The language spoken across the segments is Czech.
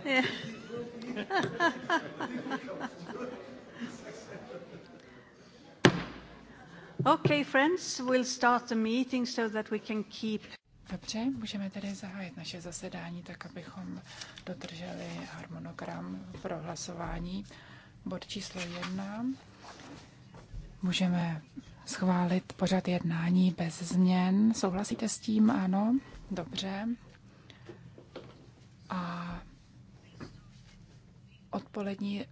okay, friends, we'll start the meeting so that we can keep Dobře, můžeme tedy zahájit naše zasedání tak, abychom dodrželi harmonogram pro hlasování. Bod číslo jedna. Můžeme schválit pořad jednání bez změn. Souhlasíte s tím? Ano. Dobře. A odpolední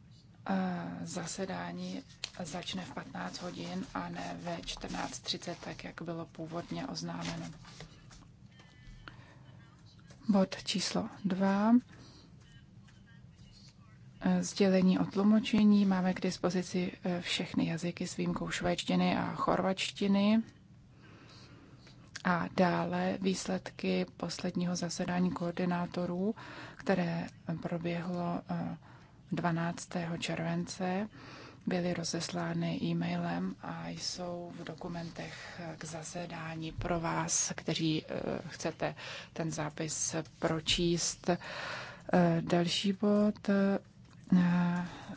eh, zasedání začne v 15 hodin a ne ve 14.30, tak jak bylo původně oznámeno. Bod číslo 2. Eh, sdělení o tlumočení. Máme k dispozici eh, všechny jazyky s výjimkou švédštiny a chorvačtiny. A dále výsledky posledního zasedání koordinátorů, které proběhlo 12. července byly rozeslány e-mailem a jsou v dokumentech k zasedání pro vás, kteří eh, chcete ten zápis pročíst. Eh, další bod, eh,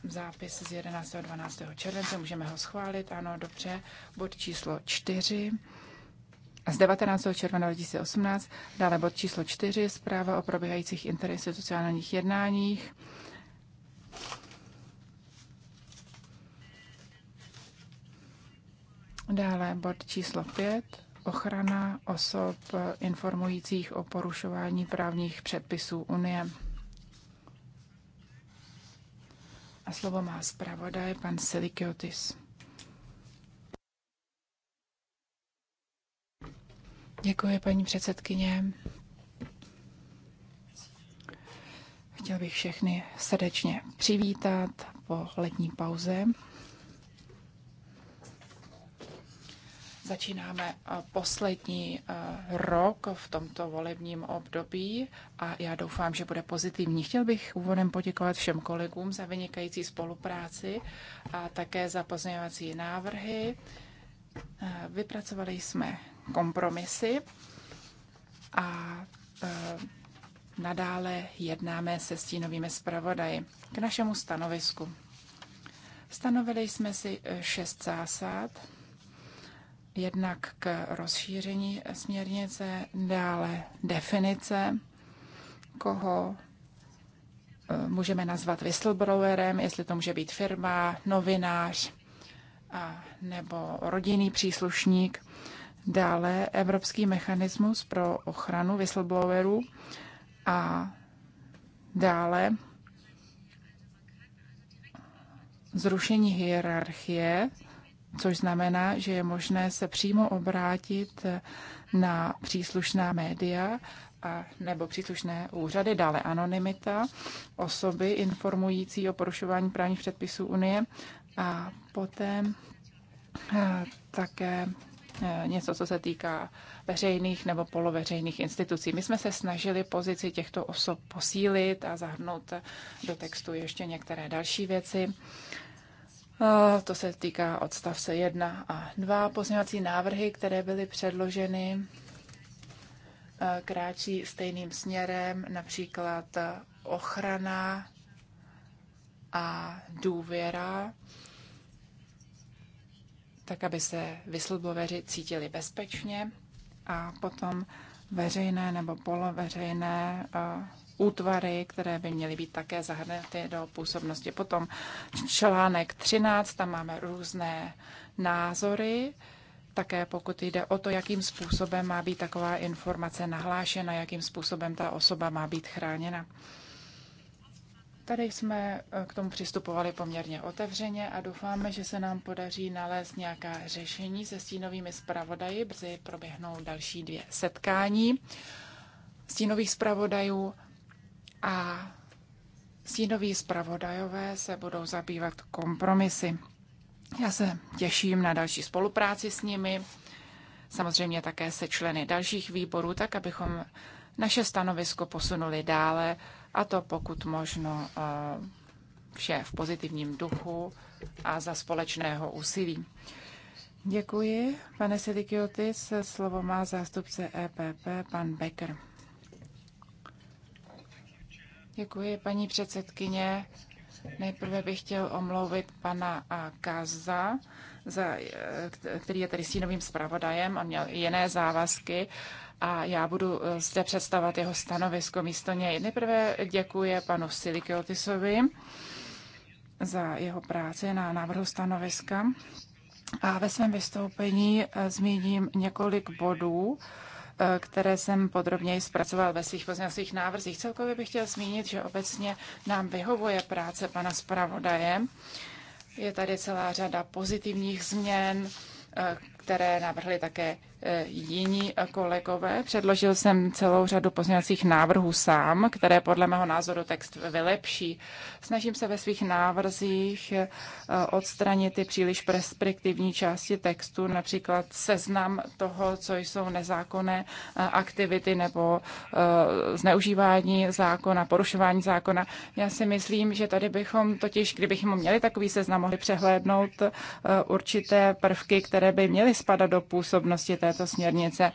zápis z 11. 12. července, můžeme ho schválit, ano, dobře. Bod číslo 4 z 19. června 2018, dále bod číslo 4, zpráva o probíhajících interinstitucionálních jednáních Dále bod číslo 5. Ochrana osob eh, informujících o porušování právních předpisů Unie. A slovo má zpravodaj pan Silikiotis. Děkuji, paní předsedkyně. Chtěl bych všechny srdečně přivítat po letní pauze. Začínáme eh, poslední eh, rok v tomto volebním období a já doufám, že bude pozitivní. Chtěl bych úvodem poděkovat všem kolegům za vynikající spolupráci a také za pozměňovací návrhy. Eh, vypracovali jsme kompromisy a nadále jednáme se stínovými zpravodaji k našemu stanovisku. Stanovili jsme si šest zásad jednak k rozšíření směrnice, dále definice, koho e, můžeme nazvat whistleblowerem, jestli to může být firma, novinář a nebo rodinný příslušník. Dále evropský mechanismus pro ochranu whistleblowerů a dále zrušení hierarchie což znamená, že je možné se přímo obrátit na příslušná média a, nebo příslušné úřady, dále anonymita, osoby informující o porušování právních předpisů Unie a poté také e, něco, co se týká veřejných nebo poloveřejných institucí. My jsme se snažili pozici těchto osob posílit a zahrnout do textu ještě některé další věci. Eh, to se týká odstavce 1 a 2. Pozměňovací návrhy, které byly předloženy, eh, kráčí stejným směrem, například eh, ochrana a důvěra, tak aby se whistlebloweri cítili bezpečně a potom veřejné nebo poloveřejné útvary, které by měly být také zahrnuty do působnosti. Potom článek 13, tam máme různé názory, také pokud jde o to, jakým způsobem má být taková informace nahlášena, jakým způsobem ta osoba má být chráněna. Tady jsme eh, k tomu přistupovali poměrně otevřeně a doufáme, že se nám podaří nalézt nějaká řešení se stínovými zpravodaji. Brzy proběhnou další dvě setkání stínových zpravodajů a stínoví zpravodajové se budou zabývat kompromisy. Já se těším na další spolupráci s nimi, samozřejmě také se členy dalších výborů, tak abychom naše stanovisko posunuli dále a to pokud možno eh, vše v pozitivním duchu a za společného úsilí. Děkuji, pane Sedikiotis. Slovo má zástupce EPP, pan Becker. Děkuji, paní předsedkyně. Nejprve bych chtěl omluvit pana Kaza, za, e, který je tady sínovým zpravodajem a měl i jiné závazky a já budu e, zde představovat jeho stanovisko místo něj. Nejprve děkuji panu Silikiotisovi za jeho práci na návrhu stanoviska a ve svém vystoupení e, zmíním několik bodů, které jsem podrobněji zpracoval ve svých pozměňovacích návrzích. Celkově bych chtěl zmínit, že obecně nám vyhovuje práce pana zpravodaje. Je tady celá řada pozitivních změn, eh, které navrhly také jiní kolegové. Předložil jsem celou řadu pozměňovacích návrhů sám, které podle mého názoru text vylepší. Snažím se ve svých návrzích eh, odstranit ty příliš perspektivní části textu, například seznam toho, co jsou nezákonné eh, aktivity nebo eh, zneužívání zákona, porušování zákona. Já si myslím, že tady bychom totiž, kdybychom měli takový seznam, mohli přehlédnout určité prvky, které by měly spadat do působnosti té této směrnice.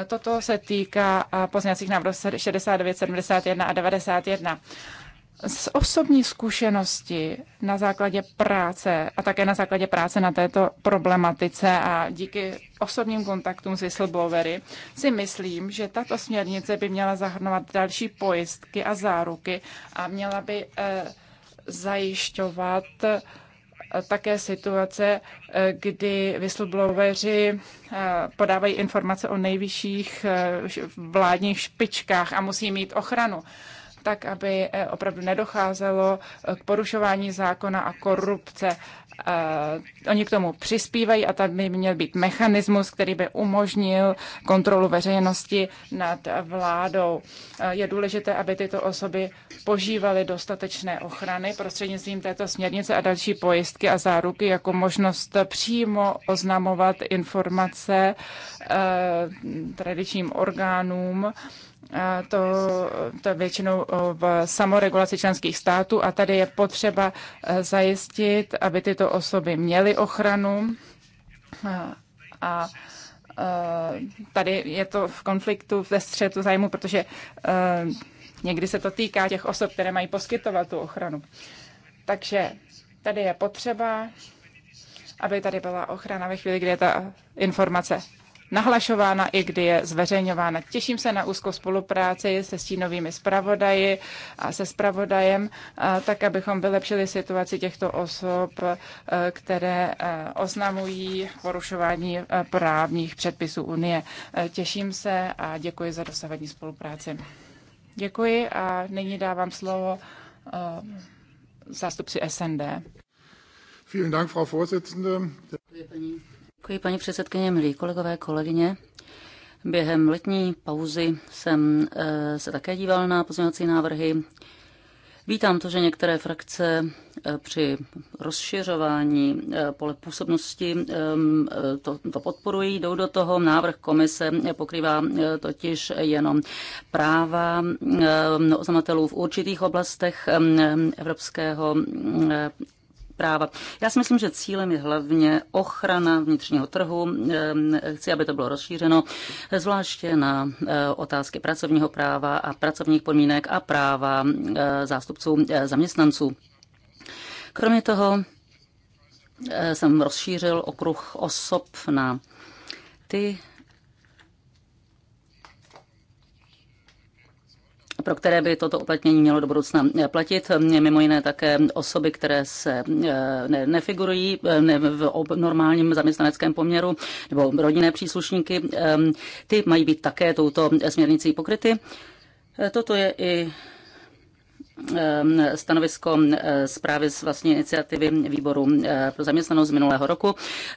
E, Toto se týká e, pozměňovacích návrhů 69, 71 a 91. Z osobní zkušenosti na základě práce a také na základě práce na této problematice a díky osobním kontaktům s whistleblowery si myslím, že tato směrnice by měla zahrnovat další pojistky a záruky a měla by eh, zajišťovat eh, také situace, eh, kdy whistlebloweri eh, podávají informace o nejvyšších eh, vládních špičkách a musí mít ochranu tak aby eh, opravdu nedocházelo eh, k porušování zákona a korupce. Eh, oni k tomu přispívají a tam by měl být mechanismus, který by umožnil kontrolu veřejnosti nad vládou. Je důležité, aby tyto osoby požívaly dostatečné ochrany prostřednictvím této směrnice a další pojistky a záruky jako možnost přímo oznamovat informace tradičním orgánům, to, to většinou v samoregulaci členských států a tady je potřeba e, zajistit, aby tyto osoby měly ochranu a, a e, tady je to v konfliktu ve střetu zájmu, protože e, někdy se to týká těch osob, které mají poskytovat tu ochranu. Takže tady je potřeba, aby tady byla ochrana ve chvíli, kdy je ta informace nahlašována i kdy je zveřejňována. Těším se na úzkou spolupráci se stínovými zpravodaji a se zpravodajem, tak abychom vylepšili situaci těchto osob, které oznamují porušování právních předpisů Unie. Těším se a děkuji za dosavadní spolupráci. Děkuji a nyní dávám slovo zástupci SND. Vielen Dank, Frau Vorsitzende. Děkuji, paní Děkuji, paní předsedkyně, milí kolegové, kolegyně. Během letní pauzy jsem eh, se také díval na pozměňovací návrhy. Vítám to, že některé frakce eh, při rozšiřování eh, pole působnosti ehm, to, to podporují, jdou do toho. Návrh komise pokrývá totiž jenom práva ehm, oznamatelů v určitých oblastech ehm, evropského práva. Já si myslím, že cílem je hlavně ochrana vnitřního trhu. Ehm, chci, aby to bylo rozšířeno, zvláště na e, otázky pracovního práva a pracovních podmínek a práva e, zástupců e, zaměstnanců. Kromě toho jsem rozšířil okruh osob na ty pro které by toto uplatnění mělo do budoucna eh, platit. Mimo jiné také osoby, které se eh, ne, nefigurují eh, ne, v normálním zaměstnaneckém poměru nebo rodinné příslušníky, ehm, ty mají být také touto směrnicí pokryty. Toto je i ehm, stanovisko zprávy z vlastní iniciativy výboru pro zaměstnanost z minulého roku.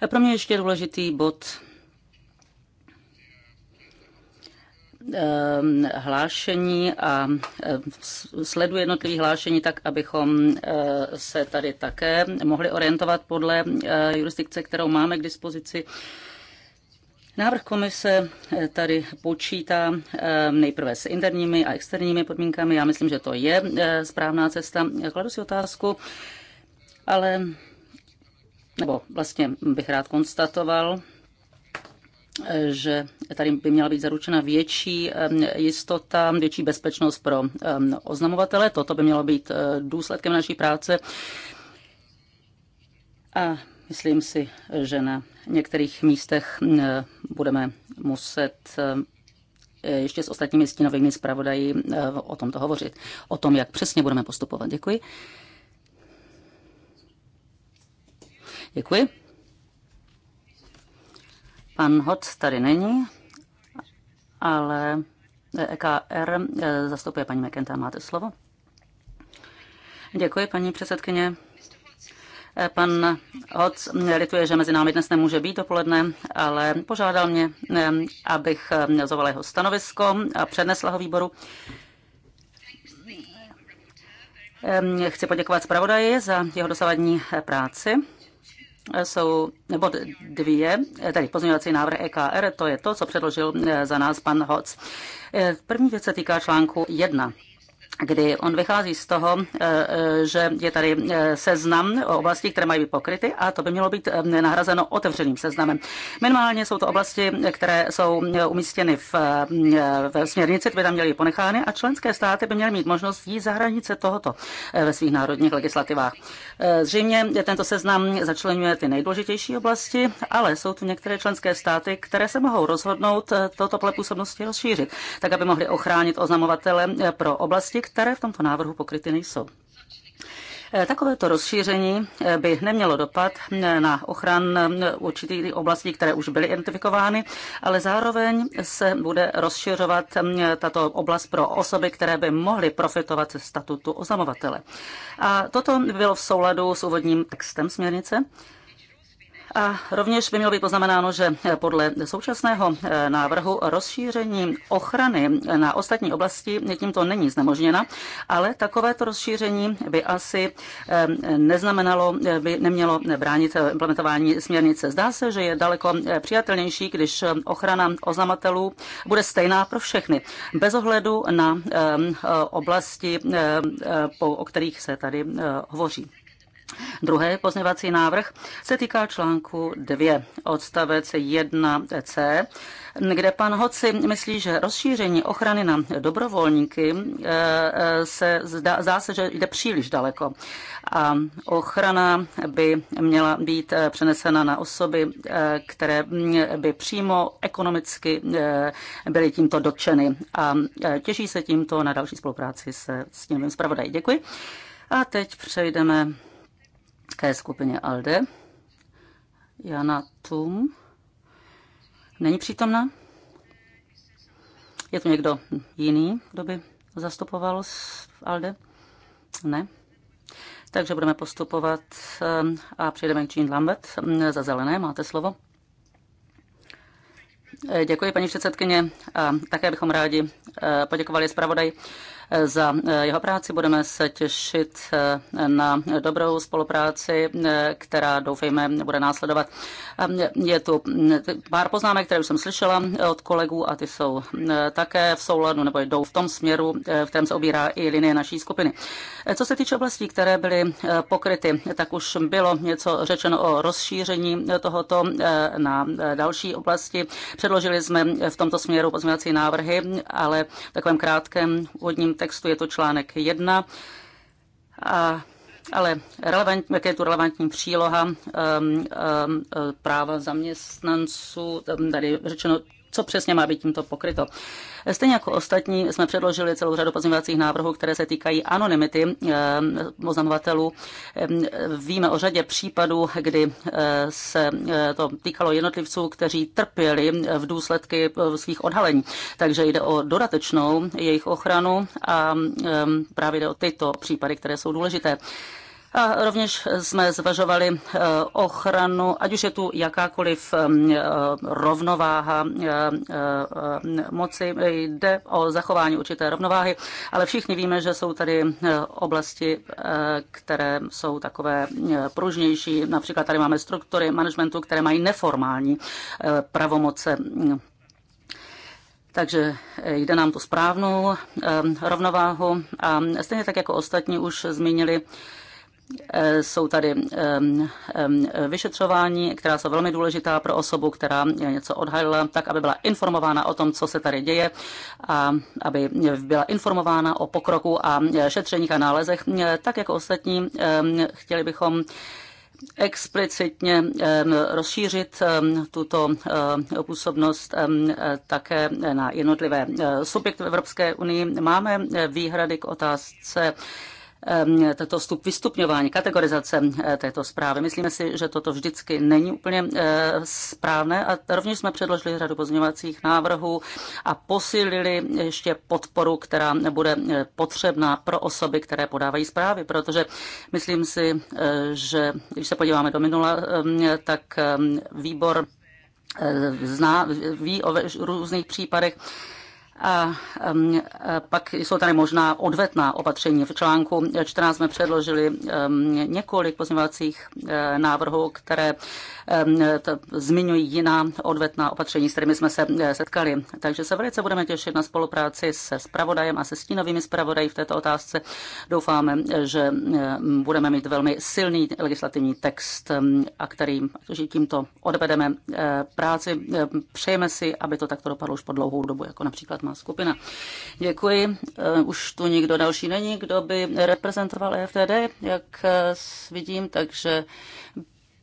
Pro mě ještě důležitý bod Ehm, hlášení a ehm, sleduji jednotlivých hlášení tak, abychom eh, se tady také mohli orientovat podle eh, jurisdikce, kterou máme k dispozici. Návrh komise eh, tady počítá ehm, nejprve s interními a externími podmínkami. Já myslím, že to je správná cesta. Kladu si otázku, ale nebo vlastně bych rád konstatoval, že tady by měla být zaručena větší jistota, větší bezpečnost pro oznamovatele. Toto by mělo být eh, důsledkem naší práce. A myslím si, že na některých místech budeme muset eh, ještě s ostatními stínovými zpravodají eh, o tomto hovořit. O tom, jak přesně budeme postupovat. Děkuji. Děkuji. Pan Hoc tady není, ale EKR e, zastupuje paní McKenta. Máte slovo? Děkuji, paní předsedkyně. E, pan Hoc lituje, že mezi námi dnes nemůže být dopoledne, ale požádal mě, e, abych zovala jeho stanovisko a přednesla ho výboru. Chci poděkovat zpravodaji za jeho dosavadní práci jsou nebo dvě, tedy pozměňovací návrh EKR, to je to, co předložil e, za nás pan Hoc. E, první věc se týká článku 1 kdy on vychází z toho, eh, eh, že je tady eh, seznam oblastí, které mají být pokryty a to by mělo být nahrazeno otevřeným seznamem. Minimálně jsou to oblasti, které jsou umístěny v, v směrnici, které by tam měly ponechány a členské státy by měly mít možnost jít za hranice tohoto ve svých národních legislativách. Zřejmě tento seznam začlenuje ty nejdůležitější oblasti, ale jsou tu některé členské státy, které se mohou rozhodnout toto pole působnosti rozšířit, tak aby mohly ochránit oznamovatele pro oblasti, které v tomto návrhu pokryty nejsou. E, takovéto rozšíření e, by nemělo dopad e, na ochran určitých oblastí, které už byly identifikovány, ale zároveň se bude rozšiřovat tato oblast pro osoby, které by mohly profitovat ze statutu oznamovatele. A toto bylo v souladu s úvodním textem směrnice. A rovněž by mělo být poznamenáno, že podle současného eh, návrhu rozšíření ochrany na ostatní oblasti tímto není znemožněna, ale takovéto rozšíření by asi eh, neznamenalo, eh, by nemělo bránit implementování směrnice. Zdá se, že je daleko přijatelnější, když ochrana oznamatelů bude stejná pro všechny, bez ohledu na oblasti, o kterých se tady hovoří. Druhý pozměvací návrh se týká článku 2, odstavec 1c, kde pan Hoci myslí, že rozšíření ochrany na dobrovolníky eh, eh, se zdá, zdá se, že jde příliš daleko. A ochrana by měla být eh, přenesena na osoby, které mm, by přímo ekonomicky byly tímto dotčeny. A těší se tímto na další spolupráci se s tím zpravodají. Děkuji. A teď přejdeme ke skupině ALDE. Jana Tum. Není přítomna? Je tu někdo jiný, kdo by zastupoval v ALDE? Ne. Takže budeme postupovat eh, a přijdeme k Jean Lambert. Mm, za zelené máte slovo. Eh, děkuji, paní předsedkyně. A také bychom rádi eh, poděkovali zpravodaj za eh, jeho práci. Budeme se těšit eh, na dobrou spolupráci, eh, která doufejme bude následovat. Je tu mm, pár poznámek, které už jsem slyšela od kolegů a ty jsou také v souladu nebo jdou v tom směru, v kterém se obírá i linie naší skupiny. Co se týče oblastí, které byly pokryty, tak už bylo něco řečeno o rozšíření tohoto na další oblasti. Předložili jsme v tomto směru pozměňovací návrhy, ale v takovém krátkém úvodním textu, je to článek 1. A ale relevant, jaké je tu relevantní příloha um, um, práva zaměstnanců, tady řečeno co přesně má být tímto pokryto. Stejně jako ostatní jsme předložili celou řadu pozměňovacích návrhů, které se týkají anonymity eh, oznamovatelů. Ehm, víme o řadě případů, kdy eh, se eh, to týkalo jednotlivců, kteří trpěli v důsledky svých odhalení. Takže jde o dodatečnou jejich ochranu a ehm, právě jde o tyto případy, které jsou důležité. A rovněž jsme zvažovali eh, ochranu, ať už je tu jakákoliv eh, rovnováha eh, moci, jde o zachování určité rovnováhy, ale všichni víme, že jsou tady oblasti, které jsou takové pružnější. Například tady máme struktury managementu, které mají neformální pravomoce takže jde nám tu správnou rovnováhu a stejně tak jako ostatní už zmínili, Eh, jsou tady vyšetřování, která jsou velmi důležitá pro osobu, která něco odhalila, tak aby byla informována o tom, co se tady děje a aby byla informována o pokroku a šetřeních a nálezech. Eh, tak jako ostatní, chtěli bychom explicitně rozšířit tuto eh, působnost také na jednotlivé subjekty v Evropské unii. Máme výhrady k otázce tento vstup vystupňování, kategorizace této zprávy. Myslíme si, že toto vždycky není úplně správné a rovněž jsme předložili řadu pozměňovacích návrhů a posílili ještě podporu, která bude potřebná pro osoby, které podávají zprávy, protože myslím si, že když se podíváme do minula, tak výbor zná, ví o různých případech, a e, pak jsou tady možná odvetná opatření. V článku 14 jsme předložili několik pozměňovacích e, návrhů, které zmiňují jiná odvetná opatření, s kterými jsme se e, setkali. Takže se velice budeme těšit na spolupráci se spravodajem a se stínovými spravodají v této otázce. Doufáme, že budeme mít velmi silný legislativní text, a který tímto odvedeme práci. Přejeme si, aby to takto dopadlo už po dlouhou dobu, jako například má pracovná skupina. Děkuji. Eh, už tu nikdo další není, kdo by reprezentoval EFTD, jak eh, vidím, takže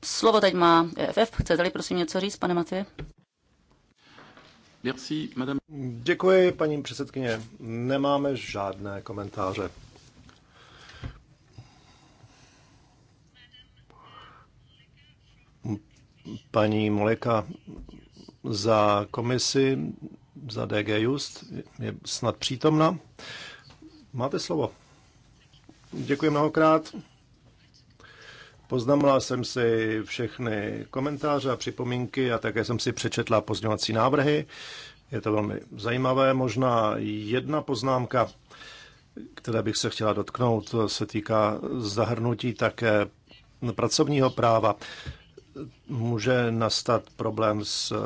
slovo teď má EFF. Chcete-li prosím něco říct, pane Matvě? Merci, madame. Děkuji, paní předsedkyně. Nemáme žádné komentáře. Paní Moleka za komisi za DG Just je snad přítomna. Máte slovo. Děkuji mnohokrát. Poznamla jsem si všechny komentáře a připomínky a také jsem si přečetla pozdňovací návrhy. Je to velmi zajímavé. Možná jedna poznámka, které bych se chtěla dotknout, se týká zahrnutí také pracovního práva může nastat problém s eh,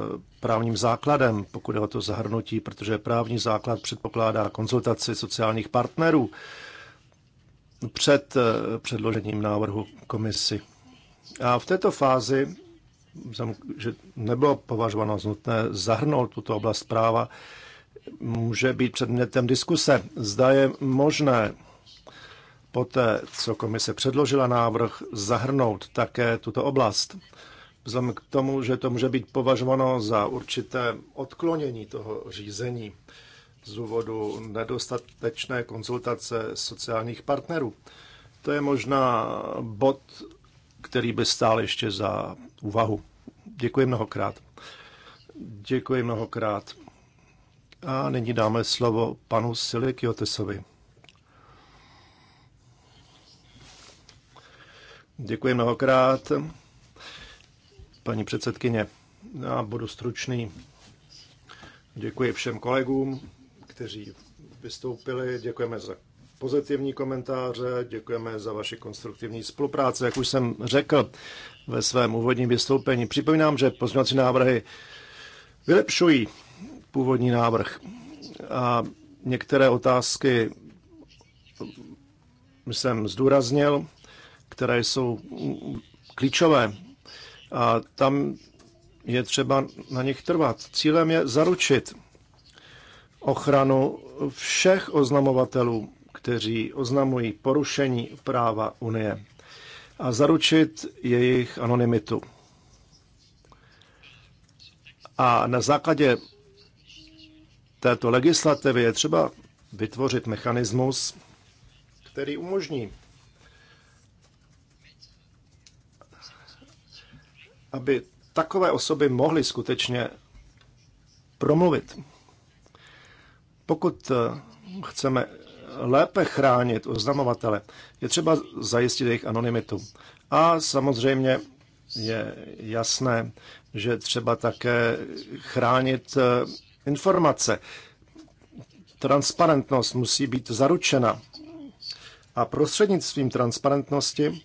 právním základem, pokud je o to zahrnutí, protože právní základ předpokládá konzultaci sociálních partnerů před eh, předložením návrhu komisi. A v této fázi, že nebylo považováno nutné zahrnout tuto oblast práva, může být předmětem diskuse. Zda je možné poté, co komise předložila návrh, zahrnout také tuto oblast. Vzhledem k tomu, že to může být považováno za určité odklonění toho řízení z důvodu nedostatečné konzultace sociálních partnerů. To je možná bod, který by stál ještě za úvahu. Děkuji mnohokrát. Děkuji mnohokrát. A nyní dáme slovo panu Silikiotesovi. Děkuji mnohokrát. Paní předsedkyně, já budu stručný. Děkuji všem kolegům, kteří vystoupili. Děkujeme za pozitivní komentáře, děkujeme za vaši konstruktivní spolupráci. Jak už jsem řekl ve svém úvodním vystoupení, připomínám, že pozměňovací návrhy vylepšují původní návrh a některé otázky jsem zdůraznil které jsou klíčové. A tam je třeba na nich trvat. Cílem je zaručit ochranu všech oznamovatelů, kteří oznamují porušení práva Unie a zaručit jejich anonymitu. A na základě této legislativy je třeba vytvořit mechanismus, který umožní aby takové osoby mohly skutečně promluvit. Pokud eh, chceme lépe chránit oznamovatele, je třeba zajistit jejich anonymitu. A samozřejmě je jasné, že třeba také chránit eh, informace. Transparentnost musí být zaručena. A prostřednictvím transparentnosti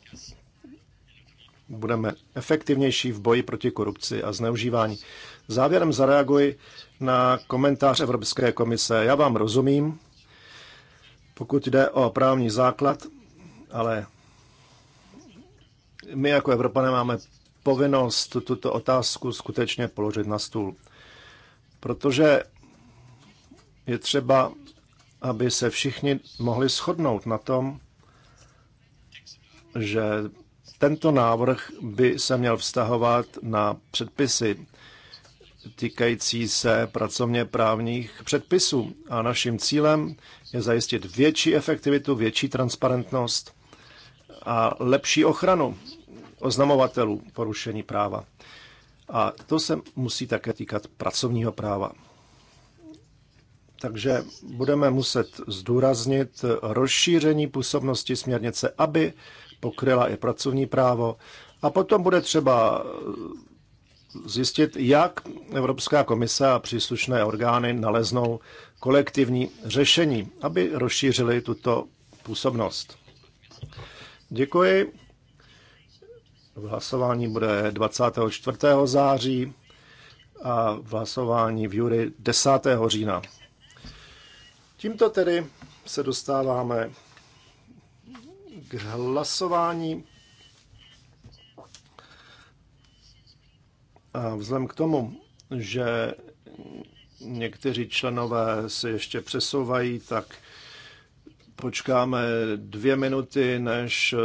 budeme efektivnější v boji proti korupci a zneužívání. Závěrem zareaguji na komentář Evropské komise. Já vám rozumím, pokud jde o právní základ, ale my jako Evropané máme povinnost tuto otázku skutečně položit na stůl. Protože je třeba, aby se všichni mohli shodnout na tom, že tento návrh by se měl vztahovat na předpisy týkající se pracovně právních předpisů a naším cílem je zajistit větší efektivitu, větší transparentnost a lepší ochranu oznamovatelů porušení práva. A to se musí také týkat pracovního práva. Takže budeme muset zdůraznit rozšíření působnosti směrnice, aby pokryla i pracovní právo. A potom bude třeba zjistit, jak Evropská komise a příslušné orgány naleznou kolektivní řešení, aby rozšířili tuto působnost. Děkuji. V hlasování bude 24. září a v hlasování v jury 10. října. Tímto tedy se dostáváme k hlasování. A vzhledem k tomu, že někteří členové se ještě přesouvají, tak počkáme dvě minuty, než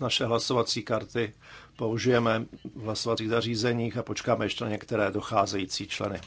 naše hlasovací karty použijeme v hlasovacích zařízeních a počkáme ještě na některé docházející členy.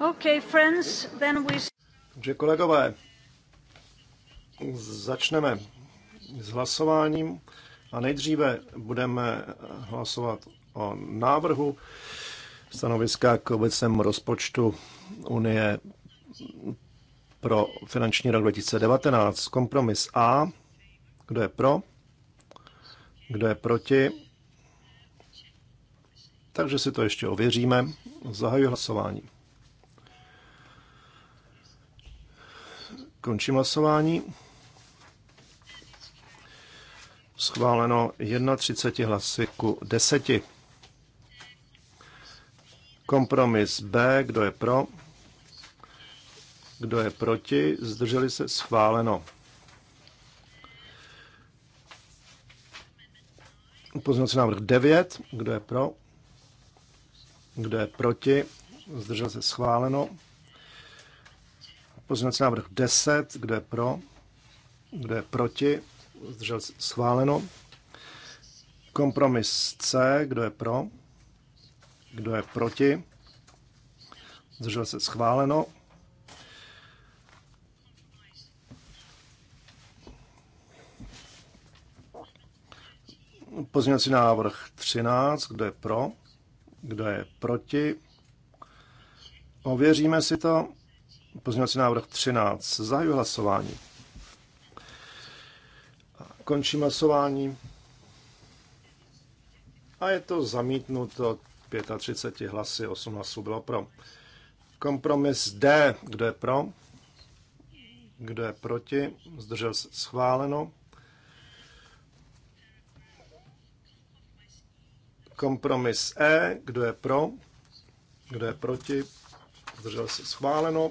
Okay, friends, then we... Takže kolegové, začneme s hlasováním a nejdříve budeme hlasovat o návrhu stanoviska k obecnému rozpočtu Unie pro finanční rok 2019. Kompromis A. Kdo je pro? Kdo je proti? Takže si to ještě ověříme. Zahajuji hlasování. Končím hlasování. Schváleno 31 hlasy ku 10. Kompromis B, kdo je pro? Kdo je proti? Zdrželi se schváleno. Pozměňovací návrh 9. Kdo je pro? Kdo je proti? Zdržel se schváleno. Pozměňovací návrh 10, kde je pro, kde je proti, zdržel schváleno. Kompromis C, kdo je pro, kdo je proti, zdržel se schváleno. Pozměňovací návrh 13, kdo je pro, kdo je proti. Ověříme si to. Pozměňovací návrh 13. Zahajuji hlasování. Končím hlasování. A je to zamítnuto 35 hlasy, 8 hlasů bylo pro. Kompromis D. Kdo je pro? Kdo je proti? Zdržel se schváleno. Kompromis E. Kdo je pro? Kdo je proti? Zdržel se schváleno.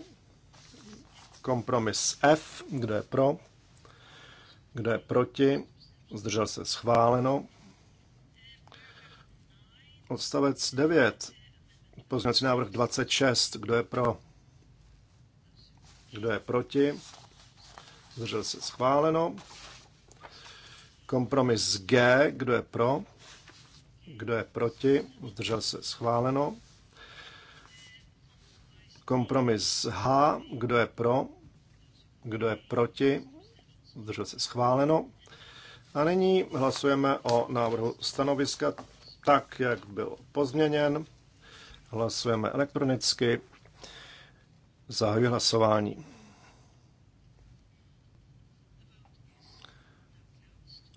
Kompromis F, kdo je pro, kdo je proti, zdržel se schváleno. Odstavec 9, pozměnací návrh 26, kdo je pro, kdo je proti, zdržel se schváleno. Kompromis G, kdo je pro, kdo je proti, zdržel se schváleno. Kompromis H, kdo je pro, kdo je proti, zdržel se schváleno. A nyní hlasujeme o návrhu stanoviska tak, jak byl pozměněn. Hlasujeme elektronicky. Zahajuji hlasování.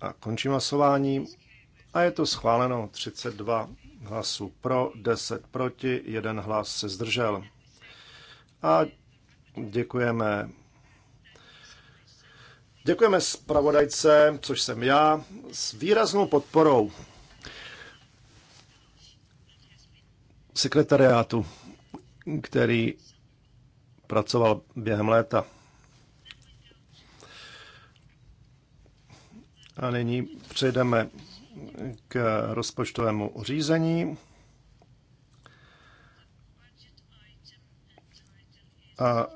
A končím hlasování. A je to schváleno 32 hlasů pro, 10 proti, 1 hlas se zdržel a děkujeme. Děkujeme zpravodajce, což jsem já, s výraznou podporou sekretariátu, který pracoval během léta. A nyní přejdeme k rozpočtovému řízení. a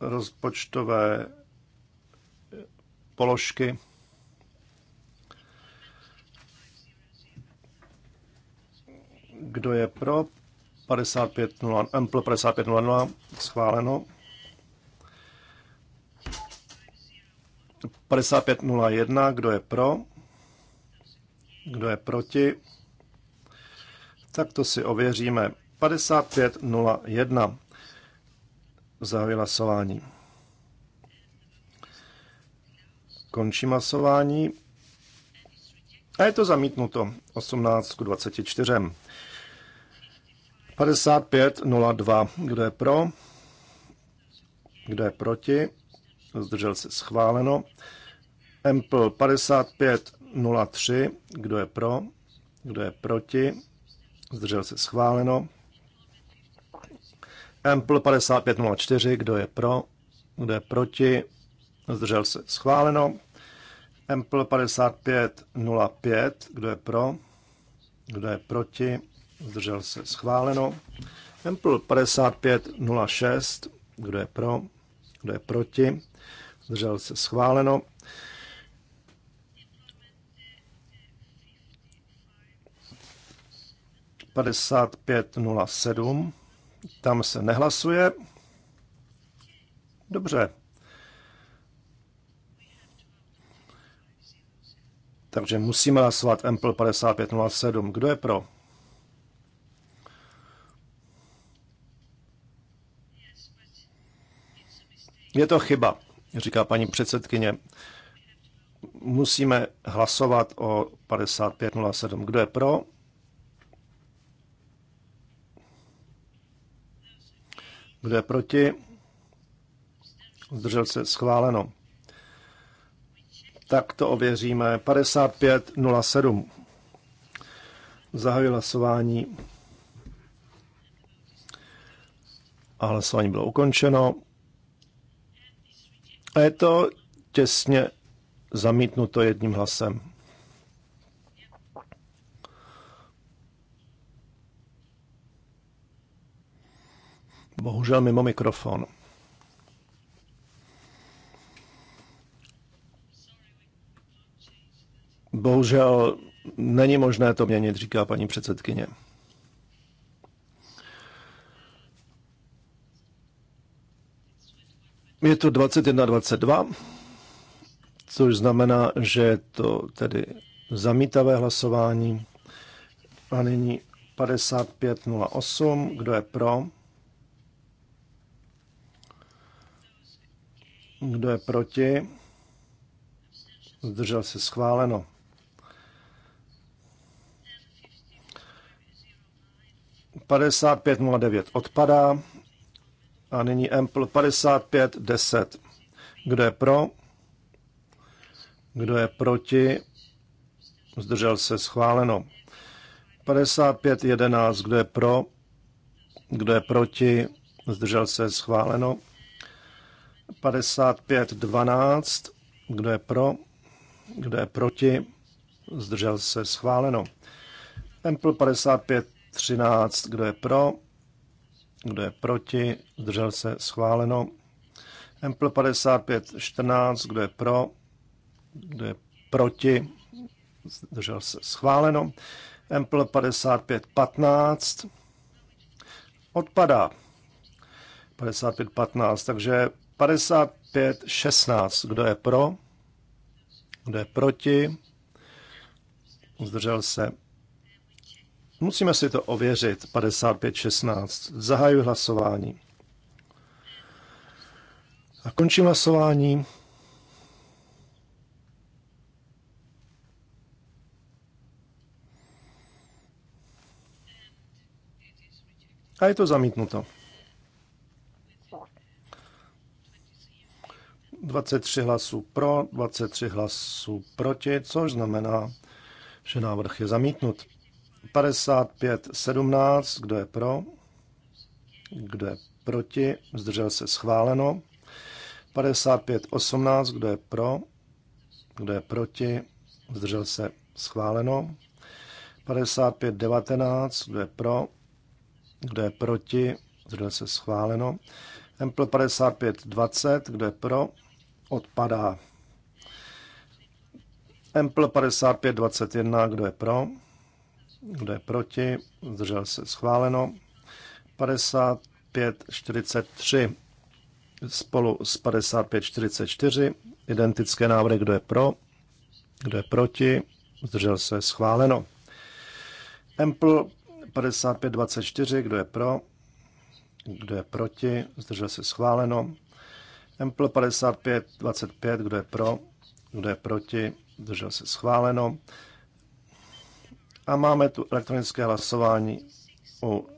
rozpočtové položky. Kdo je pro? 55.00, Ample 55.00, schváleno. 55.01, kdo je pro? Kdo je proti? Tak to si ověříme. 55.01. Zahajuji hlasování. Končím hlasování. A je to zamítnuto 18 k 24. 55 02. Kdo je pro? Kdo je proti? Zdržel se schváleno. Empl 03. Kdo je pro? Kdo je proti? Zdržel se schváleno. Ample 5504, kdo je pro, kdo je proti, zdržel se schváleno. Ample 5505, kdo je pro, kdo je proti, zdržel se schváleno. Ample 5506, kdo je pro, kdo je proti, zdržel se schváleno. Padesát pět nula sedm. Tam se nehlasuje. Dobře. Takže musíme hlasovat MPL 5507. Kdo je pro? Je to chyba, říká paní předsedkyně. Musíme hlasovat o 5507. Kdo je pro? Kdo je proti? Zdržel se schváleno. Tak to ověříme. 55.07. Zahajuji hlasování. A hlasování bylo ukončeno. A je to těsně zamítnuto jedním hlasem. Bohužel mimo mikrofon. Bohužel není možné to měnit, říká paní předsedkyně. Je to 21.22, což znamená, že je to tedy zamítavé hlasování. A nyní 55.08. Kdo je pro? Kdo je proti? Zdržel se schváleno. Padesát pět nula devět odpadá. A nyní Ample 5510. Kdo je pro? Kdo je proti? Zdržel se schváleno. 5511. Kdo je pro? Kdo je proti? Zdržel se schváleno. 55.12. Kdo je pro? Kdo je proti? Zdržel se schváleno. Empl 55.13. Kdo je pro? Kdo je proti? Zdržel se schváleno. Empl 55.14. Kdo je pro? Kdo je proti? Zdržel se schváleno. Empl 55.15. Odpadá. 55.15, takže 55, 16. Kdo je pro? Kdo je proti? Zdržel se. Musíme si to ověřit. 55-16. Zahajuji hlasování. A končím hlasování. A je to zamítnuto. 23 hlasů pro, 23 hlasů proti, což znamená, že návrh je zamítnut. 55, 17, kdo je pro, kdo je proti, zdržel se schváleno. 55, 18, kdo je pro, kdo je proti, zdržel se schváleno. 55, 19, kdo je pro, kdo je proti, zdržel se schváleno. Empl 55, 20, kdo je pro, odpadá. Empl 5521, kdo je pro? Kdo je proti? Zdržel se schváleno. 5543 spolu s 5544. Identické návrhy, kdo je pro? Kdo je proti? Zdržel se schváleno. Empl 5524, kdo je pro? Kdo je proti? Zdržel se schváleno. Ample 55, 25, kdo je pro, kdo je proti, držel se schváleno. A máme tu elektronické hlasování u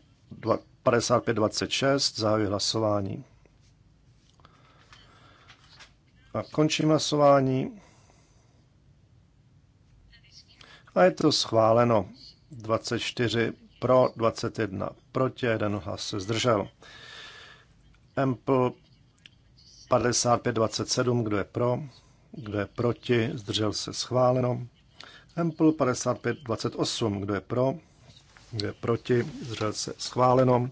26, zahajuji hlasování. A končím hlasování. A je to schváleno. 24 pro, 21 proti, jeden hlas se zdržel. Ample 5527, kdo je pro, kdo je proti, zdržel se schváleno. Ample 5528, kdo je pro, kdo je proti, zdržel se schváleno.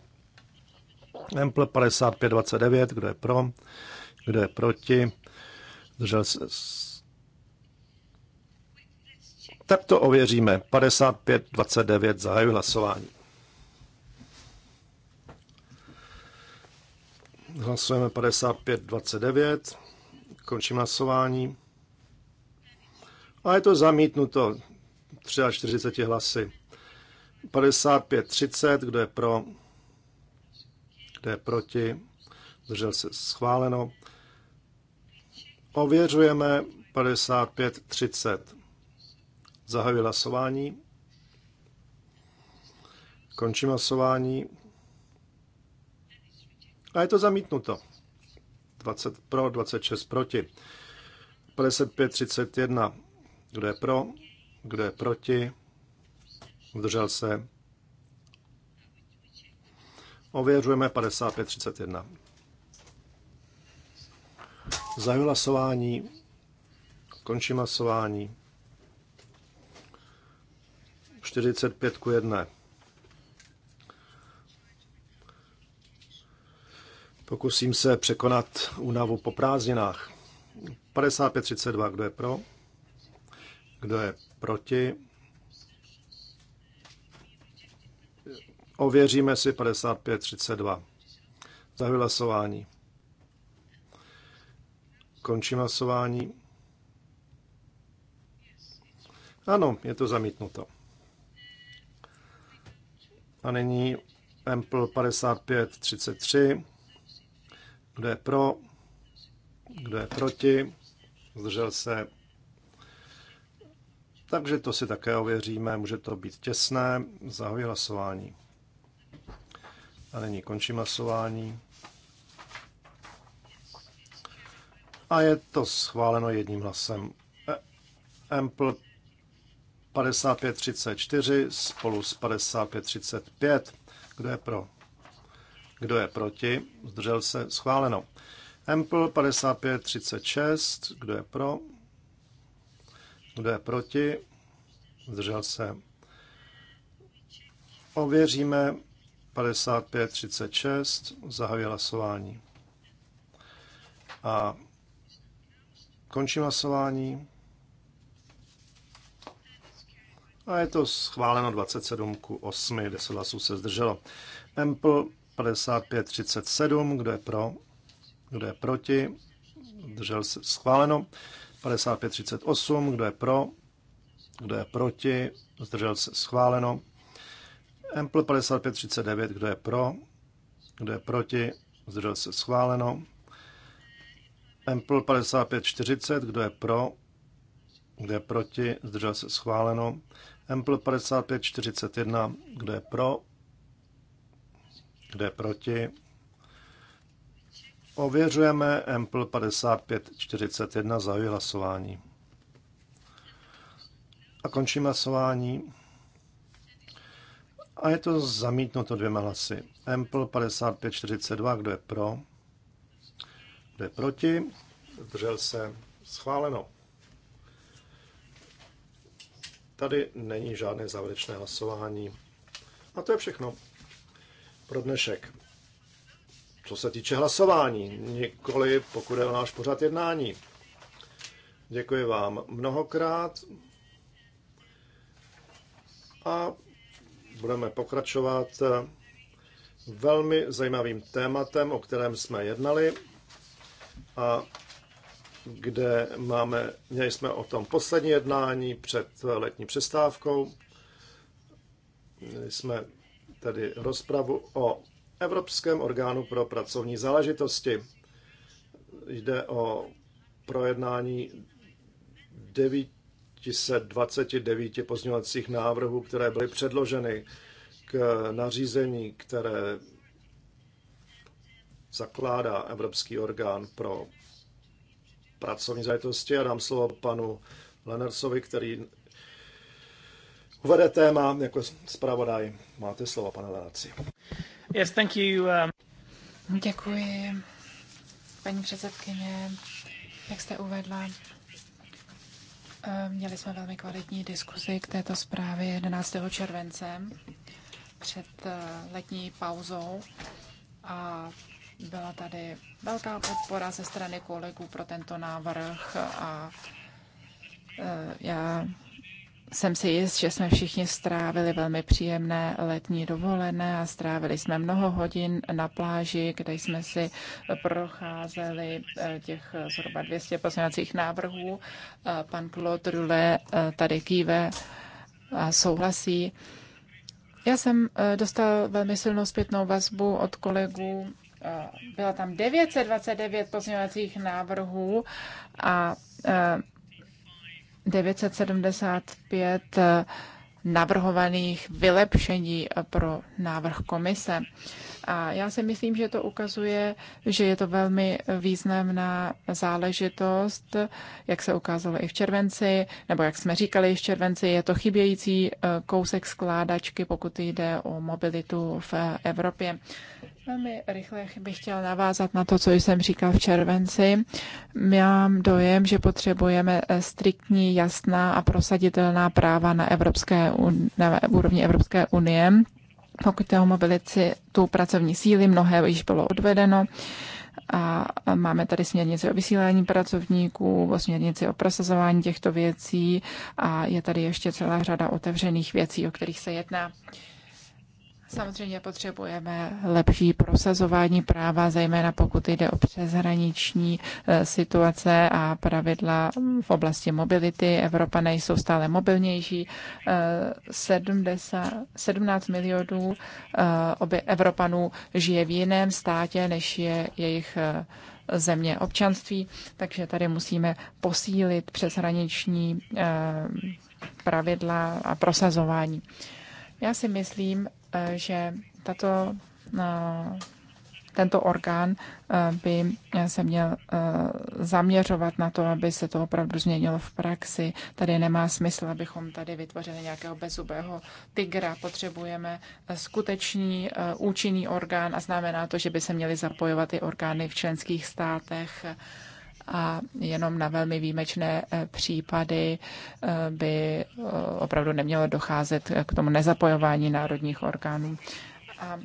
Ample 5529, kdo je pro, kdo je proti, zdržel se tak to ověříme. 5529 zahajuji hlasování. Hlasujeme 55-29. Končím hlasování. A je to zamítnuto 43 hlasy. 55-30, kdo je pro, kdo je proti, zdržel se schváleno. Ověřujeme 55-30. Zahajuji hlasování. Končím hlasování. A je to zamítnuto. 20 pro, 26 proti. 55, 31. Kdo je pro? Kdo je proti? Udržel se. Ověřujeme 55, 31. Zahajuji hlasování. Končím hlasování. 45 ku 1. Pokusím se překonat únavu po prázdninách. 55.32, kdo je pro? Kdo je proti? Ověříme si 55.32. Zahajuji hlasování. Končím hlasování. Ano, je to zamítnuto. A nyní Ample 5533. Kdo je pro? Kdo je proti? Zdržel se? Takže to si také ověříme, může to být těsné. Zahoji hlasování. A nyní končím hlasování. A je to schváleno jedním hlasem. E, Ample 5534 spolu s 5535. Kdo je pro? Kdo je proti? Zdržel se? Schváleno. Ample 5536. Kdo je pro? Kdo je proti? Zdržel se? Ověříme 5536. Zahajuji hlasování. A končím hlasování. A je to schváleno 27 k 8, 10 hlasů se zdrželo. Ample 5537, kdo je pro, kdo je proti, držel se schváleno. 5538, kdo je pro, kdo je proti, zdržel se schváleno. Empl 5539, kdo je pro, kdo je proti, zdržel se schváleno. Empl 5540, kdo je pro, kdo je proti, zdržel se schváleno. Empl 5541, kdo je pro, kde proti. Ověřujeme MPL 5541, zahajuji hlasování. A končím hlasování. A je to zamítnuto dvěma hlasy. MPL 5542, kdo je pro, kdo je proti, Držel se, schváleno. Tady není žádné závěrečné hlasování. A to je všechno pro dnešek. Co se týče hlasování, nikoli pokud je o náš pořad jednání. Děkuji vám mnohokrát a budeme pokračovat velmi zajímavým tématem, o kterém jsme jednali a kde máme, měli jsme o tom poslední jednání před letní přestávkou. Měli jsme tedy rozpravu o Evropském orgánu pro pracovní záležitosti. Jde o projednání 929 pozměňovacích návrhů, které byly předloženy k nařízení, které zakládá Evropský orgán pro pracovní záležitosti. A dám slovo panu Lenersovi, který uvede téma jako zpravodaj. Máte slovo, pane Lenáci. Yes, thank you. Um... Děkuji, paní předsedkyně. Jak jste uvedla, eh, měli jsme velmi kvalitní diskuzi k této zprávě 11. července před eh, letní pauzou a byla tady velká podpora ze strany kolegů pro tento návrh a eh, já jsem si jist, že jsme všichni strávili velmi příjemné letní dovolené a strávili jsme mnoho hodin na pláži, kde jsme si procházeli eh, těch zhruba 200 poslaneckých návrhů. Eh, pan Claude Rulé eh, tady kýve a souhlasí. Já jsem dostal velmi silnou zpětnou vazbu od kolegů. Bylo tam 929 pozměňovacích návrhů a 975 eh, navrhovaných vylepšení eh, pro návrh komise. A já si myslím, že to ukazuje, že je to velmi významná záležitost, jak se ukázalo i v červenci, nebo jak jsme říkali i v červenci, je to chybějící eh, kousek skládačky, pokud jde o mobilitu v Evropě. Velmi rychle bych chtěl navázat na to, co jsem říkal v červenci. Mám dojem, že potřebujeme eh, striktní, jasná a prosaditelná práva na, evropské, na úrovni Evropské unie. Pokud jde o mobilici tu pracovní síly, mnohé již bylo odvedeno a máme tady směrnici o vysílání pracovníků, o směrnici o prosazování těchto věcí a je tady ještě celá řada otevřených věcí, o kterých se jedná. Samozřejmě potřebujeme lepší prosazování práva, zejména pokud jde o přeshraniční e, situace a pravidla mm, v oblasti mobility. Evropané jsou stále mobilnější. 70, e, 17 milionů e, Evropanů žije v jiném státě, než je jejich země občanství, takže tady musíme posílit přeshraniční pravidla a prosazování. Já si myslím, Eh, že tato, eh, tento orgán eh, by se měl zaměřovat na to, aby se to opravdu změnilo v praxi. Tady nemá smysl, abychom tady vytvořili nějakého bezubého tygra. Potřebujeme skutečný účinný orgán a znamená to, že by se měly zapojovat i orgány v členských státech a jenom na velmi výjimečné eh, případy eh, by eh, opravdu nemělo docházet k tomu nezapojování národních orgánů. A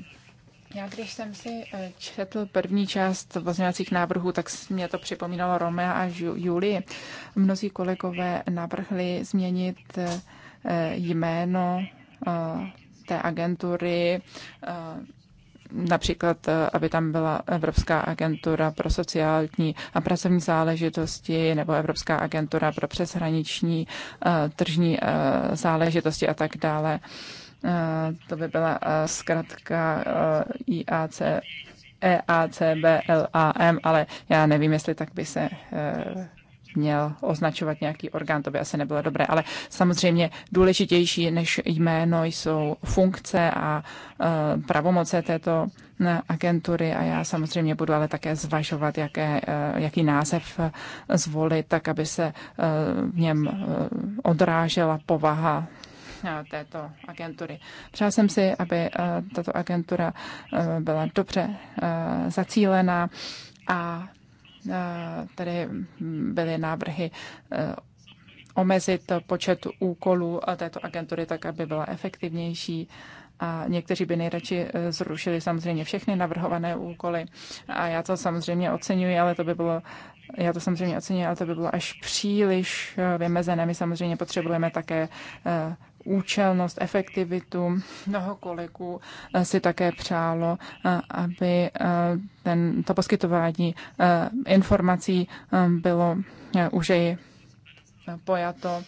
já když jsem si četl první část pozměňovacích návrhů, tak mě to připomínalo Romea a Julie. Mnozí kolegové navrhli změnit jméno té agentury například, eh, aby tam byla Evropská agentura pro sociální a pracovní záležitosti nebo Evropská agentura pro přeshraniční eh, tržní eh, záležitosti a tak dále. To by byla zkrátka IAC, EACBLAM, ale já nevím, jestli tak by se měl označovat nějaký orgán, to by asi nebylo dobré, ale samozřejmě důležitější než jméno jsou funkce a e, pravomoce této e, agentury a já samozřejmě budu ale také zvažovat, jaké, e, jaký název zvolit, tak aby se v něm odrážela povaha této agentury. Přál jsem si, aby tato agentura byla dobře zacílená a Eh, tady hm, byly návrhy eh, omezit počet úkolů této agentury tak, aby byla efektivnější. A někteří by nejradši eh, zrušili samozřejmě všechny navrhované úkoly. A já to samozřejmě oceňuji, ale to by bylo já to samozřejmě oceňuji, ale to by bylo až příliš vymezené. My samozřejmě potřebujeme také účelnost, efektivitu. Mnoho kolegů eh, si také přálo, eh, aby eh, ten, to poskytování informací bylo už i pojato.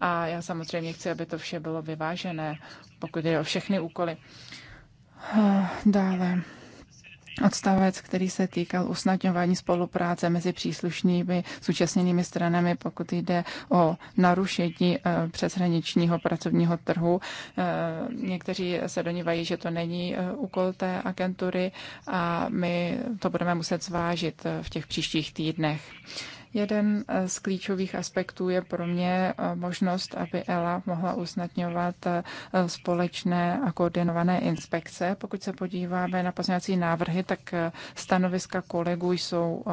A já samozřejmě chci, aby to vše bylo vyvážené, pokud jde o všechny úkoly. Dále odstavec, který se týkal usnadňování spolupráce mezi příslušnými zúčastněnými stranami, pokud jde o narušení eh, přeshraničního pracovního trhu. Eh, někteří se donívají, že to není eh, úkol té agentury a my to budeme muset zvážit v těch příštích týdnech. Jeden eh, z klíčových aspektů je pro mě eh, možnost, aby ELA mohla usnadňovat eh, společné a koordinované inspekce. Pokud se podíváme na pozměňovací návrhy, tak stanoviska kolegů jsou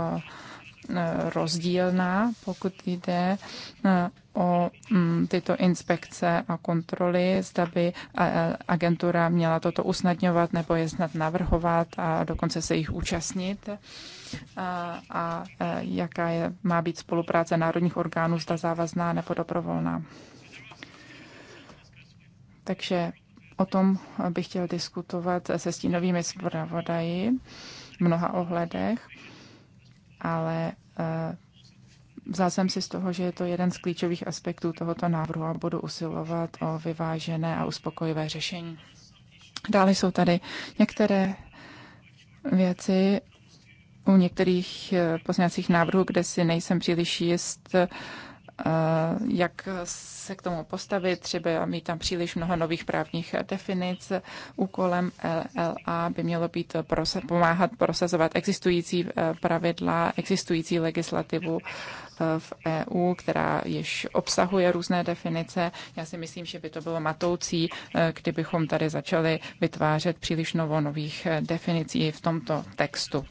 rozdílná, pokud jde o mm, tyto inspekce a kontroly, zda by agentura měla toto usnadňovat nebo je snad navrhovat a dokonce se jich účastnit a e, jaká je, má být spolupráce národních orgánů, zda závazná nebo dobrovolná. Takže o tom bych chtěl diskutovat se stínovými zpravodaji v mnoha ohledech, ale e, vzal jsem si z toho, že je to jeden z klíčových aspektů tohoto návrhu a budu usilovat o vyvážené a uspokojivé řešení. Dále jsou tady některé věci, u některých eh, pozměňovacích návrhů, kde si nejsem příliš jist, eh, jak se k tomu postavit, třeba mít tam příliš mnoho nových právních definic. Úkolem LLA by mělo být pomáhat prosazovat existující eh, pravidla, existující legislativu v EU, která již obsahuje různé definice. Já si myslím, že by to bylo matoucí, kdybychom tady začali vytvářet příliš novo nových definicí v tomto textu.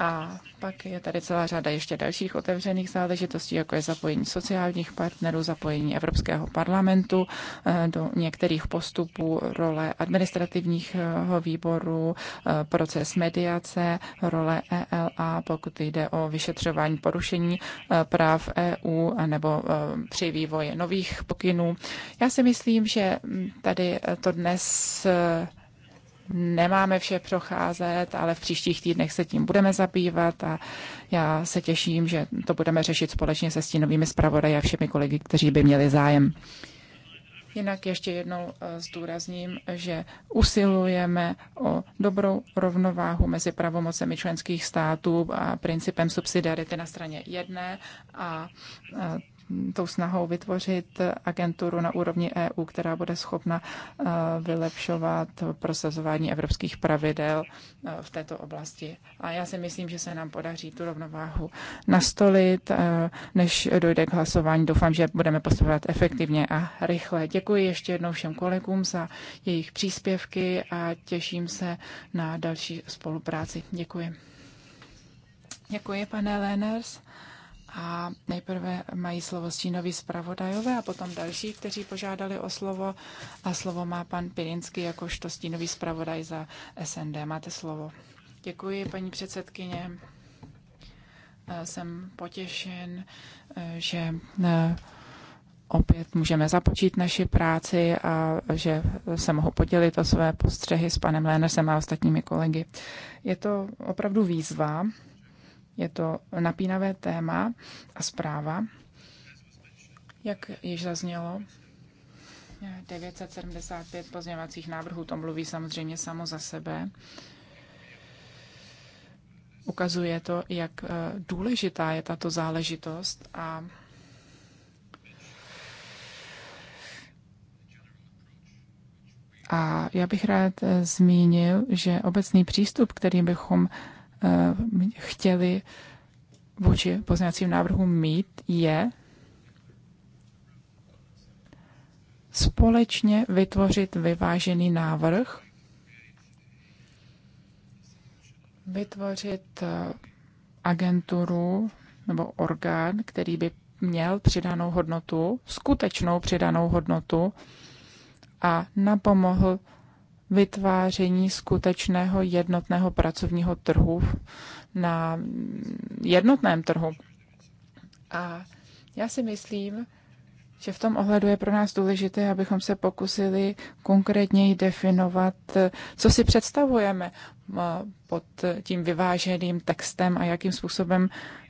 A pak je tady celá řada ještě dalších otevřených záležitostí, jako je zapojení sociálních partnerů, zapojení Evropského parlamentu eh, do některých postupů, role administrativního výboru, eh, proces mediace, role ELA, pokud jde o vyšetřování porušení eh, práv EU nebo při vývoji nových pokynů. Já si myslím, že mm, tady to dnes nemáme vše procházet, ale v příštích týdnech se tím budeme zabývat a já se těším, že to budeme řešit společně se stínovými zpravodaji a všemi kolegy, kteří by měli zájem. Jinak ještě jednou eh, zdůrazním, že usilujeme o dobrou rovnováhu mezi pravomocemi členských států a principem subsidiarity na straně jedné a eh, tou snahou vytvořit agenturu na úrovni EU, která bude schopna eh, vylepšovat prosazování evropských pravidel eh, v této oblasti. A já si myslím, že se nám podaří tu rovnováhu nastolit, eh, než dojde k hlasování. Doufám, že budeme postupovat efektivně a rychle. Děkuji ještě jednou všem kolegům za jejich příspěvky a těším se na další spolupráci. Děkuji. Děkuji, pane Leners. A nejprve mají slovo stínoví zpravodajové a potom další, kteří požádali o slovo. A slovo má pan Pirinsky jakožto stínový zpravodaj za SND. Máte slovo. Děkuji, paní předsedkyně. E, jsem potěšen, e, že e, opět můžeme započít naši práci a že se mohu podělit o své postřehy s panem Lénersem a ostatními kolegy. Je to opravdu výzva, je to napínavé téma a zpráva, jak již zaznělo, 975 pozměňovacích návrhů, to mluví samozřejmě samo za sebe. Ukazuje to, jak eh, důležitá je tato záležitost a A já bych rád eh, zmínil, že obecný přístup, který bychom Eh, chtěli vůči pozměňovacím návrhům mít, je společně vytvořit vyvážený návrh, vytvořit eh, agenturu nebo orgán, který by měl přidanou hodnotu, skutečnou přidanou hodnotu a napomohl vytváření skutečného jednotného pracovního trhu na jednotném trhu. A já si myslím, že v tom ohledu je pro nás důležité, abychom se pokusili konkrétněji definovat, co si představujeme eh, pod tím vyváženým textem a jakým způsobem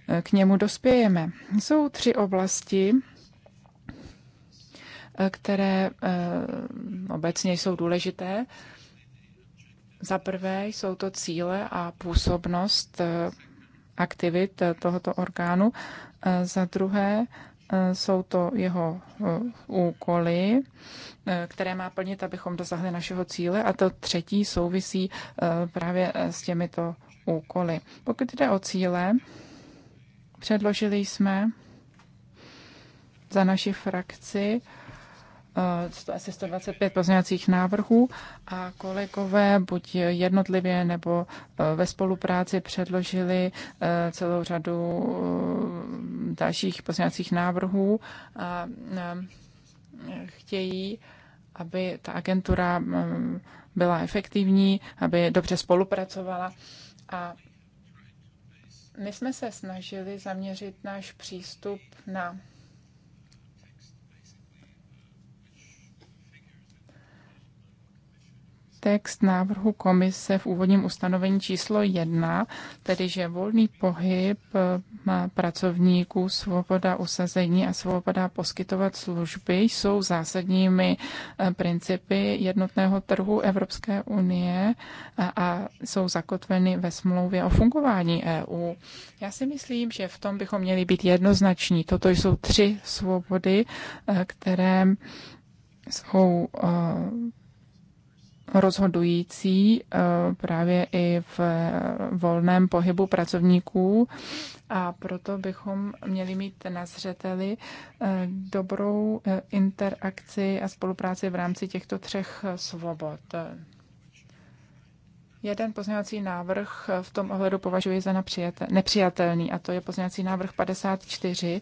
eh, k němu dospějeme. Jsou tři oblasti, Eh, které eh, obecně jsou důležité. Za prvé jsou to cíle a působnost eh, aktivit tohoto orgánu. Za druhé jsou to jeho úkoly, které má plnit, abychom dosáhli našeho cíle. A to třetí souvisí právě s těmito úkoly. Pokud jde o cíle, předložili jsme za naši frakci Eh, asi 125 pozměňovacích návrhů a kolegové buď jednotlivě nebo eh, ve spolupráci předložili eh, celou řadu dalších pozměňovacích návrhů a chtějí, aby ta agentura byla efektivní, aby dobře spolupracovala a my jsme se snažili zaměřit náš přístup na text návrhu komise v úvodním ustanovení číslo 1, tedy že volný pohyb eh, pracovníků, svoboda usazení a svoboda poskytovat služby jsou zásadními eh, principy jednotného trhu Evropské unie eh, a, jsou zakotveny ve smlouvě o fungování EU. Já si myslím, že v tom bychom měli být jednoznační. Toto jsou tři svobody, které jsou rozhodující eh, právě i v volném pohybu pracovníků a proto bychom měli mít na zřeteli eh, dobrou eh, interakci a spolupráci v rámci těchto třech svobod. Jeden pozměňovací návrh v tom ohledu považuji za nepřijatelný, a to je pozměňovací návrh 54,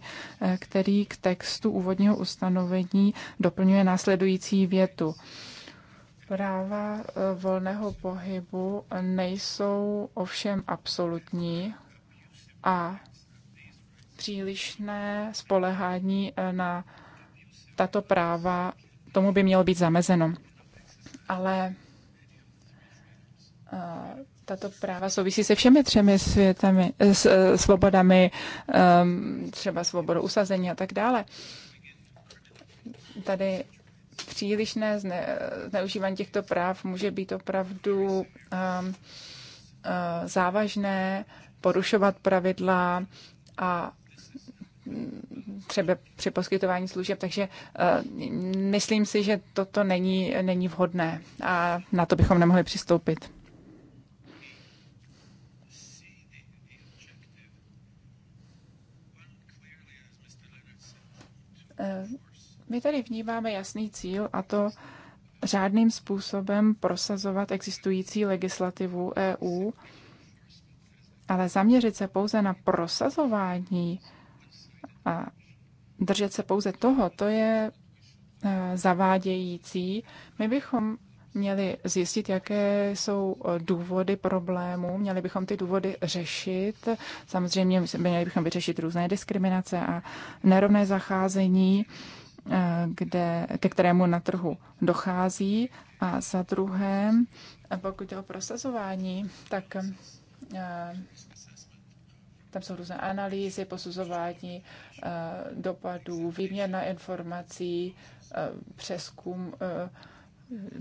který k textu úvodního ustanovení doplňuje následující větu. Práva e, volného pohybu nejsou ovšem absolutní a přílišné spolehání e, na tato práva, tomu by mělo být zamezeno. Ale e, tato práva souvisí se všemi třemi světami, s, svobodami, třeba svobodou usazení a tak dále. Tady přílišné zne, zneužívání těchto práv může být opravdu um, uh, závažné, porušovat pravidla a mm, třeba při poskytování služeb, takže uh, myslím si, že toto není, není vhodné a na to bychom nemohli přistoupit. Uh, my tady vnímáme jasný cíl a to řádným způsobem prosazovat existující legislativu EU, ale zaměřit se pouze na prosazování a držet se pouze toho, to je e, zavádějící. My bychom měli zjistit, jaké jsou e, důvody problému, měli bychom ty důvody řešit. Samozřejmě měli bychom vyřešit různé diskriminace a nerovné zacházení. Eh, kde, ke kterému na trhu dochází. A za druhé, pokud jde o prosazování, tak eh, tam jsou různé analýzy, posuzování eh, dopadů, výměna informací, přeskum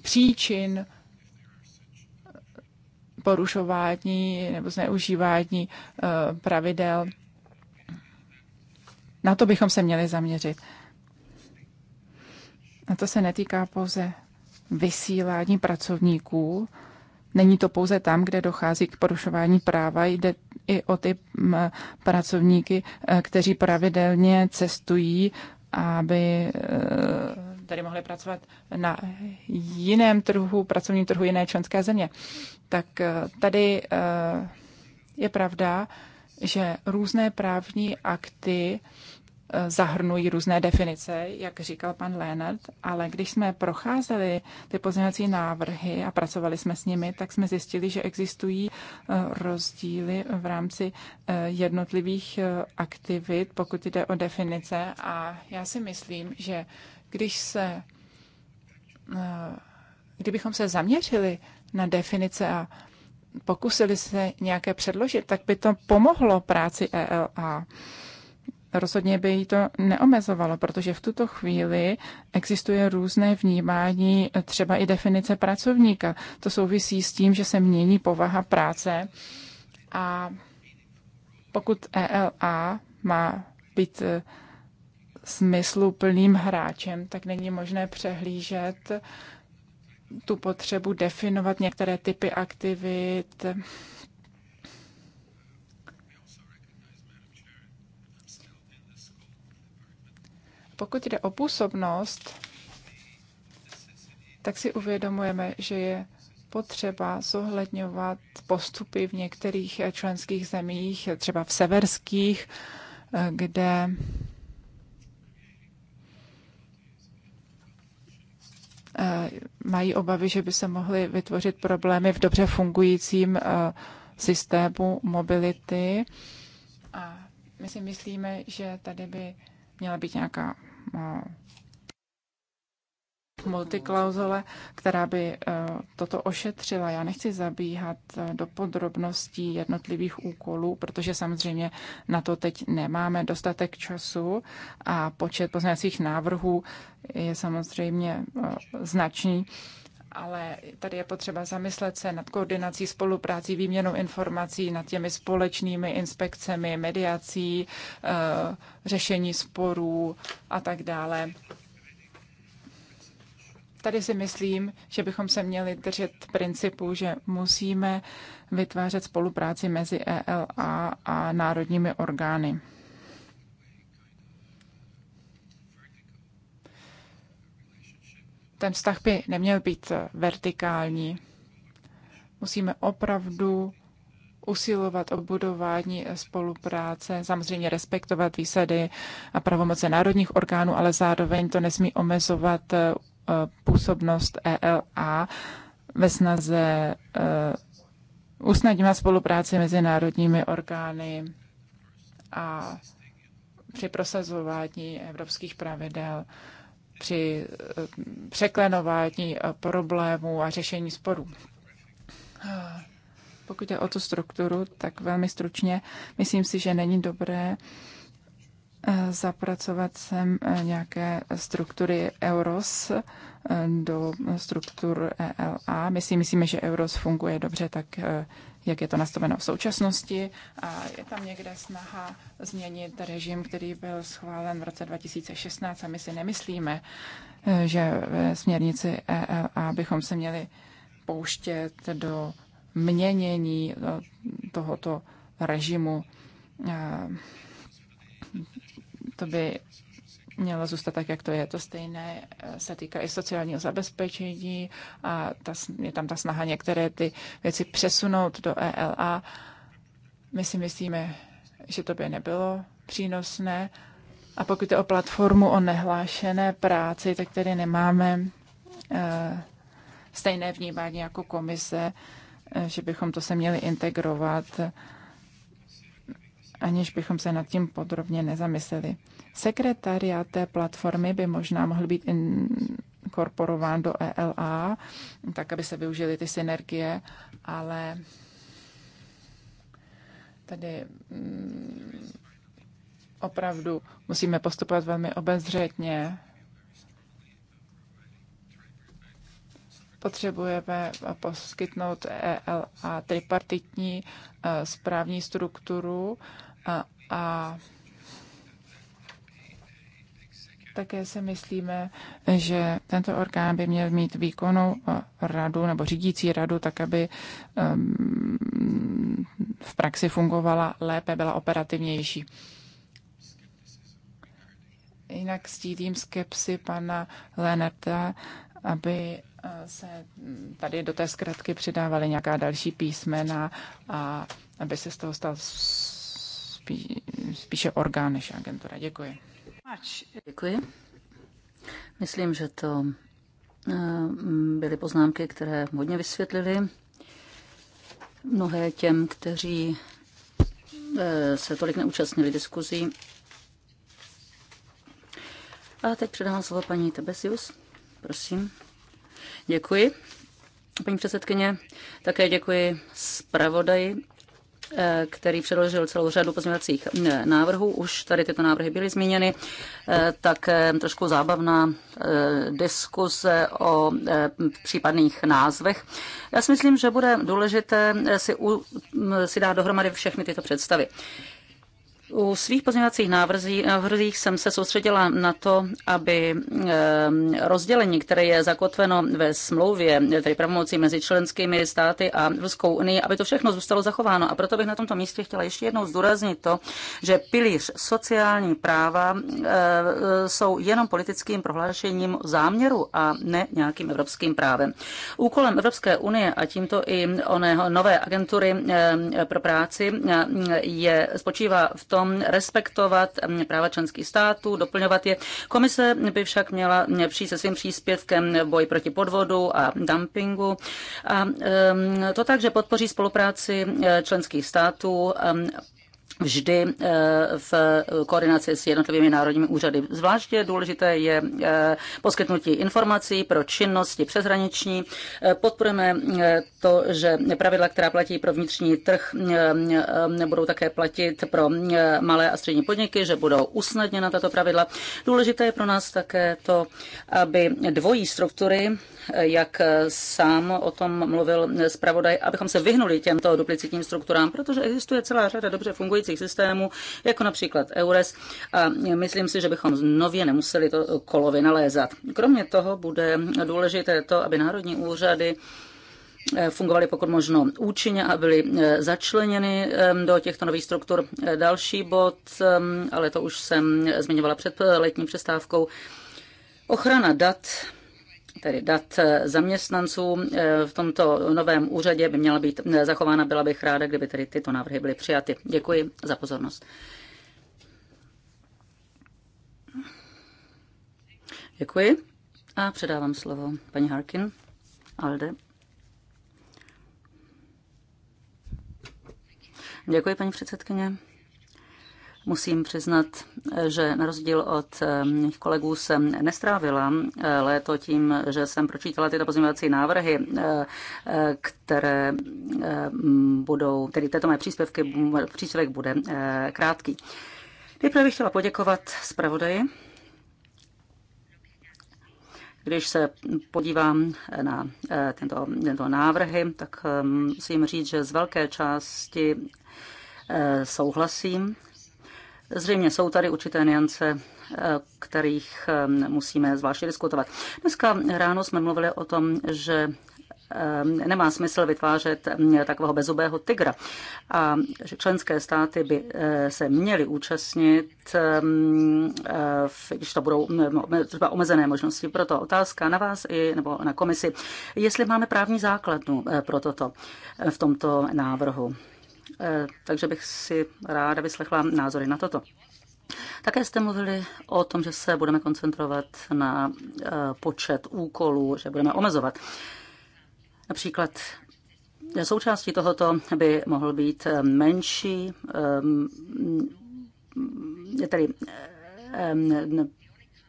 příčin porušování nebo zneužívání pravidel. Na to bychom se měli zaměřit to se netýká pouze vysílání pracovníků, Není to pouze tam, kde dochází k porušování práva, jde i o ty pracovníky, e, kteří pravidelně cestují, aby e, tady mohli pracovat na jiném trhu, pracovním trhu jiné členské země. Tak e, tady je pravda, že různé právní akty Eh, zahrnují různé definice, jak říkal pan Leonard, ale když jsme procházeli ty pozměňovací návrhy a pracovali jsme s nimi, tak jsme zjistili, že existují eh, rozdíly v rámci eh, jednotlivých aktivit, pokud jde o definice. A já si myslím, že když se, kdybychom se zaměřili na definice a pokusili se nějaké předložit, tak by to pomohlo práci ELA rozhodně by jí to neomezovalo, protože v tuto chvíli existuje různé vnímání třeba i definice pracovníka. To souvisí s tím, že se mění povaha práce a pokud ELA má být e, smysluplným hráčem, tak není možné přehlížet tu potřebu definovat některé typy aktivit, Pokud jde o působnost, tak si uvědomujeme, že je potřeba zohledňovat postupy v některých členských zemích, třeba v severských, kde mají obavy, že by se mohly vytvořit problémy v dobře fungujícím eh, systému mobility. A my si myslíme, že tady by měla být nějaká No. multiklauzole, která by eh, toto ošetřila. Já nechci zabíhat eh, do podrobností jednotlivých úkolů, protože samozřejmě na to teď nemáme dostatek času a počet poznacích návrhů je samozřejmě eh, značný ale tady je potřeba zamyslet se nad koordinací, spoluprácí, výměnou informací, nad těmi společnými inspekcemi, mediací, eh, řešení sporů a tak dále. Tady si myslím, že bychom se měli držet principu, že musíme vytvářet spolupráci mezi ELA a národními orgány. ten vztah by neměl být eh, vertikální. Musíme opravdu usilovat o budování eh, spolupráce, samozřejmě respektovat výsady a pravomoce národních orgánů, ale zároveň to nesmí omezovat eh, působnost ELA ve snaze usnadňovat spolupráci mezi národními orgány a při prosazování evropských pravidel při eh, překlenování eh, problémů a řešení sporů. Eh, pokud je o tu strukturu, tak velmi stručně, myslím si, že není dobré zapracovat sem nějaké struktury EUROS do struktur ELA. My si myslíme, že EUROS funguje dobře tak, jak je to nastaveno v současnosti a je tam někde snaha změnit režim, který byl schválen v roce 2016 a my si nemyslíme, že ve směrnici ELA bychom se měli pouštět do měnění e, tohoto režimu. E, to by měla zůstat tak, jak to je. To stejné eh, se týká i sociálního zabezpečení a ta, je tam ta snaha některé ty věci přesunout do ELA. My si myslíme, že to by nebylo přínosné. A pokud je o platformu o nehlášené práci, tak tedy nemáme eh, stejné vnímání jako komise, eh, že bychom to se měli integrovat aniž bychom se nad tím podrobně nezamysleli. Sekretariát té platformy by možná mohl být inkorporován do ELA, tak aby se využily ty synergie, ale tady mm, opravdu musíme postupovat velmi obezřetně. Potřebujeme poskytnout ELA tripartitní eh, správní strukturu, a, a také si myslíme, že tento orgán by měl mít výkonnou eh, radu nebo řídící radu, tak aby ehm, v praxi fungovala lépe, byla operativnější. Jinak stílím skepsy pana Lenerta, aby eh, se tady do té zkratky přidávaly nějaká další písmena a aby se z toho stal spí, spíše orgán než agentura. Děkuji. Děkuji. Myslím, že to eh, byly poznámky, které hodně vysvětlili. mnohé těm, kteří eh, se tolik neúčastnili diskuzí. A teď předávám slovo paní Tebesius. Prosím. Děkuji. Paní předsedkyně, také děkuji zpravodaji Eh, který předložil celou řadu pozměňovacích eh, návrhů. Už tady tyto návrhy byly zmíněny. Eh, tak trošku zábavná diskuse o případných názvech. Já si myslím, že bude důležité si, u, si dát dohromady všechny tyto představy. U svých pozměňovacích návrzích jsem se soustředila na to, aby eh, rozdělení, které je zakotveno ve smlouvě, tedy pravomocí mezi členskými státy a Ruskou unii, aby to všechno zůstalo zachováno. A proto bych na tomto místě chtěla ještě jednou zdůraznit to, že pilíř sociální práva eh, jsou jenom politickým prohlášením záměru a ne nějakým evropským právem. Úkolem Evropské unie a tímto i oné nové agentury eh, pro práci je, spočívá v tom, přitom respektovat mm, práva členských států, doplňovat je. Komise by však měla mm, přijít se svým příspěvkem boj proti podvodu a dumpingu. A mm, to tak, že podpoří spolupráci členských států vždy eh, v koordinaci s jednotlivými národními úřady. Zvláště důležité je eh, poskytnutí informací pro činnosti přeshraniční. Eh, podporujeme to, že pravidla, která platí pro vnitřní trh, nebudou také platit pro malé a střední podniky, že budou usnadněna tato pravidla. Důležité je pro nás také to, aby dvojí struktury jak sám o tom mluvil zpravodaj, abychom se vyhnuli těmto duplicitním strukturám, protože existuje celá řada dobře fungujících stávajících systémů, jako například EURES. A myslím si, že bychom nově nemuseli to kolo vynalézat. Kromě toho bude důležité to, aby národní úřady eh, fungovaly pokud možno účinně a byly eh, začleněny do těchto nových struktur. Eh, další bod, ale to už jsem zmiňovala před letní přestávkou, ochrana dat tedy dat zaměstnanců eh, v tomto novém úřadě by měla být eh, zachována. Byla bych ráda, kdyby tedy tyto návrhy byly přijaty. Děkuji za pozornost. Děkuji a předávám slovo paní Harkin. Alde. Děkuji, paní předsedkyně. Musím přiznat, že na rozdíl od eh, mých kolegů jsem nestrávila eh, léto tím, že jsem pročítala tyto pozměňovací návrhy, eh, které budou, tedy této mé příspěvky, příspěvek bude krátký. Nejprve bych chtěla poděkovat zpravodaji když se podívám na tento, tento návrhy, tak musím říct, že z velké části souhlasím Zřejmě jsou tady určité niance, eh, kterých eh, musíme zvláště diskutovat. Dneska ráno jsme mluvili o tom, že eh, nemá smysl vytvářet takového bezubého tygra. A že členské státy by se měly účastnit, když to budou no, třeba omezené možnosti. Proto otázka na vás i nebo na komisi, jestli máme právní základnu pro toto v tomto návrhu. Eh, takže bych si ráda vyslechla názory na toto. Také jste mluvili o tom, že se budeme koncentrovat na eh, počet úkolů, že budeme omezovat. Například eh, součástí tohoto by mohl být menší, tedy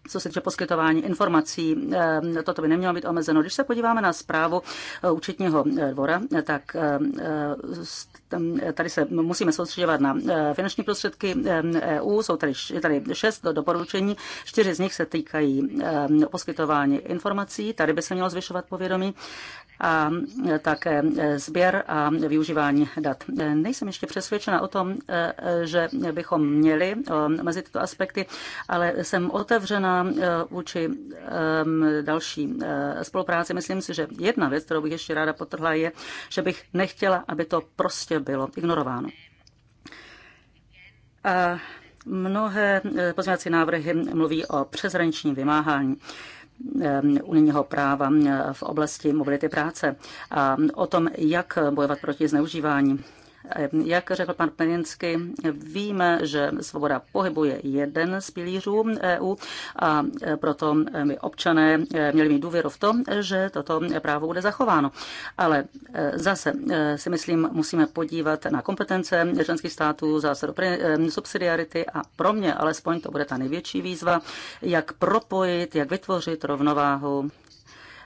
co se týče poskytování informací, eh, toto by nemělo být omezeno. Když se podíváme na zprávu eh, účetního eh, dvora, tak tady se musíme soustředovat na finanční prostředky EU. E Jsou tady, tady šest doporučení, čtyři z nich se týkají poskytování informací. Tady by se mělo zvyšovat povědomí a také sběr a využívání dat. Nejsem ještě přesvědčena o tom, že bychom měli mezi tyto aspekty, ale jsem otevřena eh, vůči ehm, další eh, spolupráci. Myslím si, že jedna věc, kterou bych ještě ráda potrhla, je, že bych nechtěla, aby to prostě bylo ignorováno. A mnohé eh, pozměňovací návrhy mluví o přezraničním vymáhání. Eh, unijního práva eh, v oblasti mobility práce a o tom, jak bojovat proti zneužívání jak řekl pan Peninsky, víme, že svoboda pohybu je jeden z pilířů EU a proto my občané měli mít důvěru v to, že toto právo bude zachováno. Ale zase si myslím, musíme podívat na kompetence členských států, zásadu subsidiarity a pro mě alespoň to bude ta největší výzva, jak propojit, jak vytvořit rovnováhu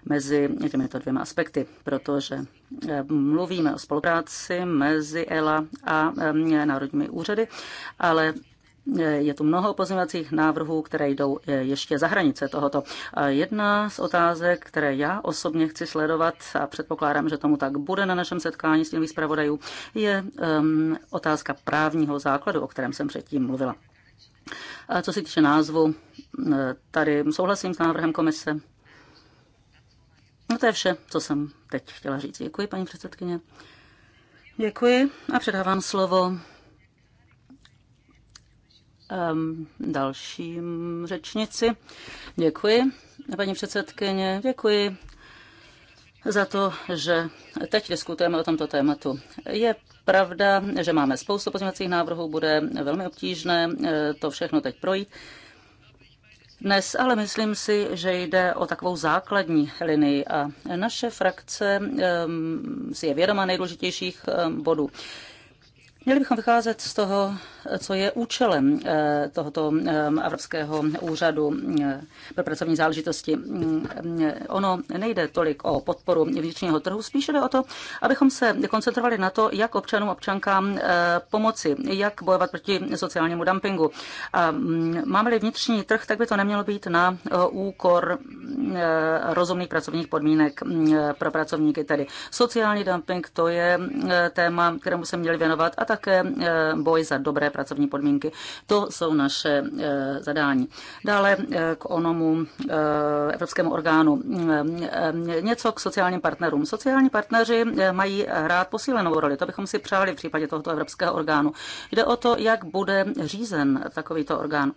mezi těmito dvěma aspekty, protože eh, mluvíme o spolupráci mezi ELA a eh, národními úřady, ale eh, je tu mnoho pozměňovacích návrhů, které jdou ještě za hranice tohoto. Jedna z otázek, které já osobně chci sledovat a předpokládám, že tomu tak bude na našem setkání s těmi zpravodajů, je um, otázka právního základu, o kterém jsem předtím mluvila. A co se týče názvu, tady souhlasím s návrhem komise No to je vše, co jsem teď chtěla říct. Děkuji, paní předsedkyně. Děkuji a předávám slovo um, dalším řečnici. Děkuji, paní předsedkyně. Děkuji za to, že teď diskutujeme o tomto tématu. Je pravda, že máme spoustu pozměňovacích návrhů, bude velmi obtížné eh, to všechno teď projít dnes, ale myslím si, že jde o takovou základní linii a naše frakce ehm, si je vědoma nejdůležitějších ehm, bodů. Měli bychom vycházet z toho, co je účelem eh, tohoto eh, Evropského úřadu eh, pro pracovní záležitosti. Mm, ono nejde tolik o podporu vnitřního trhu, spíše jde o to, abychom se koncentrovali na to, jak občanům občankám pomoci, jak bojovat proti sociálnímu dumpingu. Mm, máme-li vnitřní trh, tak by to nemělo být na úkor rozumných pracovních podmínek mm, pro pracovníky. Tedy sociální dumping, to je téma, kterému se měli věnovat a také eh, boj za dobré pracovní podmínky. To jsou naše eh, zadání. Dále eh, k onomu Evropskému orgánu. Něco k sociálním partnerům. Sociální partneři mají hrát posílenou roli. To bychom si přáli v případě tohoto Evropského orgánu. Jde o to, jak bude řízen takovýto orgán.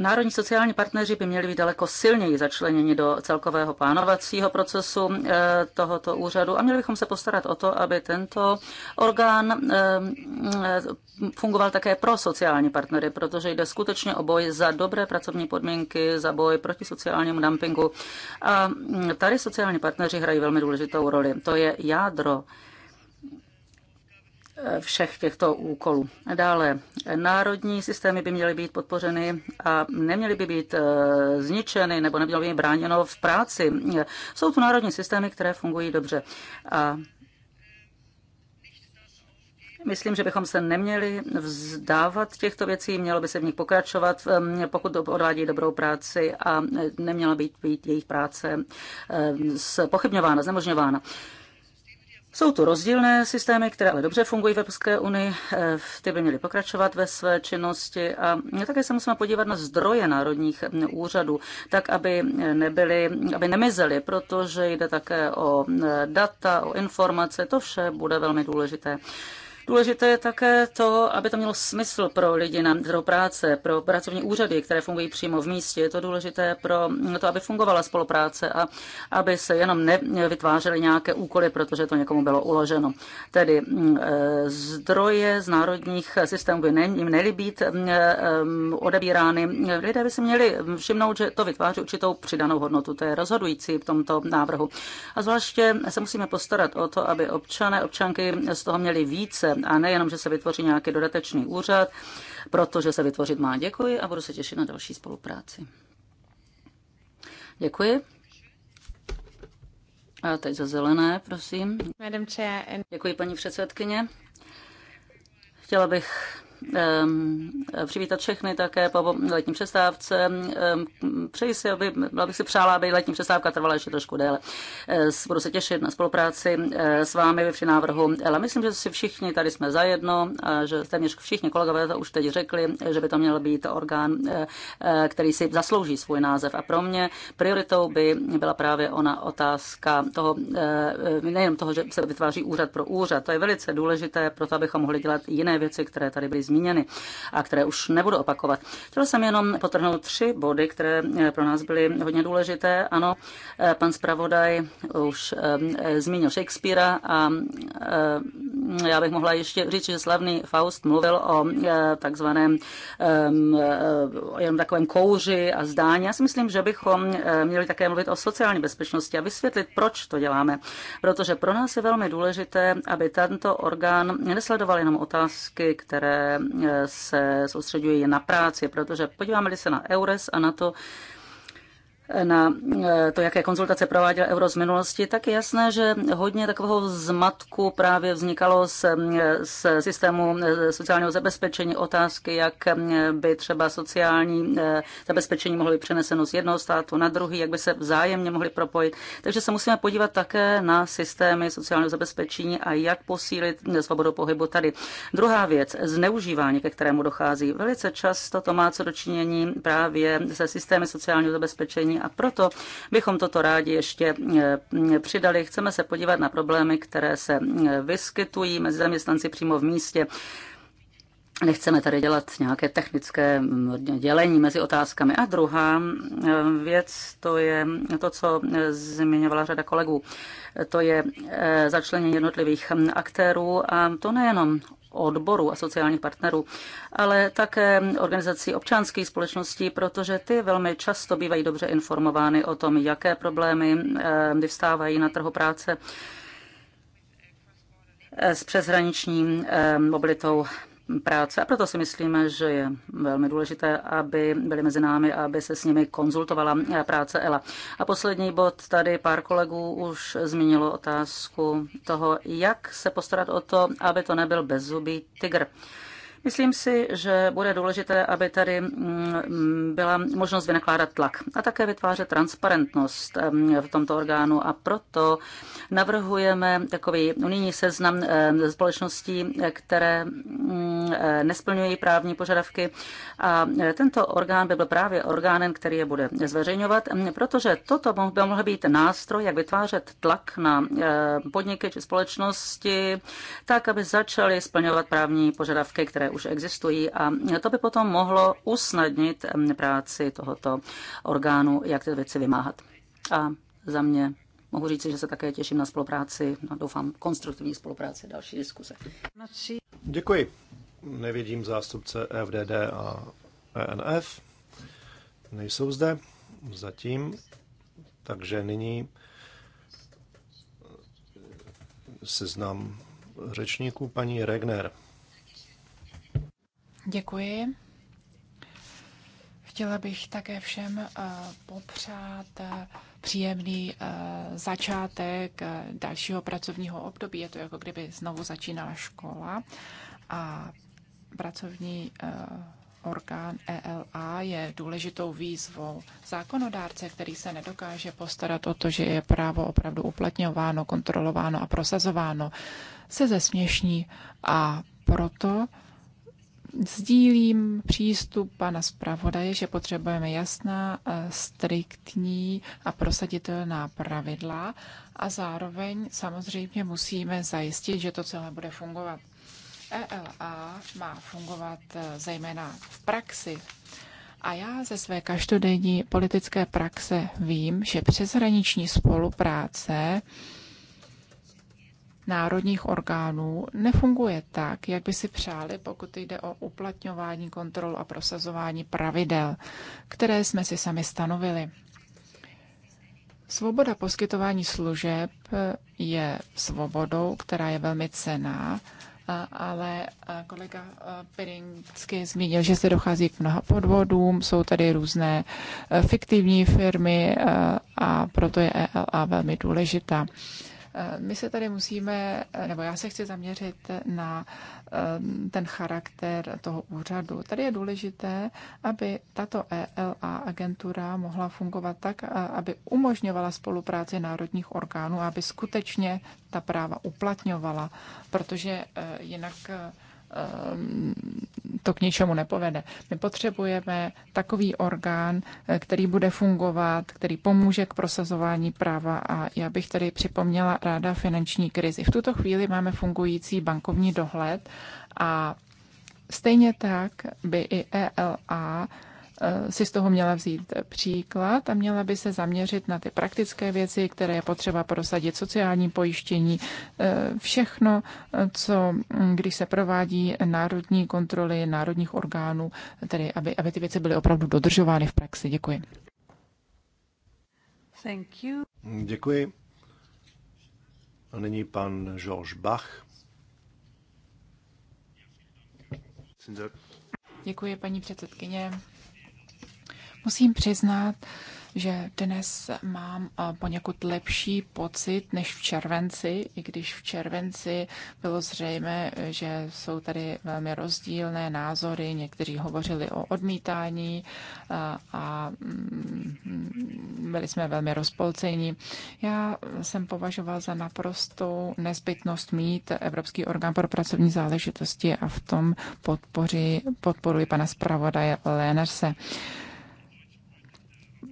Národní sociální partneři by měli být daleko silněji začleněni do celkového plánovacího procesu eh, tohoto úřadu a měli bychom se postarat o to, aby tento orgán eh, mm, fungoval také pro sociální partnery, protože jde skutečně o boj za dobré pracovní podmínky, za boj proti sociálnímu dumpingu. A mm, tady sociální partneři hrají velmi důležitou roli. To je jádro všech těchto úkolů. Dále, národní systémy by měly být podpořeny a neměly by být eh, zničeny nebo nebylo by jim bráněno v práci. Jsou tu národní systémy, které fungují dobře. A Myslím, že bychom se neměli vzdávat těchto věcí, mělo by se v nich pokračovat, ehm, pokud odvádí dobrou práci a neměla být, být jejich práce ehm, pochybňována, znemožňována. Jsou tu rozdílné systémy, které ale dobře fungují v Evropské unii, eh, ty by měly pokračovat ve své činnosti a také se musíme podívat na zdroje národních eh, úřadů, tak aby, eh, nebyly, aby nemizely, protože jde také o data, o informace, to vše bude velmi důležité. Důležité je také to, aby to mělo smysl pro lidi na trhu práce, pro pracovní úřady, které fungují přímo v místě. Je to důležité pro to, aby fungovala spolupráce a aby se jenom nevytvářely nějaké úkoly, protože to někomu bylo uloženo. Tedy mm, eh, zdroje z národních systémů by jim měly být mm, eh, odebírány. Lidé by si měli všimnout, že to vytváří určitou přidanou hodnotu. To je rozhodující v tomto návrhu. A zvláště se musíme postarat o to, aby občané, občanky z toho měli více práce a nejenom, že se vytvoří nějaký dodatečný úřad, protože se vytvořit má. Děkuji a budu se těšit na další spolupráci. Děkuji. A teď za zelené, prosím. Děkuji, paní předsedkyně. Chtěla bych Ehm, přivítat všechny také po letní přestávce. Ehm, přeji si, aby, byla bych si přála, aby letní přestávka trvala ještě trošku déle. Eh, budu se těšit na spolupráci eh, s vámi při návrhu Ale Myslím, že si všichni tady jsme zajedno, a že téměř všichni kolegové to už teď řekli, že by to měl být orgán, eh, který si zaslouží svůj název. A pro mě prioritou by byla právě ona otázka toho, nejenom toho, že se vytváří úřad pro úřad. To je velice důležité, proto abychom mohli dělat jiné věci, které tady byly zmíněny a které už nebudu opakovat. Chtěl jsem jenom potrhnout tři body, které eh, pro nás byly hodně důležité. Ano, eh, pan zpravodaj už eh, zmínil Shakespearea a já bych mohla ještě říct, že slavný Faust mluvil o takzvaném jenom takovém kouři a zdání. Já si myslím, že bychom měli také mluvit o sociální bezpečnosti a vysvětlit, proč to děláme. Protože pro nás je velmi důležité, aby tento orgán nesledoval jenom otázky, které se soustředují na práci, protože podíváme-li se na EURES a na to, na eh, to, jaké konzultace prováděl euro z minulosti, tak je jasné, že hodně takového zmatku právě vznikalo z, z eh, systému eh, sociálního zabezpečení, otázky, jak by třeba sociální zabezpečení mohlo být přeneseno z jednoho státu na druhý, jak by se vzájemně mohly propojit. Takže se musíme podívat také na systémy sociálního zabezpečení a jak posílit svobodu pohybu tady. Druhá věc, zneužívání, ke kterému dochází. Velice často to má co dočinění právě se systémy sociálního zabezpečení a proto bychom toto rádi ještě eh, přidali. Chceme se podívat na problémy, které se vyskytují mezi zaměstnanci přímo v místě. Nechceme tady dělat nějaké technické dělení mezi otázkami. A druhá věc, to je to, co eh, zmiňovala řada kolegů. To je eh, začlenění jednotlivých aktérů a to nejenom odborů a sociálních partnerů, ale také organizací občanských společností, protože ty velmi často bývají dobře informovány o tom, jaké problémy eh, vyvstávají na trhu práce eh, s přeshraniční eh, mobilitou práce a proto si myslíme, že je velmi důležité, aby byly mezi námi, aby se s nimi konzultovala práce ELA. A poslední bod, tady pár kolegů už zmínilo otázku toho, jak se postarat o to, aby to nebyl bezzubý tygr. Myslím si, že bude důležité, aby tady mm, mm, byla možnost vynakládat tlak a také vytvářet transparentnost mm, v tomto orgánu a proto navrhujeme takový unijní seznam eh, společností, které eh, nesplňují právní požadavky a eh, tento orgán by byl právě orgánem, který je bude zveřejňovat, protože toto by mohl být nástroj, jak vytvářet tlak na podniky či společnosti, tak, aby začaly splňovat právní požadavky, které už existují a to by potom mohlo usnadnit práci tohoto orgánu, jak ty věci vymáhat. A za mě mohu říct, že se také těším na spolupráci, no, doufám konstruktivní spolupráci, další diskuse. Děkuji. Nevidím zástupce FDD a ENF. Nejsou zde zatím, takže nyní seznam řečníků paní Regner. Děkuji. Chtěla bych také všem eh, popřát eh, příjemný eh, začátek dalšího pracovního období. Je to jako kdyby znovu začínala škola a pracovní orgán ELA je důležitou výzvou. Zákonodárce, který se nedokáže postarat o to, že je právo opravdu uplatňováno, kontrolováno a prosazováno, se zesměšní a proto sdílím přístup pana zpravodaje, že potřebujeme jasná, eh, striktní a prosaditelná pravidla a zároveň samozřejmě musíme zajistit, že to celé bude fungovat. ELA má fungovat eh, zejména v praxi. A já ze své každodenní politické praxe vím, že přeshraniční spolupráce národních orgánů nefunguje tak, jak by si přáli, pokud jde o uplatňování kontrol a prosazování pravidel, které jsme si sami stanovili. Svoboda poskytování služeb je svobodou, která je velmi cená, ale kolega Perinsky zmínil, že se dochází k mnoha podvodům, jsou tady různé e, fiktivní firmy a proto je ELA velmi důležitá. Eh, my se tady musíme, eh, nebo já se chci zaměřit na eh, ten charakter toho úřadu. Tady je důležité, aby tato ELA agentura mohla fungovat tak, aby umožňovala spolupráci národních orgánů, aby skutečně ta práva uplatňovala, protože jinak Ehm, to k ničemu nepovede. My potřebujeme takový orgán, eh, který bude fungovat, který pomůže k prosazování práva a já bych tady připomněla ráda finanční krizi. V tuto chvíli máme fungující bankovní dohled a stejně tak by i ELA Eh, si z toho měla vzít příklad a měla by se zaměřit na ty praktické věci, které je potřeba prosadit, sociální pojištění, eh, všechno, eh, co, mm, když se provádí národní kontroly národních orgánů, tedy aby, aby ty věci byly opravdu dodržovány v praxi. Děkuji. Thank you. Děkuji. A nyní pan Georges Bach. Děkuji, paní předsedkyně. Musím přiznat, že dnes mám eh, poněkud lepší pocit než v červenci, i když v červenci bylo zřejmé, že jsou tady velmi rozdílné názory. Někteří hovořili o odmítání eh, a, a mm, byli jsme velmi rozpolcení. Já jsem považoval za naprostou nezbytnost mít Evropský orgán pro pracovní záležitosti a v tom podpoři, podporuji pana zpravodaje Lénerse.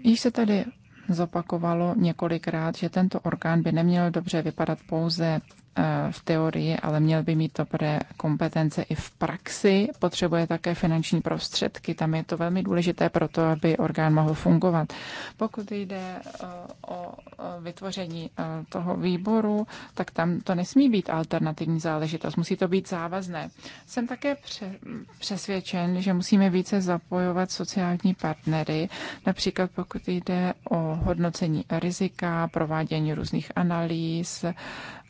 Již se tady zopakovalo několikrát, že tento orgán by neměl dobře vypadat pouze Eh, v teorii, ale měl by mít dobré kompetence i v praxi. Potřebuje také finanční prostředky. Tam je to velmi důležité pro to, aby orgán mohl fungovat. Pokud jde eh, o vytvoření eh, toho výboru, tak tam to nesmí být alternativní záležitost. Musí to být závazné. Jsem také přesvědčen, že musíme více zapojovat sociální partnery, například pokud jde o hodnocení rizika, provádění různých analýz,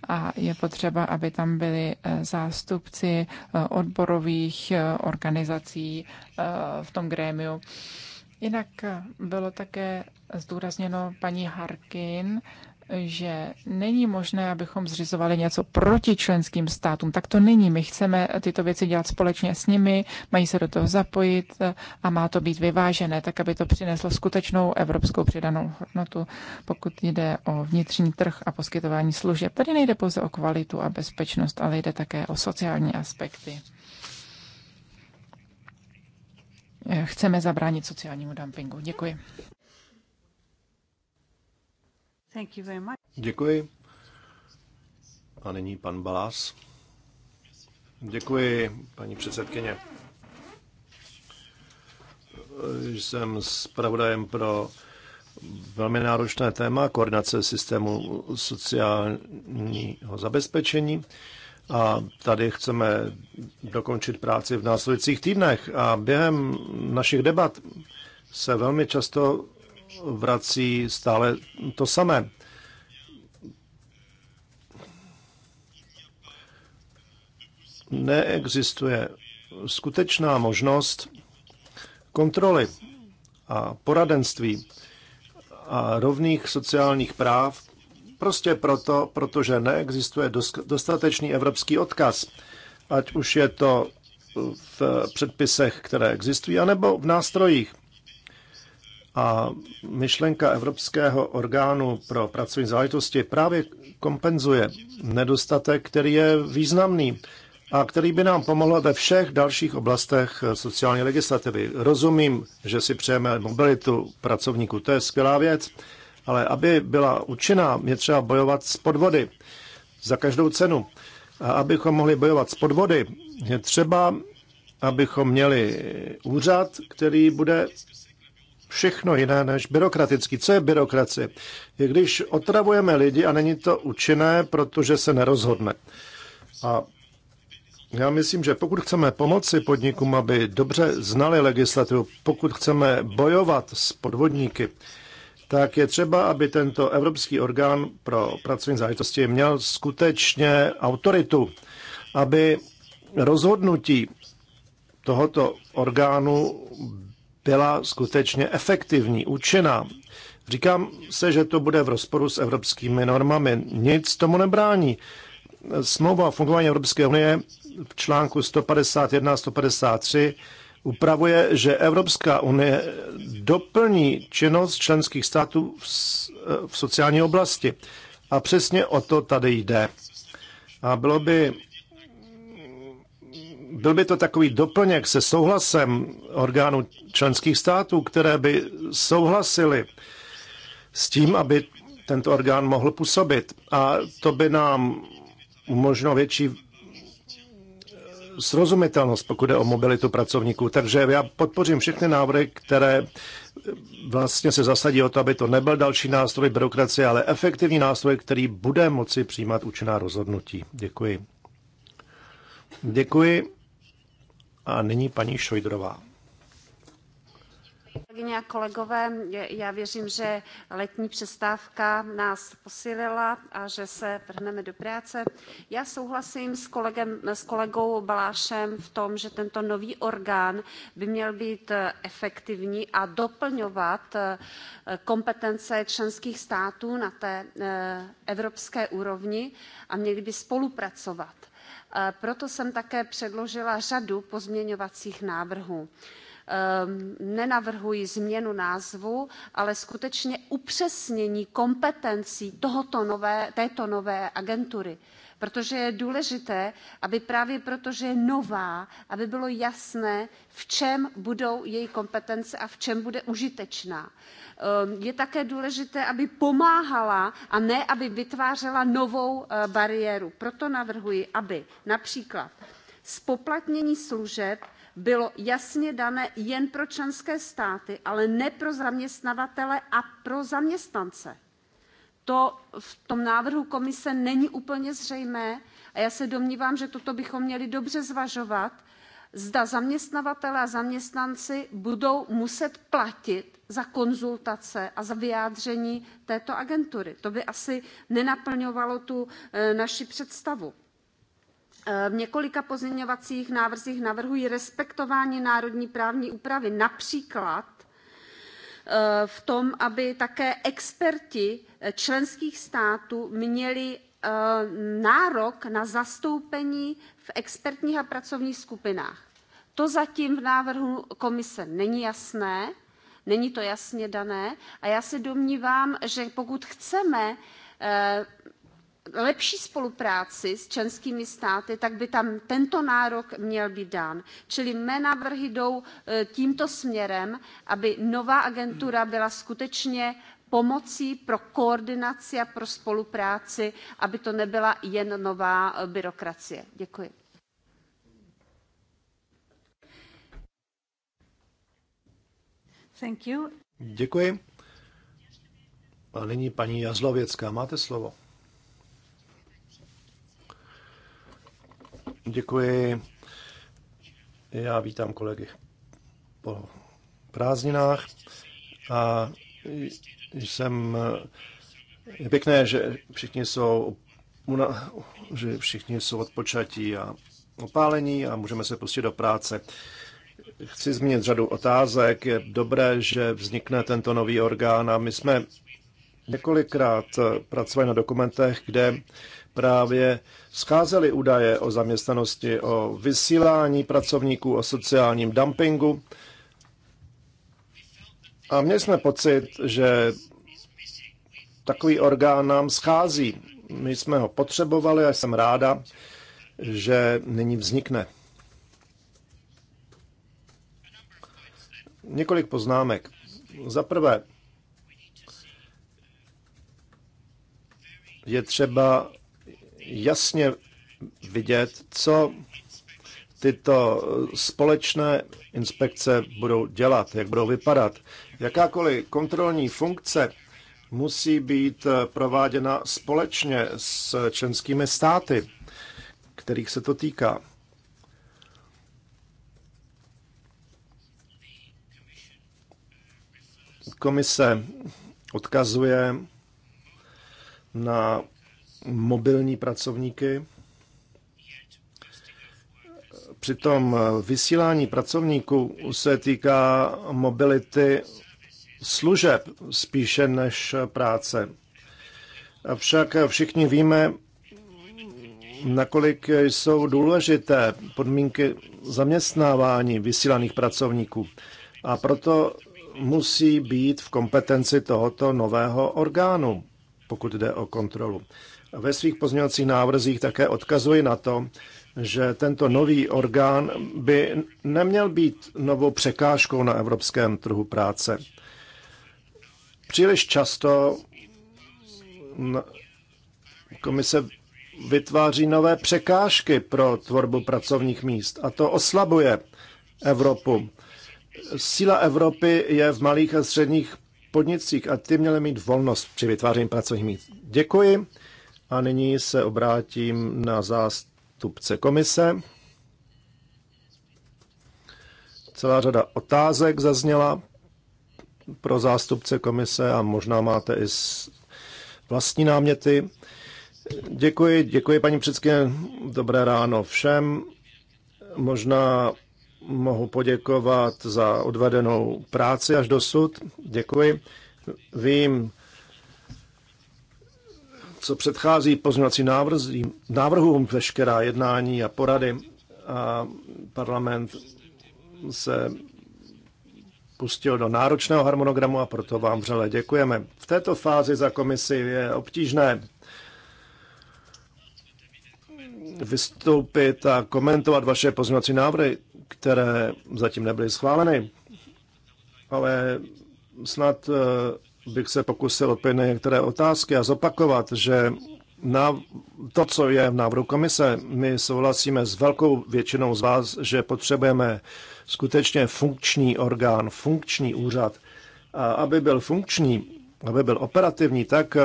a je potřeba, aby tam byli eh, zástupci eh, odborových eh, organizací v tom grémiu. Jinak bylo také zdůrazněno paní Harkin, že není možné, abychom zřizovali něco proti členským státům. Tak to není. My chceme tyto věci dělat společně s nimi, mají se do toho zapojit a má to být vyvážené, tak aby to přineslo skutečnou evropskou přidanou hodnotu, pokud jde o vnitřní trh a poskytování služeb. Tady nejde pouze o kvalitu a bezpečnost, ale jde také o sociální aspekty. Chceme zabránit sociálnímu dumpingu. Děkuji. Děkuji. A nyní pan Balas. Děkuji, paní předsedkyně. Jsem zpravodajem pro velmi náročné téma koordinace systému sociálního zabezpečení. A tady chceme dokončit práci v následujících týdnech. A během našich debat se velmi často vrací stále to samé. Neexistuje skutečná možnost kontroly a poradenství a rovných sociálních práv prostě proto, protože neexistuje dostatečný evropský odkaz, ať už je to v předpisech, které existují, anebo v nástrojích. A myšlenka Evropského orgánu pro pracovní záležitosti právě kompenzuje nedostatek, který je významný a který by nám pomohl ve všech dalších oblastech sociální legislativy. Rozumím, že si přejeme mobilitu pracovníků, to je skvělá věc, ale aby byla účinná, je třeba bojovat s podvody za každou cenu. A abychom mohli bojovat s podvody, je třeba, abychom měli úřad, který bude všechno jiné než byrokratický. Co je byrokracie? Je když otravujeme lidi a není to účinné, protože se nerozhodne. A já myslím, že pokud chceme pomoci podnikům, aby dobře znali legislativu, pokud chceme bojovat s podvodníky, tak je třeba, aby tento Evropský orgán pro pracovní záležitosti měl skutečně autoritu, aby rozhodnutí tohoto orgánu byla skutečně efektivní, účinná. Říkám se, že to bude v rozporu s evropskými normami. Nic tomu nebrání. Smlouva o fungování Evropské unie v článku 151 a 153 upravuje, že Evropská unie doplní činnost členských států eh, v sociální oblasti. A přesně o to tady jde. A bylo by byl by to takový doplněk se souhlasem orgánů členských států, které by souhlasili s tím, aby tento orgán mohl působit. A to by nám umožnilo větší srozumitelnost, pokud je o mobilitu pracovníků. Takže já podpořím všechny návrhy, které vlastně se zasadí o to, aby to nebyl další nástroj byrokracie, ale efektivní nástroj, který bude moci přijímat účinná rozhodnutí. Děkuji. Děkuji. A nyní paní Šojdrová. Kolegyně a kolegové, já věřím, že letní přestávka nás posílila a že se vrhneme do práce. Já souhlasím s, kolegem, s kolegou Balášem v tom, že tento nový orgán by měl být efektivní a doplňovat eh, kompetence členských států na té eh, evropské úrovni a měli by spolupracovat proto jsem také předložila řadu pozměňovacích návrhů. Ehm, nenavrhuji změnu názvu ale skutečně upřesnění kompetencí této nové agentury protože je důležité, aby právě protože je nová, aby bylo jasné, v čem budou její kompetence a v čem bude užitečná. Ehm, je také důležité, aby pomáhala a ne, aby vytvářela novou eh, bariéru. Proto navrhuji, aby například spoplatnění služeb bylo jasně dané jen pro členské státy, ale ne pro zaměstnavatele a pro zaměstnance to v tom návrhu komise není úplně zřejmé a já se domnívám, že toto bychom měli dobře zvažovat, zda zaměstnavatelé a zaměstnanci budou muset platit za konzultace a za vyjádření této agentury. To by asi nenaplňovalo tu e, naši představu. E, v několika pozměňovacích návrzích navrhuji respektování národní právní úpravy, například Eh, v tom, aby také experti eh, členských států měli eh, nárok na zastoupení v expertních a pracovních skupinách. To zatím v návrhu komise není jasné, není to jasně dané a já se domnívám, že pokud chceme lepší spolupráci s členskými státy, tak by tam tento nárok měl být dán. Čili mé návrhy jdou e, tímto směrem, aby nová agentura byla skutečně pomocí pro koordinaci a pro spolupráci, aby to nebyla jen nová e, byrokracie. Děkuji. Thank you. Děkuji. A nyní paní Jazlověcká, máte slovo. Děkuji. Já vítám kolegy po prázdninách a jsem je pěkné, že všichni jsou že všichni jsou odpočatí a opálení a můžeme se pustit do práce. Chci zmínit řadu otázek. Je dobré, že vznikne tento nový orgán a my jsme několikrát pracovali na dokumentech, kde právě scházely údaje o zaměstnanosti, o vysílání pracovníků, o sociálním dumpingu. A měli jsme pocit, že takový orgán nám schází. My jsme ho potřebovali a jsem ráda, že nyní vznikne. Několik poznámek. Za prvé, je třeba jasně vidět, co tyto společné inspekce budou dělat, jak budou vypadat. Jakákoliv kontrolní funkce musí být prováděna společně s členskými státy, kterých se to týká. Komise odkazuje na mobilní pracovníky. Přitom vysílání pracovníků se týká mobility služeb spíše než práce. Avšak všichni víme, nakolik jsou důležité podmínky zaměstnávání vysílaných pracovníků. A proto musí být v kompetenci tohoto nového orgánu, pokud jde o kontrolu. Ve svých pozměňovacích návrzích také odkazuji na to, že tento nový orgán by neměl být novou překážkou na evropském trhu práce. Příliš často komise vytváří nové překážky pro tvorbu pracovních míst a to oslabuje Evropu. Síla Evropy je v malých a středních podnicích a ty měly mít volnost při vytváření pracovních míst. Děkuji. A nyní se obrátím na zástupce komise. Celá řada otázek zazněla pro zástupce komise a možná máte i vlastní náměty. Děkuji, děkuji paní předsedkyně. Dobré ráno všem. Možná mohu poděkovat za odvedenou práci až dosud. Děkuji. Vím, co předchází pozměňovací návrhům, veškerá jednání a porady. A parlament se pustil do náročného harmonogramu a proto vám vřele děkujeme. V této fázi za komisi je obtížné vystoupit a komentovat vaše pozměňovací návrhy, které zatím nebyly schváleny. Ale snad eh, bych se pokusil opět některé otázky a zopakovat, že na to, co je v návrhu komise, my souhlasíme s velkou většinou z vás, že potřebujeme skutečně funkční orgán, funkční úřad. A aby byl funkční, aby byl operativní, tak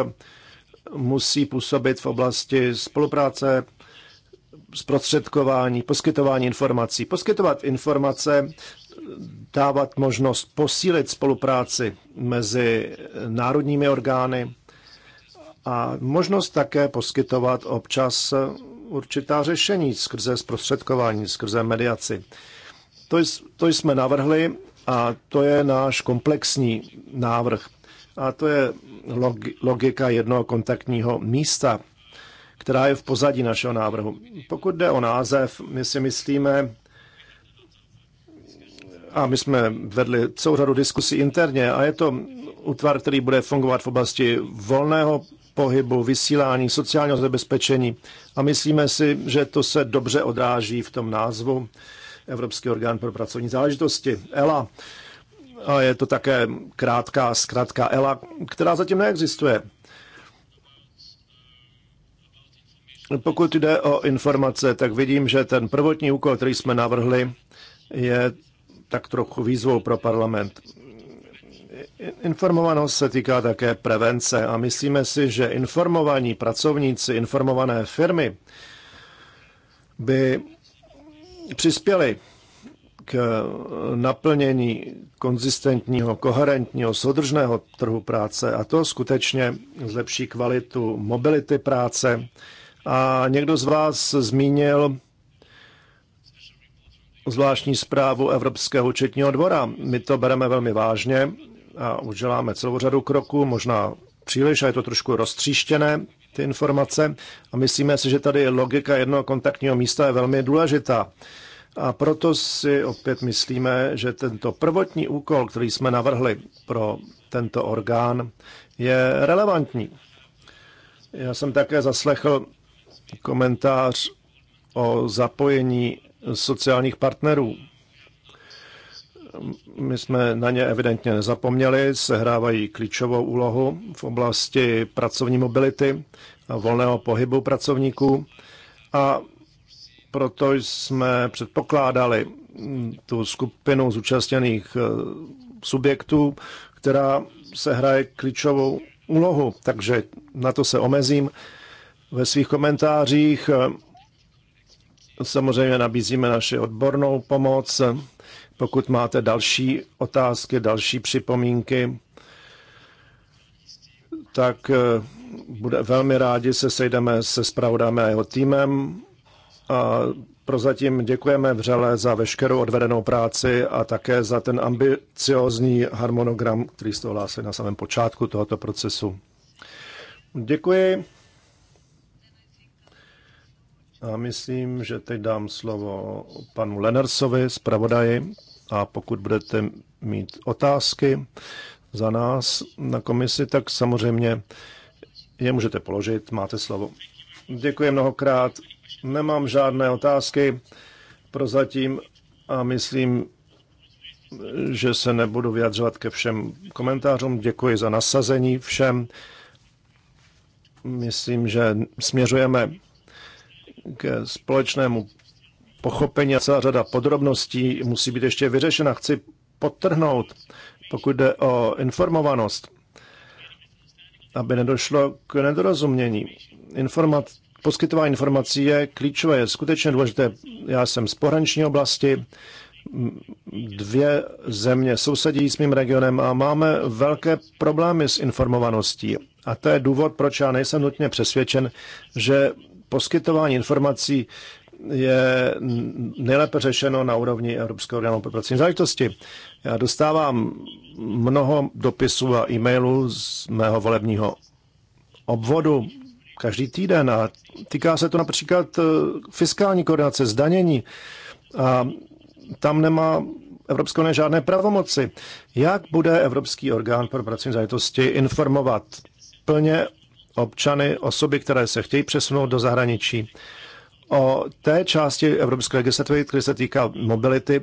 musí působit v oblasti spolupráce, zprostředkování, poskytování informací. Poskytovat informace dávat možnost posílit spolupráci mezi národními orgány a možnost také poskytovat občas určitá řešení skrze zprostředkování, skrze mediaci. To, to jsme navrhli a to je náš komplexní návrh. A to je logika jednoho kontaktního místa, která je v pozadí našeho návrhu. Pokud jde o název, my si myslíme, a my jsme vedli celou řadu diskusí interně a je to útvar, který bude fungovat v oblasti volného pohybu, vysílání, sociálního zabezpečení. A myslíme si, že to se dobře odráží v tom názvu Evropský orgán pro pracovní záležitosti, ELA. A je to také krátká zkrátka ELA, která zatím neexistuje. Pokud jde o informace, tak vidím, že ten prvotní úkol, který jsme navrhli, je tak trochu výzvou pro parlament. Informovanost se týká také prevence a myslíme si, že informovaní pracovníci, informované firmy by přispěli k naplnění konzistentního, koherentního, soudržného trhu práce a to skutečně zlepší kvalitu mobility práce. A někdo z vás zmínil zvláštní zprávu Evropského četního dvora. My to bereme velmi vážně a uděláme celou řadu kroků, možná příliš a je to trošku roztříštěné, ty informace. A myslíme si, že tady logika jednoho kontaktního místa je velmi důležitá. A proto si opět myslíme, že tento prvotní úkol, který jsme navrhli pro tento orgán, je relevantní. Já jsem také zaslechl komentář o zapojení sociálních partnerů. My jsme na ně evidentně nezapomněli, sehrávají klíčovou úlohu v oblasti pracovní mobility a volného pohybu pracovníků a proto jsme předpokládali tu skupinu zúčastněných eh, subjektů, která se hraje klíčovou úlohu, takže na to se omezím. Ve svých komentářích eh, Samozřejmě nabízíme naši odbornou pomoc. Pokud máte další otázky, další připomínky, tak eh, bude velmi rádi se sejdeme se spravodáme a jeho týmem. A prozatím děkujeme vřele za veškerou odvedenou práci a také za ten ambiciozní harmonogram, který jste ohlásili na samém počátku tohoto procesu. Děkuji. A myslím, že teď dám slovo panu Lenersovi, zpravodaji, a pokud budete mít otázky za nás na komisi, tak samozřejmě je můžete položit, máte slovo. Děkuji mnohokrát. Nemám žádné otázky prozatím a myslím, že se nebudu vyjadřovat ke všem komentářům. Děkuji za nasazení všem. Myslím, že směřujeme k společnému pochopení a celá řada podrobností musí být ještě vyřešena. Chci podtrhnout, pokud jde o informovanost, aby nedošlo k nedorozumění. Informat, poskytování informací je klíčové, je skutečně důležité. Já jsem z pohraniční oblasti, dvě země sousedí s mým regionem a máme velké problémy s informovaností. A to je důvod, proč já nejsem nutně přesvědčen, že poskytování informací je nejlépe řešeno na úrovni Evropského orgánu pro pracovní záležitosti. Já dostávám mnoho dopisů a e-mailů z mého volebního obvodu každý týden a týká se to například eh, fiskální koordinace, zdanění a tam nemá Evropské unie žádné pravomoci. Jak bude Evropský orgán pro pracovní záležitosti informovat plně občany, osoby, které se chtějí přesunout do zahraničí. O té části evropské legislativy, které se týká mobility,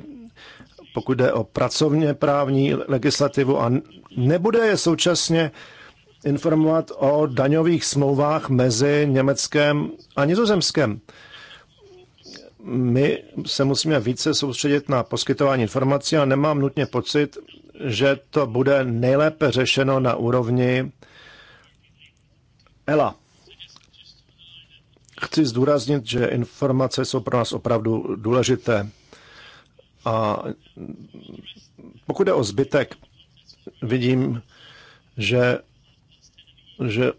pokud jde o pracovně právní legislativu a nebude je současně informovat o daňových smlouvách mezi Německem a Nizozemskem. My se musíme více soustředit na poskytování informací a nemám nutně pocit, že to bude nejlépe řešeno na úrovni Ela. Chci zdůraznit, že informace jsou pro nás opravdu důležité. A pokud jde o zbytek, vidím, že, že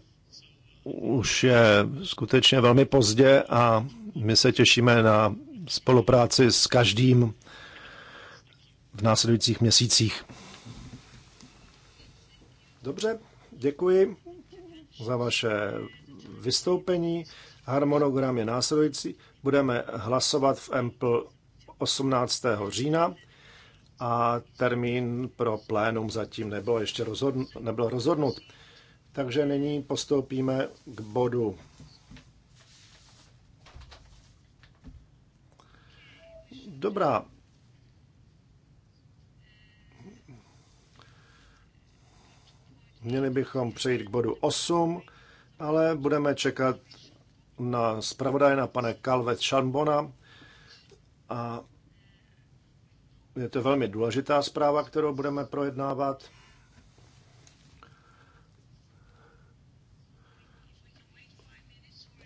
už je skutečně velmi pozdě a my se těšíme na spolupráci s každým v následujících měsících. Dobře, děkuji za vaše vystoupení. Harmonogram je následující. Budeme hlasovat v EMPL 18. října a termín pro plénum zatím nebyl ještě rozhodnut, nebyl rozhodnut. Takže nyní postoupíme k bodu Dobrá, Měli bychom přejít k bodu 8, ale budeme čekat na zpravodaje na pane Kalvet Šambona. A je to velmi důležitá zpráva, kterou budeme projednávat.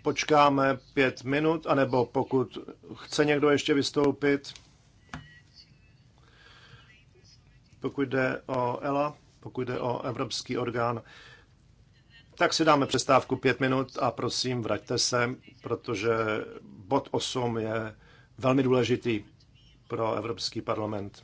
Počkáme pět minut, anebo pokud chce někdo ještě vystoupit, pokud jde o Ela pokud jde o evropský orgán, tak si dáme přestávku pět minut a prosím, vraťte se, protože bod 8 je velmi důležitý pro Evropský parlament.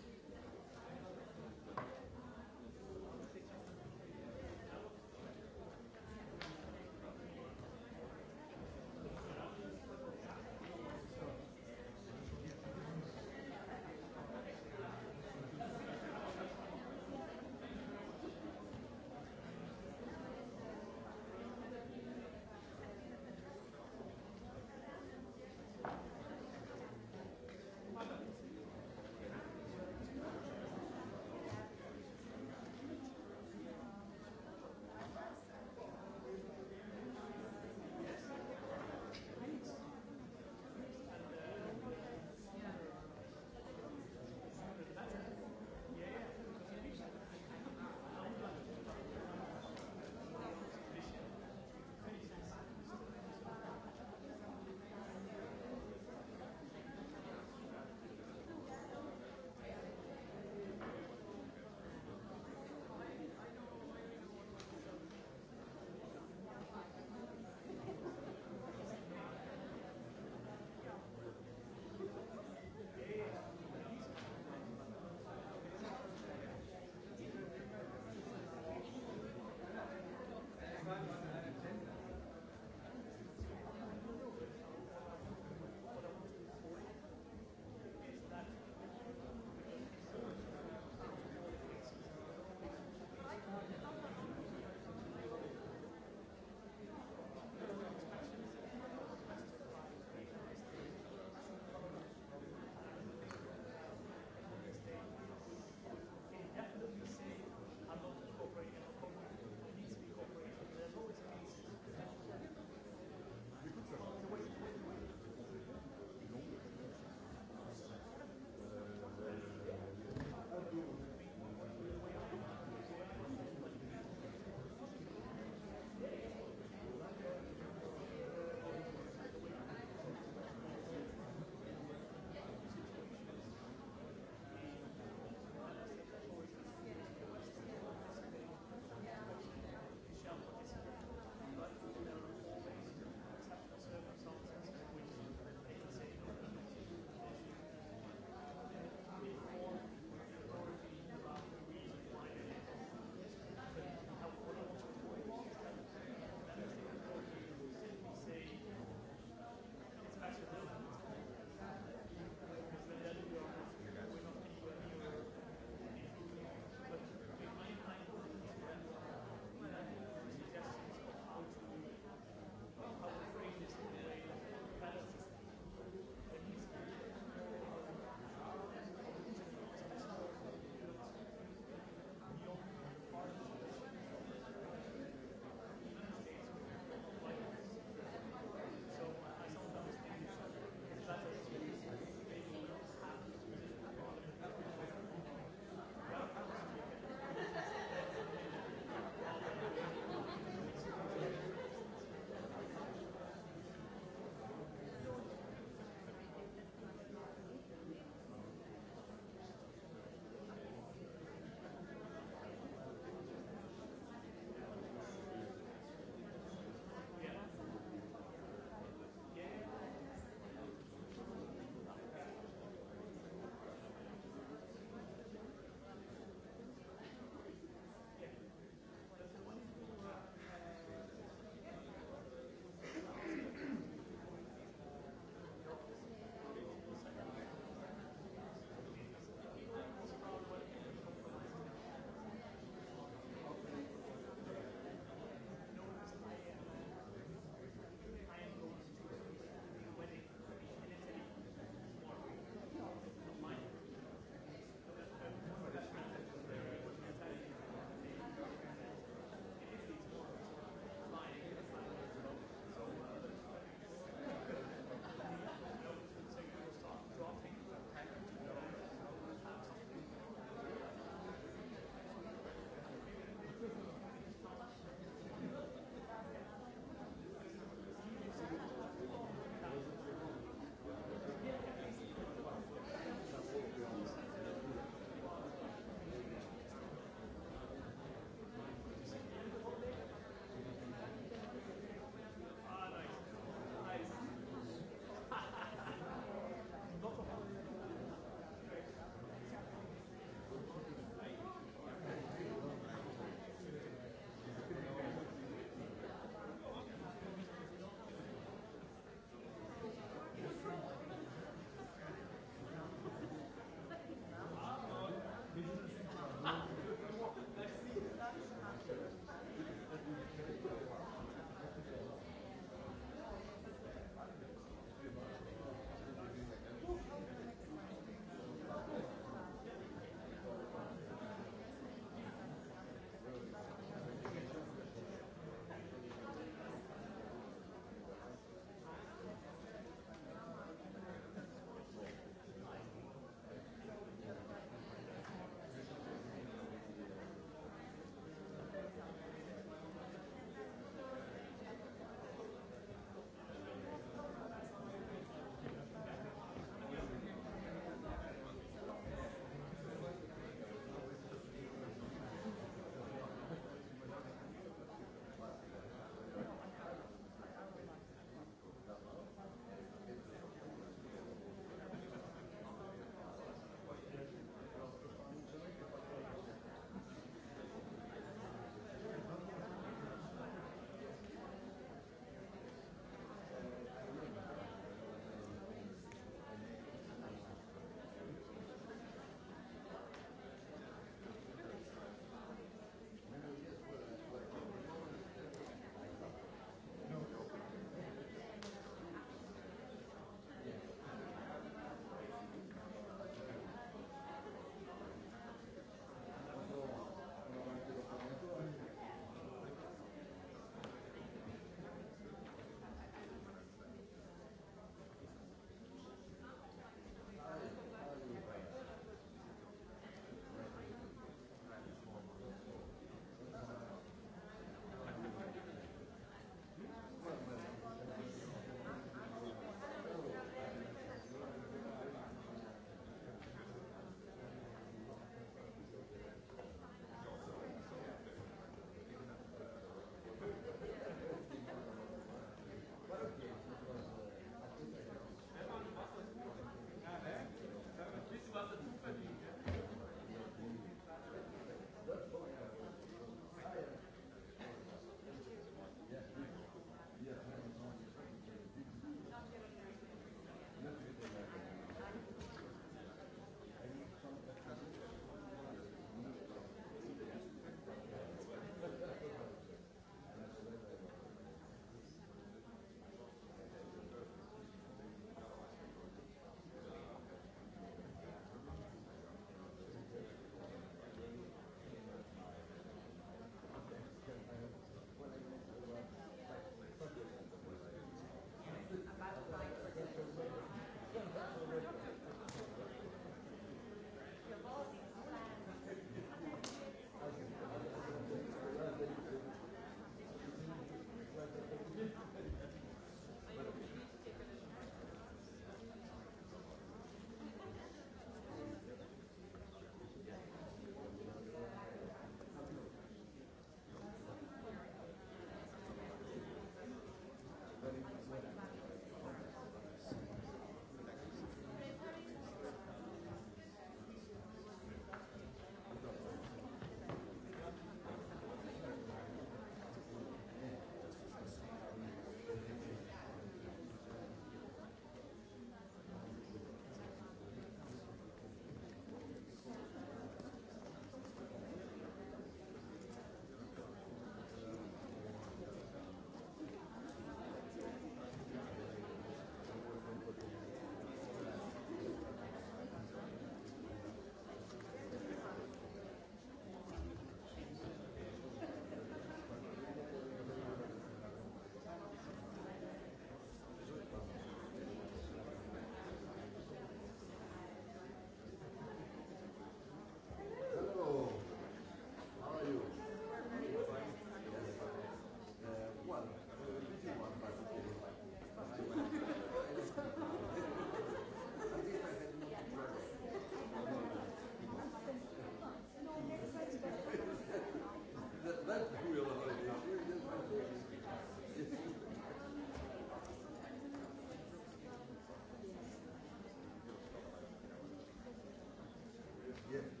Yeah.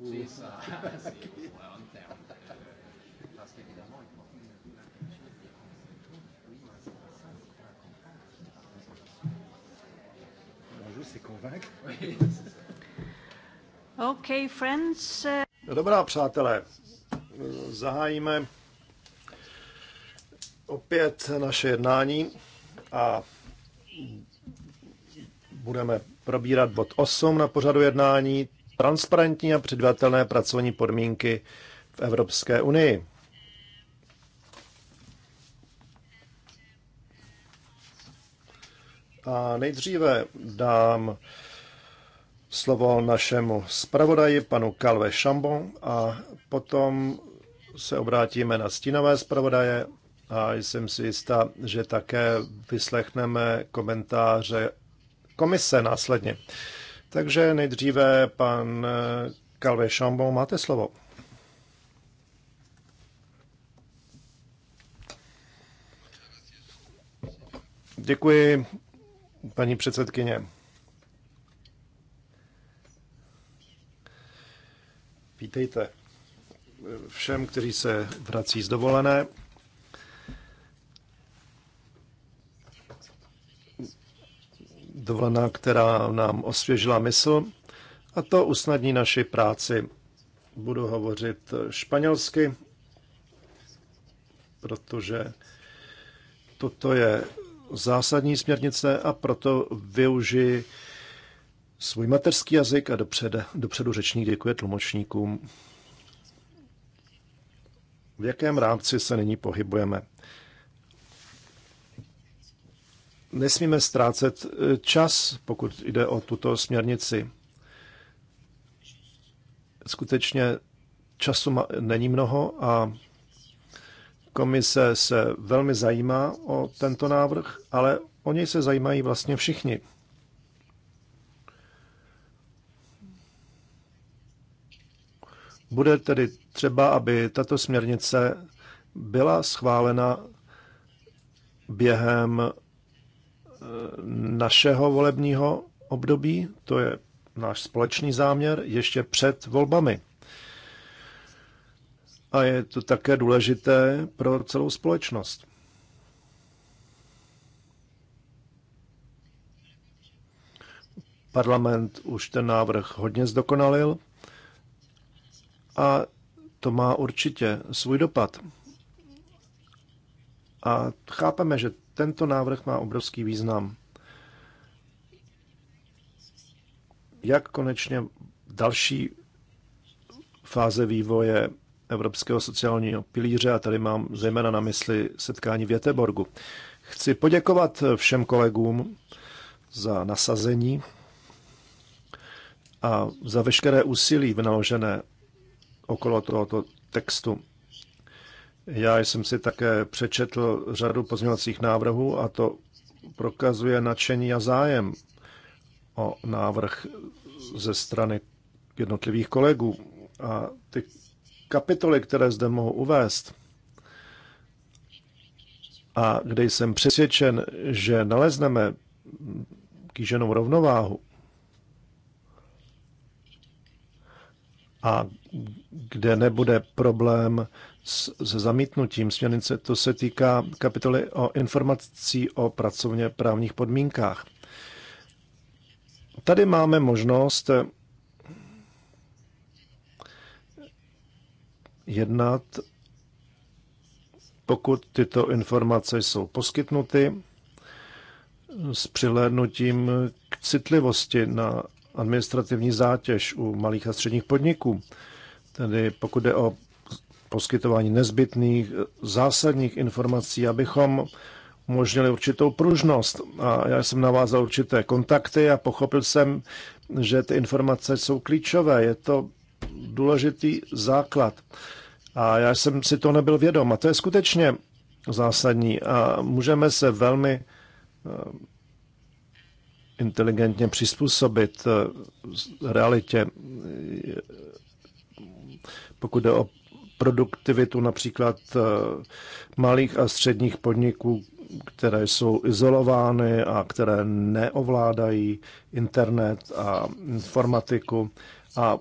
Uh. Sì, sa, sì, c'est convaincre. OK, friends. Uh, Dobrá, přátelé, zahájíme opět naše jednání a budeme probírat bod 8 na pořadu jednání, transparentní a předvatelné pracovní podmínky v Evropské unii. A nejdříve dám slovo našemu zpravodaji, panu Calve Chambon, a potom se obrátíme na stínové zpravodaje a jsem si jistá, že také vyslechneme komentáře komise následně. Takže nejdříve pan eh, Calvé Chambon, máte slovo. Děkuji, paní předsedkyně. Vítejte všem, kteří se vrací z dovolené. dovolená, která nám osvěžila mysl a to usnadní naši práci. Budu hovořit španělsky, protože toto je zásadní směrnice a proto využiji svůj mateřský jazyk a dopřed, dopředu řečník děkuje tlumočníkům. V jakém rámci se nyní pohybujeme? nesmíme ztrácet eh, čas, pokud jde o tuto směrnici. Skutečně času není mnoho a komise se velmi zajímá o tento návrh, ale o něj se zajímají vlastně všichni. Bude tedy třeba, aby tato směrnice byla schválena během našeho volebního období, to je náš společný záměr, ještě před volbami. A je to také důležité pro celou společnost. Parlament už ten návrh hodně zdokonalil a to má určitě svůj dopad. A chápeme, že tento návrh má obrovský význam. Jak konečně další fáze vývoje Evropského sociálního pilíře, a tady mám zejména na mysli setkání v Jeteborgu. Chci poděkovat všem kolegům za nasazení a za veškeré úsilí vynaložené okolo tohoto textu. Já jsem si také přečetl řadu pozměňovacích návrhů a to prokazuje nadšení a zájem o návrh ze strany jednotlivých kolegů. A ty kapitoly, které zde mohu uvést, a kde jsem přesvědčen, že nalezneme kýženou rovnováhu, a kde nebude problém se zamítnutím směrnice. To se týká kapitoly o informací o pracovně právních podmínkách. Tady máme možnost jednat, pokud tyto informace jsou poskytnuty s přihlédnutím k citlivosti na administrativní zátěž u malých a středních podniků. Tedy pokud jde o poskytování nezbytných eh, zásadních informací, abychom umožnili určitou pružnost. A já jsem navázal určité kontakty a pochopil jsem, že ty informace jsou klíčové. Je to důležitý základ. A já jsem si to nebyl vědom. A to je skutečně zásadní. A můžeme se velmi eh, inteligentně přizpůsobit eh, realitě, pokud jde o produktivitu například eh, malých a středních podniků, které jsou izolovány a které neovládají internet a informatiku. A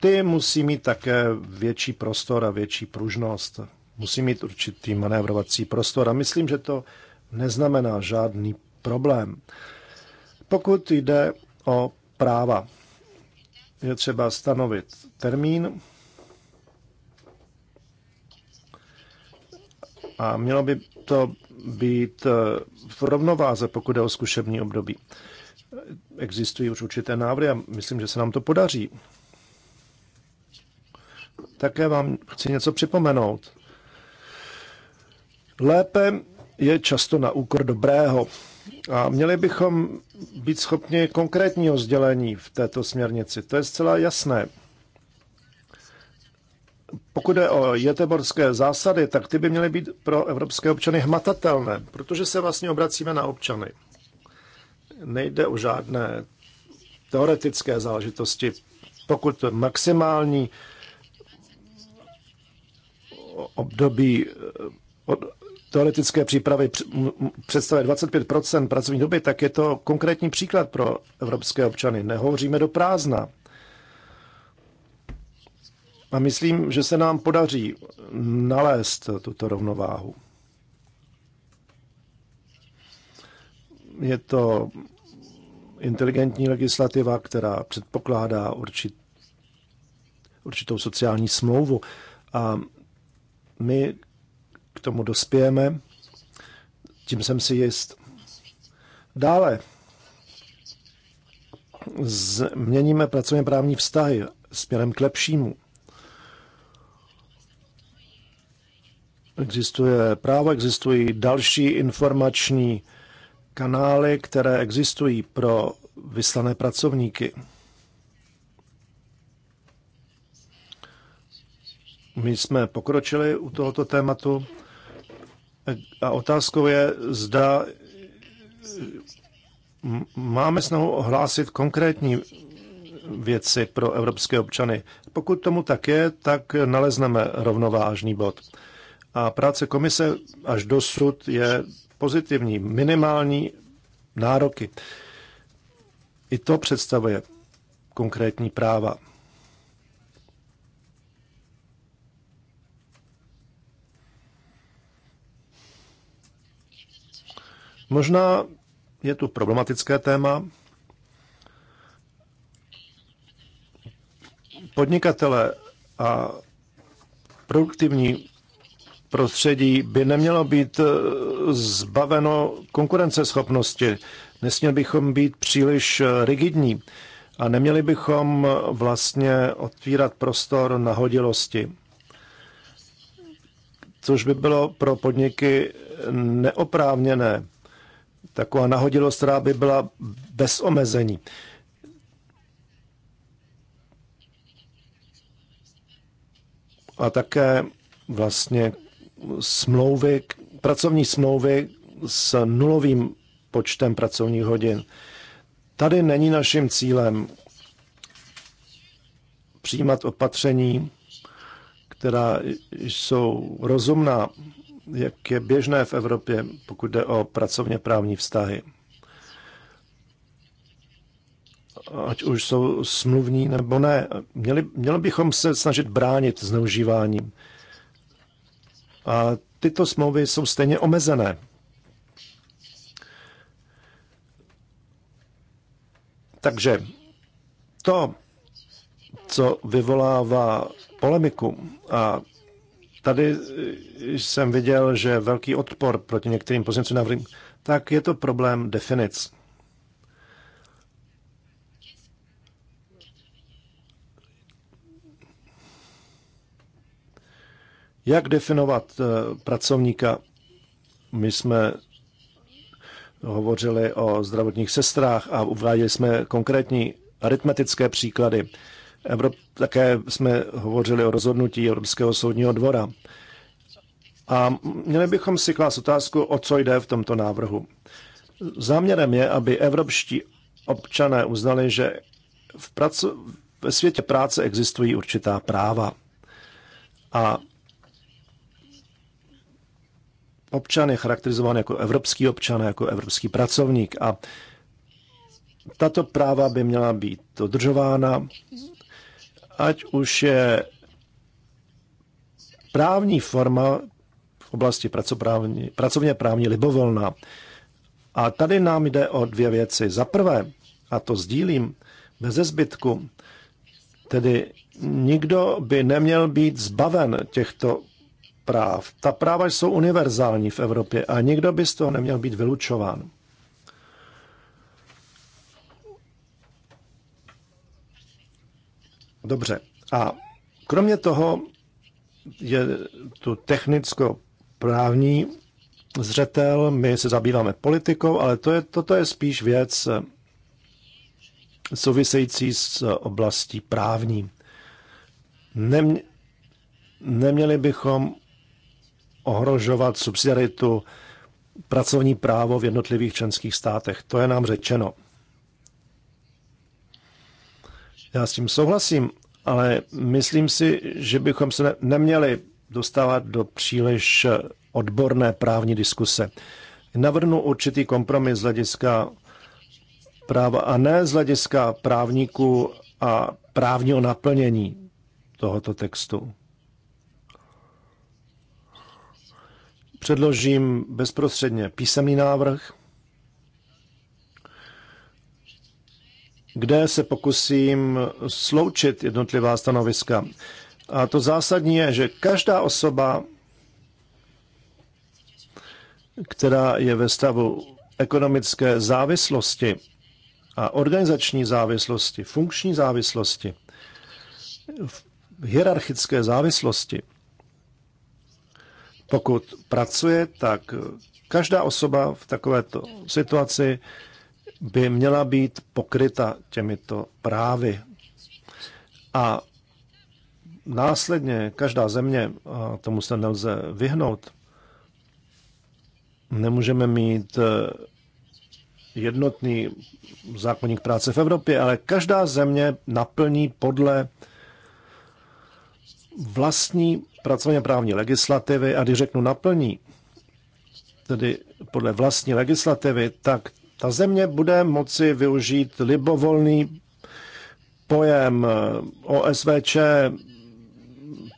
ty musí mít také větší prostor a větší pružnost. Musí mít určitý manévrovací prostor a myslím, že to neznamená žádný problém. Pokud jde o práva, je třeba stanovit termín, a mělo by to být eh, v rovnováze, pokud je o zkušební období. Existují už určité návrhy a myslím, že se nám to podaří. Také vám chci něco připomenout. Lépe je často na úkor dobrého. A měli bychom být schopni konkrétního sdělení v této směrnici. To je zcela jasné pokud je o jeteborské zásady, tak ty by měly být pro evropské občany hmatatelné, protože se vlastně obracíme na občany. Nejde o žádné teoretické záležitosti. Pokud maximální období eh, od teoretické přípravy představuje 25 pracovní doby, tak je to konkrétní příklad pro evropské občany. Nehovoříme do prázdna. A myslím, že se nám podaří nalézt tuto rovnováhu. Je to inteligentní legislativa, která předpokládá určit, určitou sociální smlouvu. A my k tomu dospějeme, tím jsem si jist. Dále změníme pracovně právní vztahy směrem k lepšímu. existuje právo, existují další informační kanály, které existují pro vyslané pracovníky. My jsme pokročili u tohoto tématu a otázkou je, zda máme snahu ohlásit konkrétní věci pro evropské občany. Pokud tomu tak je, tak nalezneme rovnovážný bod a práce komise až dosud je pozitivní, minimální nároky. I to představuje konkrétní práva. Možná je tu problematické téma. Podnikatele a produktivní prostředí by nemělo být eh, zbaveno konkurenceschopnosti. Nesměl bychom být příliš eh, rigidní a neměli bychom eh, vlastně otvírat prostor nahodilosti, což by bylo pro podniky neoprávněné. Taková nahodilost, která by byla bez omezení. A také vlastně smlouvy, pracovní smlouvy s nulovým počtem pracovních hodin. Tady není naším cílem přijímat opatření, která jsou rozumná, jak je běžné v Evropě, pokud jde o pracovně právní vztahy. Ať už jsou smluvní nebo ne. Měli, měli bychom se snažit bránit zneužívání a tyto smlouvy jsou stejně omezené. Takže to, co vyvolává polemiku, a tady jsem viděl, že velký odpor proti některým pozemcům návrhům, tak je to problém definic. Jak definovat eh, pracovníka? My jsme hovořili o zdravotních sestrách a uváděli jsme konkrétní aritmetické příklady. Evrop, také jsme hovořili o rozhodnutí Evropského soudního dvora. A měli bychom si klást otázku, o co jde v tomto návrhu. Záměrem je, aby evropští občané uznali, že v pracu, ve světě práce existují určitá práva. A občan je charakterizován jako evropský občan, jako evropský pracovník a tato práva by měla být dodržována, ať už je právní forma v oblasti pracovně, pracovně právní libovolná. A tady nám jde o dvě věci. Za prvé, a to sdílím bez zbytku, tedy nikdo by neměl být zbaven těchto práv. Ta práva jsou univerzální v Evropě a nikdo by z toho neměl být vylučován. Dobře. A kromě toho je tu technicko-právní zřetel, my se zabýváme politikou, ale to je, toto je spíš věc eh, související s oblastí právní. Nem neměli bychom ohrožovat subsidiaritu, pracovní právo v jednotlivých členských státech. To je nám řečeno. Já s tím souhlasím, ale myslím si, že bychom se neměli dostávat do příliš odborné právní diskuse. Navrhnu určitý kompromis z hlediska práva a ne z hlediska právníků a právního naplnění tohoto textu. předložím bezprostředně písemný návrh, kde se pokusím sloučit jednotlivá stanoviska. A to zásadní je, že každá osoba, která je ve stavu ekonomické závislosti a organizační závislosti, funkční závislosti, hierarchické závislosti, pokud pracuje, tak každá osoba v takovéto situaci by měla být pokryta těmito právy. A následně každá země, a tomu se nelze vyhnout, nemůžeme mít e, jednotný zákonník práce v Evropě, ale každá země naplní podle vlastní pracovně právní legislativy a když řeknu naplní, tedy podle vlastní legislativy, tak ta země bude moci využít libovolný pojem eh, OSVČ,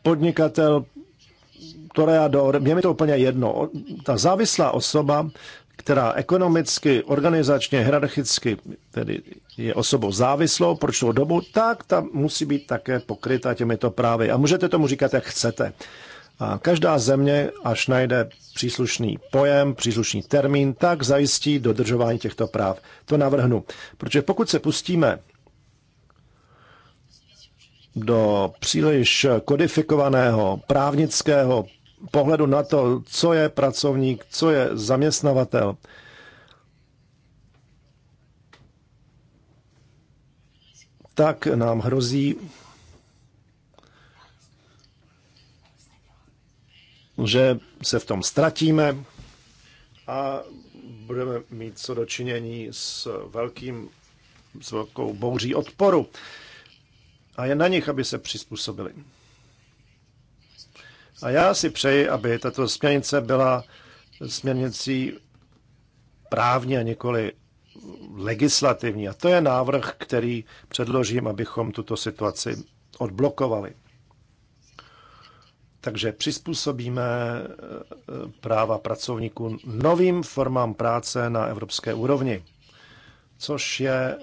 podnikatel, toreador, mě mi to úplně jedno. Ta závislá osoba která ekonomicky, organizačně, hierarchicky tedy je osobou závislou pročnou dobu, tak ta musí být také pokryta těmito právy. A můžete tomu říkat, jak chcete. A každá země, až najde příslušný pojem, příslušný termín, tak zajistí dodržování těchto práv. To navrhnu. Protože pokud se pustíme do příliš kodifikovaného právnického pohledu na to, co je pracovník, co je zaměstnavatel. Tak nám hrozí, že se v tom ztratíme a budeme mít co dočinění s, velkým, s velkou bouří odporu. A je na nich, aby se přizpůsobili. A já si přeji, aby tato směrnice byla směrnicí právně a nikoli legislativní. A to je návrh, který předložím, abychom tuto situaci odblokovali. Takže přizpůsobíme eh, práva pracovníků novým formám práce na evropské úrovni, což je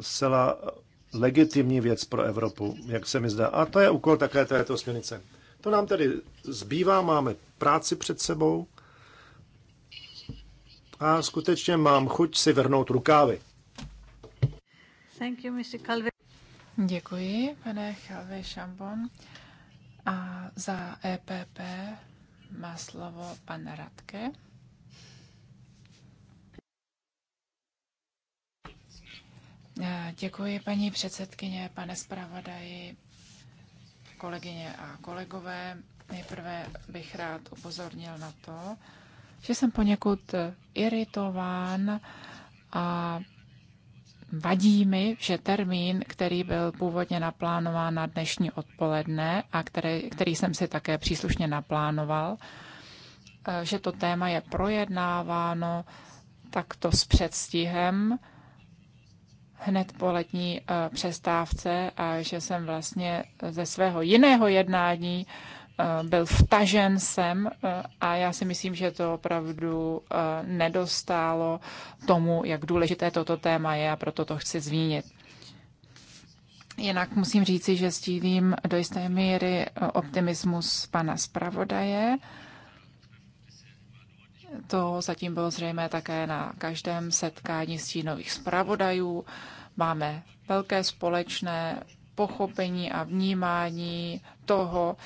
zcela legitimní věc pro Evropu, jak se mi zdá. A to je úkol také této směrnice. To nám tedy zbývá, máme práci před sebou a skutečně mám chuť si vrhnout rukávy. Thank you, Mr. Calvi. Děkuji, pane Calvi Šambon. A za EPP má slovo pan Radke. Děkuji, paní předsedkyně, pane zpravodaji, kolegyně a kolegové. Nejprve bych rád upozornil na to, že jsem poněkud iritován a vadí mi, že termín, který byl původně naplánován na dnešní odpoledne a který, který jsem si také příslušně naplánoval, eh, že to téma je projednáváno takto s předstihem, hned po letní eh, přestávce a že jsem vlastně ze svého jiného jednání eh, byl vtažen sem eh, a já si myslím, že to opravdu nedostálo tomu, jak důležité toto téma je a proto to chci zmínit. Jinak musím říci, že sdílím do jisté míry optimismus pana zpravodaje. To zatím bylo zřejmé také na každém setkání stínových zpravodajů. Máme velké společné pochopení a vnímání toho,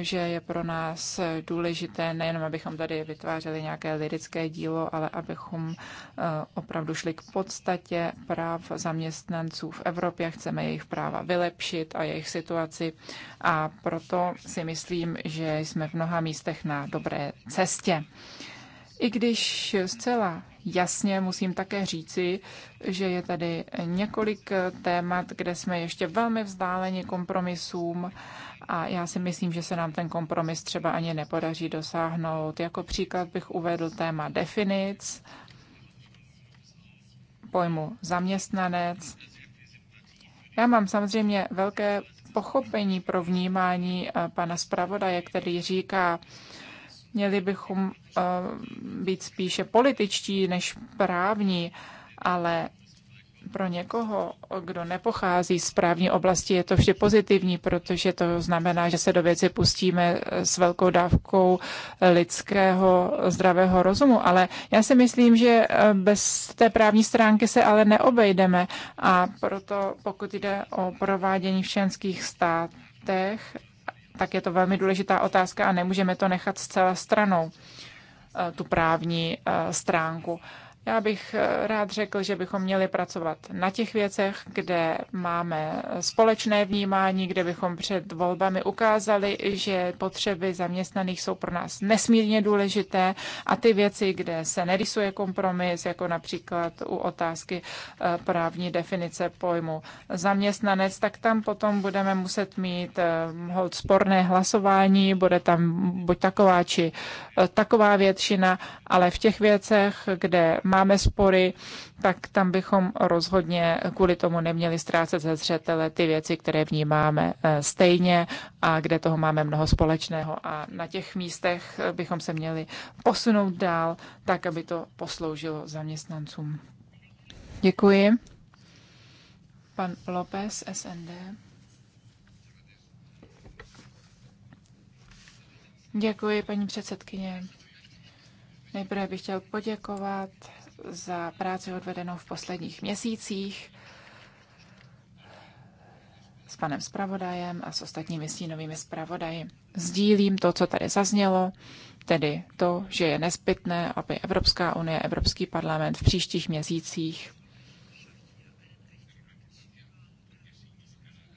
že je pro nás důležité nejenom, abychom tady vytvářeli nějaké lirické dílo, ale abychom eh, opravdu šli k podstatě práv zaměstnanců v Evropě. Chceme jejich práva vylepšit a jejich situaci a proto si myslím, že jsme v mnoha místech na dobré cestě. I když zcela jasně musím také říci, že je tady několik témat, kde jsme ještě velmi vzdáleni kompromisům a já si myslím, že se nám ten kompromis třeba ani nepodaří dosáhnout. Jako příklad bych uvedl téma definic, pojmu zaměstnanec. Já mám samozřejmě velké pochopení pro vnímání eh, pana zpravodaje, který říká, Měli bychom eh, být spíše političtí než právní, ale pro někoho, kdo nepochází z právní oblasti, je to vždy pozitivní, protože to znamená, že se do věci pustíme eh, s velkou dávkou eh, lidského zdravého rozumu. Ale já si myslím, že bez té právní stránky se ale neobejdeme a proto pokud jde o provádění v členských státech, tak je to velmi důležitá otázka a nemůžeme to nechat zcela stranou, eh, tu právní eh, stránku. Já bych eh, rád řekl, že bychom měli pracovat na těch věcech, kde máme společné vnímání, kde bychom před volbami ukázali, že potřeby zaměstnaných jsou pro nás nesmírně důležité a ty věci, kde se nerysuje kompromis, jako například u otázky eh, právní definice pojmu zaměstnanec, tak tam potom budeme muset mít eh, hold sporné hlasování, bude tam buď taková či taková většina, ale v těch věcech, kde má máme spory, tak tam bychom rozhodně kvůli tomu neměli ztrácet ze zřetele ty věci, které vnímáme eh, stejně a kde toho máme mnoho společného. A na těch místech bychom se měli posunout dál, tak, aby to posloužilo zaměstnancům. Děkuji. Pan López, SND. Děkuji, paní předsedkyně. Nejprve bych chtěl poděkovat za práci odvedenou v posledních měsících s panem zpravodajem a s ostatními stínovými zpravodaji. Sdílím to, co tady zaznělo, tedy to, že je nezbytné, aby Evropská unie, Evropský parlament v příštích měsících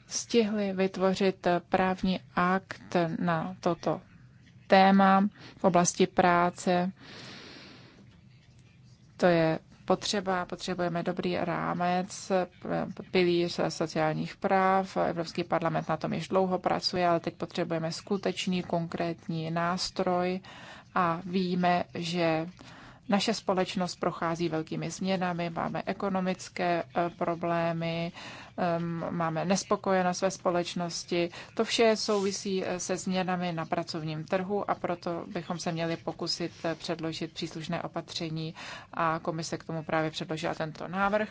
stihli vytvořit právní akt na toto téma v oblasti práce to je potřeba, potřebujeme dobrý rámec, pilíř sociálních práv. Evropský parlament na tom již dlouho pracuje, ale teď potřebujeme skutečný konkrétní nástroj a víme, že naše společnost prochází velkými změnami, máme ekonomické eh, problémy, ehm, máme nespokojenost ve společnosti. To vše souvisí eh, se změnami na pracovním trhu a proto bychom se měli pokusit eh, předložit příslušné opatření a komise k tomu právě předložila tento návrh.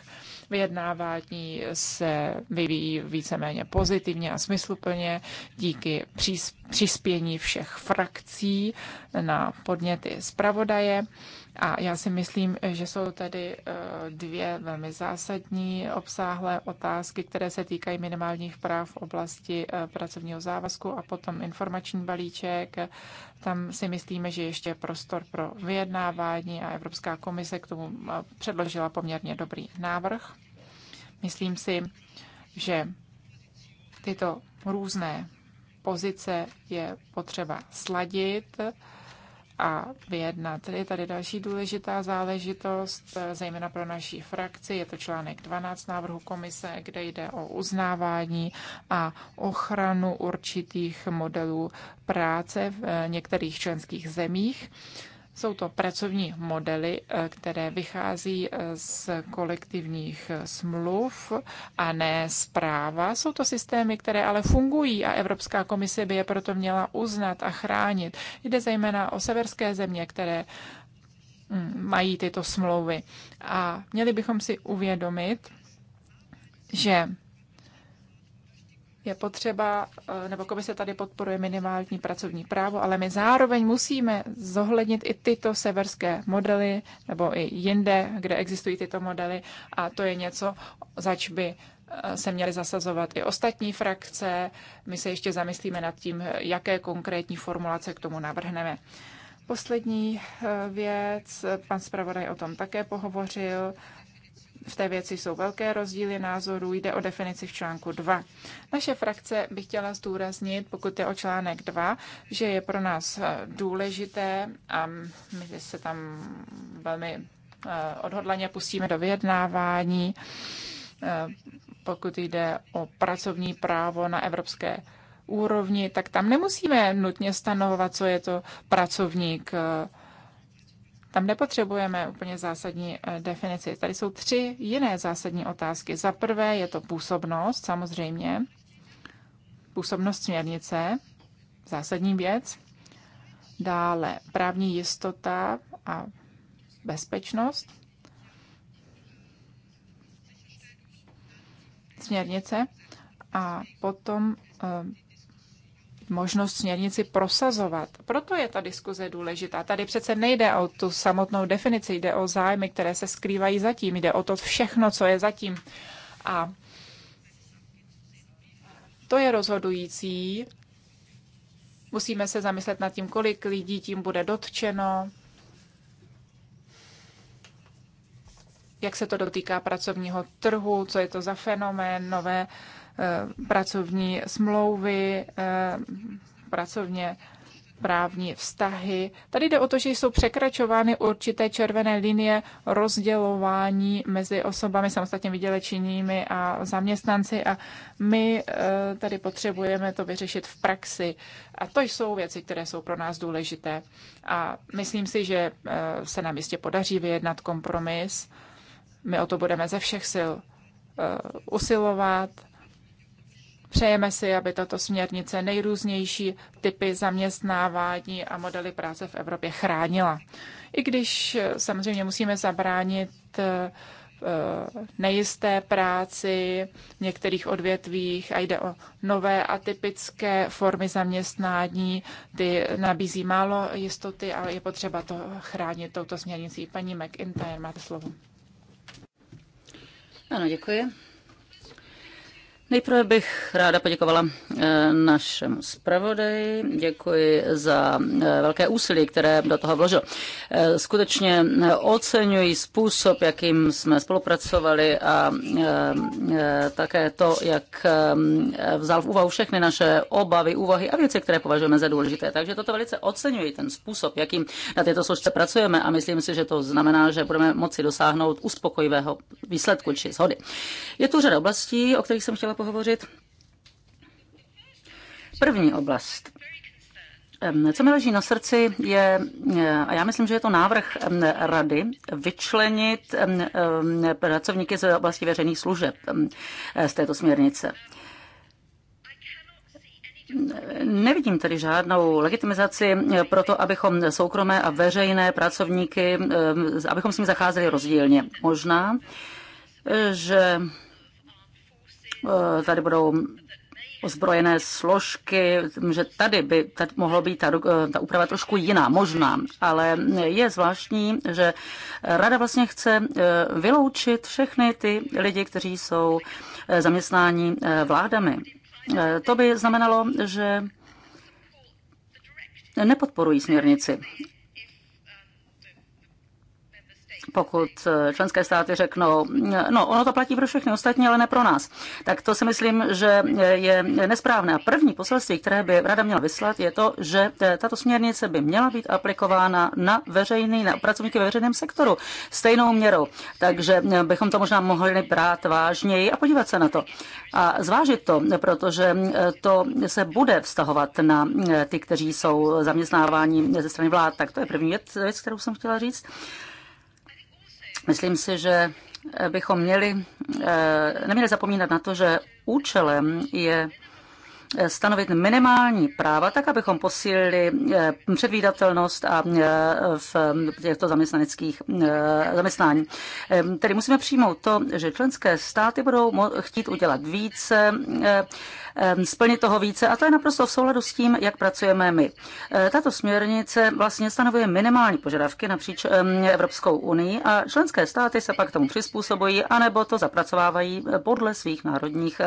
Vyjednávání se vyvíjí víceméně pozitivně a smysluplně díky přispění všech frakcí na podněty zpravodaje. A já si myslím, že jsou tady eh, dvě velmi zásadní obsáhlé otázky, které se týkají minimálních práv v oblasti eh, pracovního závazku a potom informační balíček. Tam si myslíme, že ještě je prostor pro vyjednávání a Evropská komise k tomu eh, předložila poměrně dobrý návrh. Myslím si, že tyto různé pozice je potřeba sladit a vyjednat. Je tady další důležitá záležitost, zejména pro naší frakci, je to článek 12 návrhu komise, kde jde o uznávání a ochranu určitých modelů práce v některých členských zemích. Jsou to pracovní modely, eh, které vychází eh, z kolektivních eh, smluv a ne z práva. Jsou to systémy, které ale fungují a Evropská komise by je proto měla uznat a chránit. Jde zejména o severské země, které mm, mají tyto smlouvy. A měli bychom si uvědomit, že je potřeba, eh, nebo komise tady podporuje minimální pracovní právo, ale my zároveň musíme zohlednit i tyto severské modely, nebo i jinde, kde existují tyto modely a to je něco, zač by eh, se měly zasazovat i ostatní frakce. My se ještě zamyslíme nad tím, jaké konkrétní formulace k tomu navrhneme. Poslední eh, věc, pan zpravodaj o tom také pohovořil, v té věci jsou velké rozdíly názorů, jde o definici v článku 2. Naše frakce by chtěla zdůraznit, pokud je o článek 2, že je pro nás eh, důležité a my se tam velmi eh, odhodlaně pustíme do vyjednávání, eh, pokud jde o pracovní právo na evropské úrovni, tak tam nemusíme nutně stanovovat, co je to pracovník tam nepotřebujeme úplně zásadní eh, definici. Tady jsou tři jiné zásadní otázky. Za prvé je to působnost, samozřejmě. Působnost směrnice, zásadní věc. Dále právní jistota a bezpečnost. Směrnice. A potom eh, možnost směrnici prosazovat. Proto je ta diskuze důležitá. Tady přece nejde o tu samotnou definici, jde o zájmy, které se skrývají zatím, jde o to všechno, co je zatím. A to je rozhodující. Musíme se zamyslet nad tím, kolik lidí tím bude dotčeno, jak se to dotýká pracovního trhu, co je to za fenomén, nové Eh, pracovní smlouvy, eh, pracovně právní vztahy. Tady jde o to, že jsou překračovány určité červené linie rozdělování mezi osobami samostatně vydělečenými a zaměstnanci a my eh, tady potřebujeme to vyřešit v praxi. A to jsou věci, které jsou pro nás důležité. A myslím si, že se nám jistě podaří vyjednat kompromis. My o to budeme ze všech sil usilovat Přejeme si, aby tato směrnice nejrůznější typy zaměstnávání a modely práce v Evropě chránila. I když eh, samozřejmě musíme zabránit eh, eh, nejisté práci v některých odvětvích a jde o nové atypické formy zaměstnání. Ty nabízí málo jistoty ale je potřeba to chránit touto směrnicí. Paní McIntyre, máte slovo. Ano, děkuji. Nejprve bych ráda poděkovala eh, našemu zpravodaji. Děkuji za eh, velké úsilí, které do toho vložil. Eh, skutečně oceňuji způsob, jakým jsme spolupracovali a také to, jak vzal v úvahu všechny naše obavy, úvahy a věci, které považujeme za důležité. Takže toto velice oceňuji, ten způsob, jakým na této složce pracujeme a myslím si, že to znamená, že budeme moci dosáhnout uspokojivého výsledku či shody. Je tu řada oblastí, o kterých jsem chtěla pohovořit. První oblast. Co mi leží na srdci je, eh, a já myslím, že je to návrh rady, vyčlenit pracovníky z oblasti veřejných služeb eh, z této směrnice. Nevidím tedy žádnou legitimizaci eh, pro to, abychom soukromé a veřejné pracovníky, abychom s nimi zacházeli rozdílně. Možná, že Eh, tady budou ozbrojené složky, že tady by tady mohlo být ta, eh, ta úprava trošku jiná, možná, ale je zvláštní, že rada vlastně chce eh, vyloučit všechny ty lidi, kteří jsou zaměstnáni vládami. To by znamenalo, že nepodporují směrnici pokud eh, členské státy řeknou, mm, no ono to platí pro všechny ostatní, ale ne pro nás, tak to si myslím, že je nesprávné. A první poselství, které by rada měla vyslat, je to, že eh, tato směrnice by měla být aplikována na veřejný, na pracovníky ve veřejném sektoru stejnou měrou. Takže eh, bychom to možná mohli brát vážněji a podívat se na to. A zvážit to, protože mm, to se bude vztahovat na mm, ty, kteří jsou zaměstnáváni ze strany vlád. Tak to je první věc, kterou jsem chtěla říct. Myslím si, že bychom měli, eh, neměli zapomínat na to, že účelem je eh, stanovit minimální práva, tak abychom posílili eh, předvídatelnost a v těchto zaměstnaneckých zaměstnání. Tedy musíme přijmout to, že členské státy budou chtít udělat více Ehm, splnit toho více a to je naprosto v souladu s tím, jak pracujeme my. Ehm, tato směrnice vlastně stanovuje minimální požadavky napříč ehm, Evropskou unii a členské státy se pak tomu přizpůsobují anebo to zapracovávají eh, podle svých národních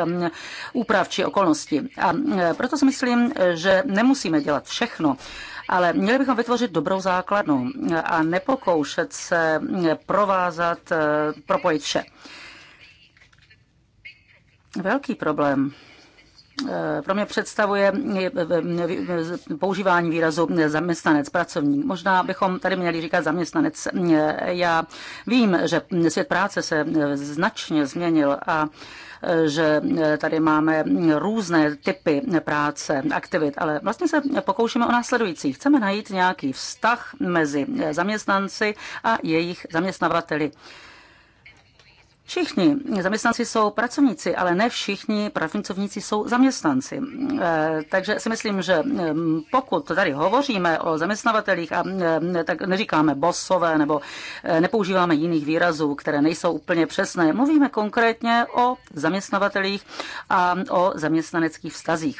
úprav či okolností. A eh, proto si myslím, že nemusíme dělat všechno, ale měli bychom vytvořit dobrou základnu eh, a nepokoušet se provázat, propojit vše. Velký problém Eh, pro mě představuje eh, eh, používání výrazu zaměstnanec, pracovník. Možná bychom tady měli říkat zaměstnanec. Já vím, že svět práce se značně změnil a že tady máme různé typy práce, aktivit, ale vlastně se pokoušíme o následující. Chceme najít nějaký vztah mezi zaměstnanci a jejich zaměstnavateli. Všichni zaměstnanci jsou pracovníci, ale ne všichni pracovníci jsou zaměstnanci. E, takže si myslím, že e, pokud tady hovoříme o zaměstnavatelích, a e, tak neříkáme bosové nebo nepoužíváme jiných výrazů, které nejsou úplně přesné. Mluvíme konkrétně o zaměstnavatelích a o zaměstnaneckých vztazích.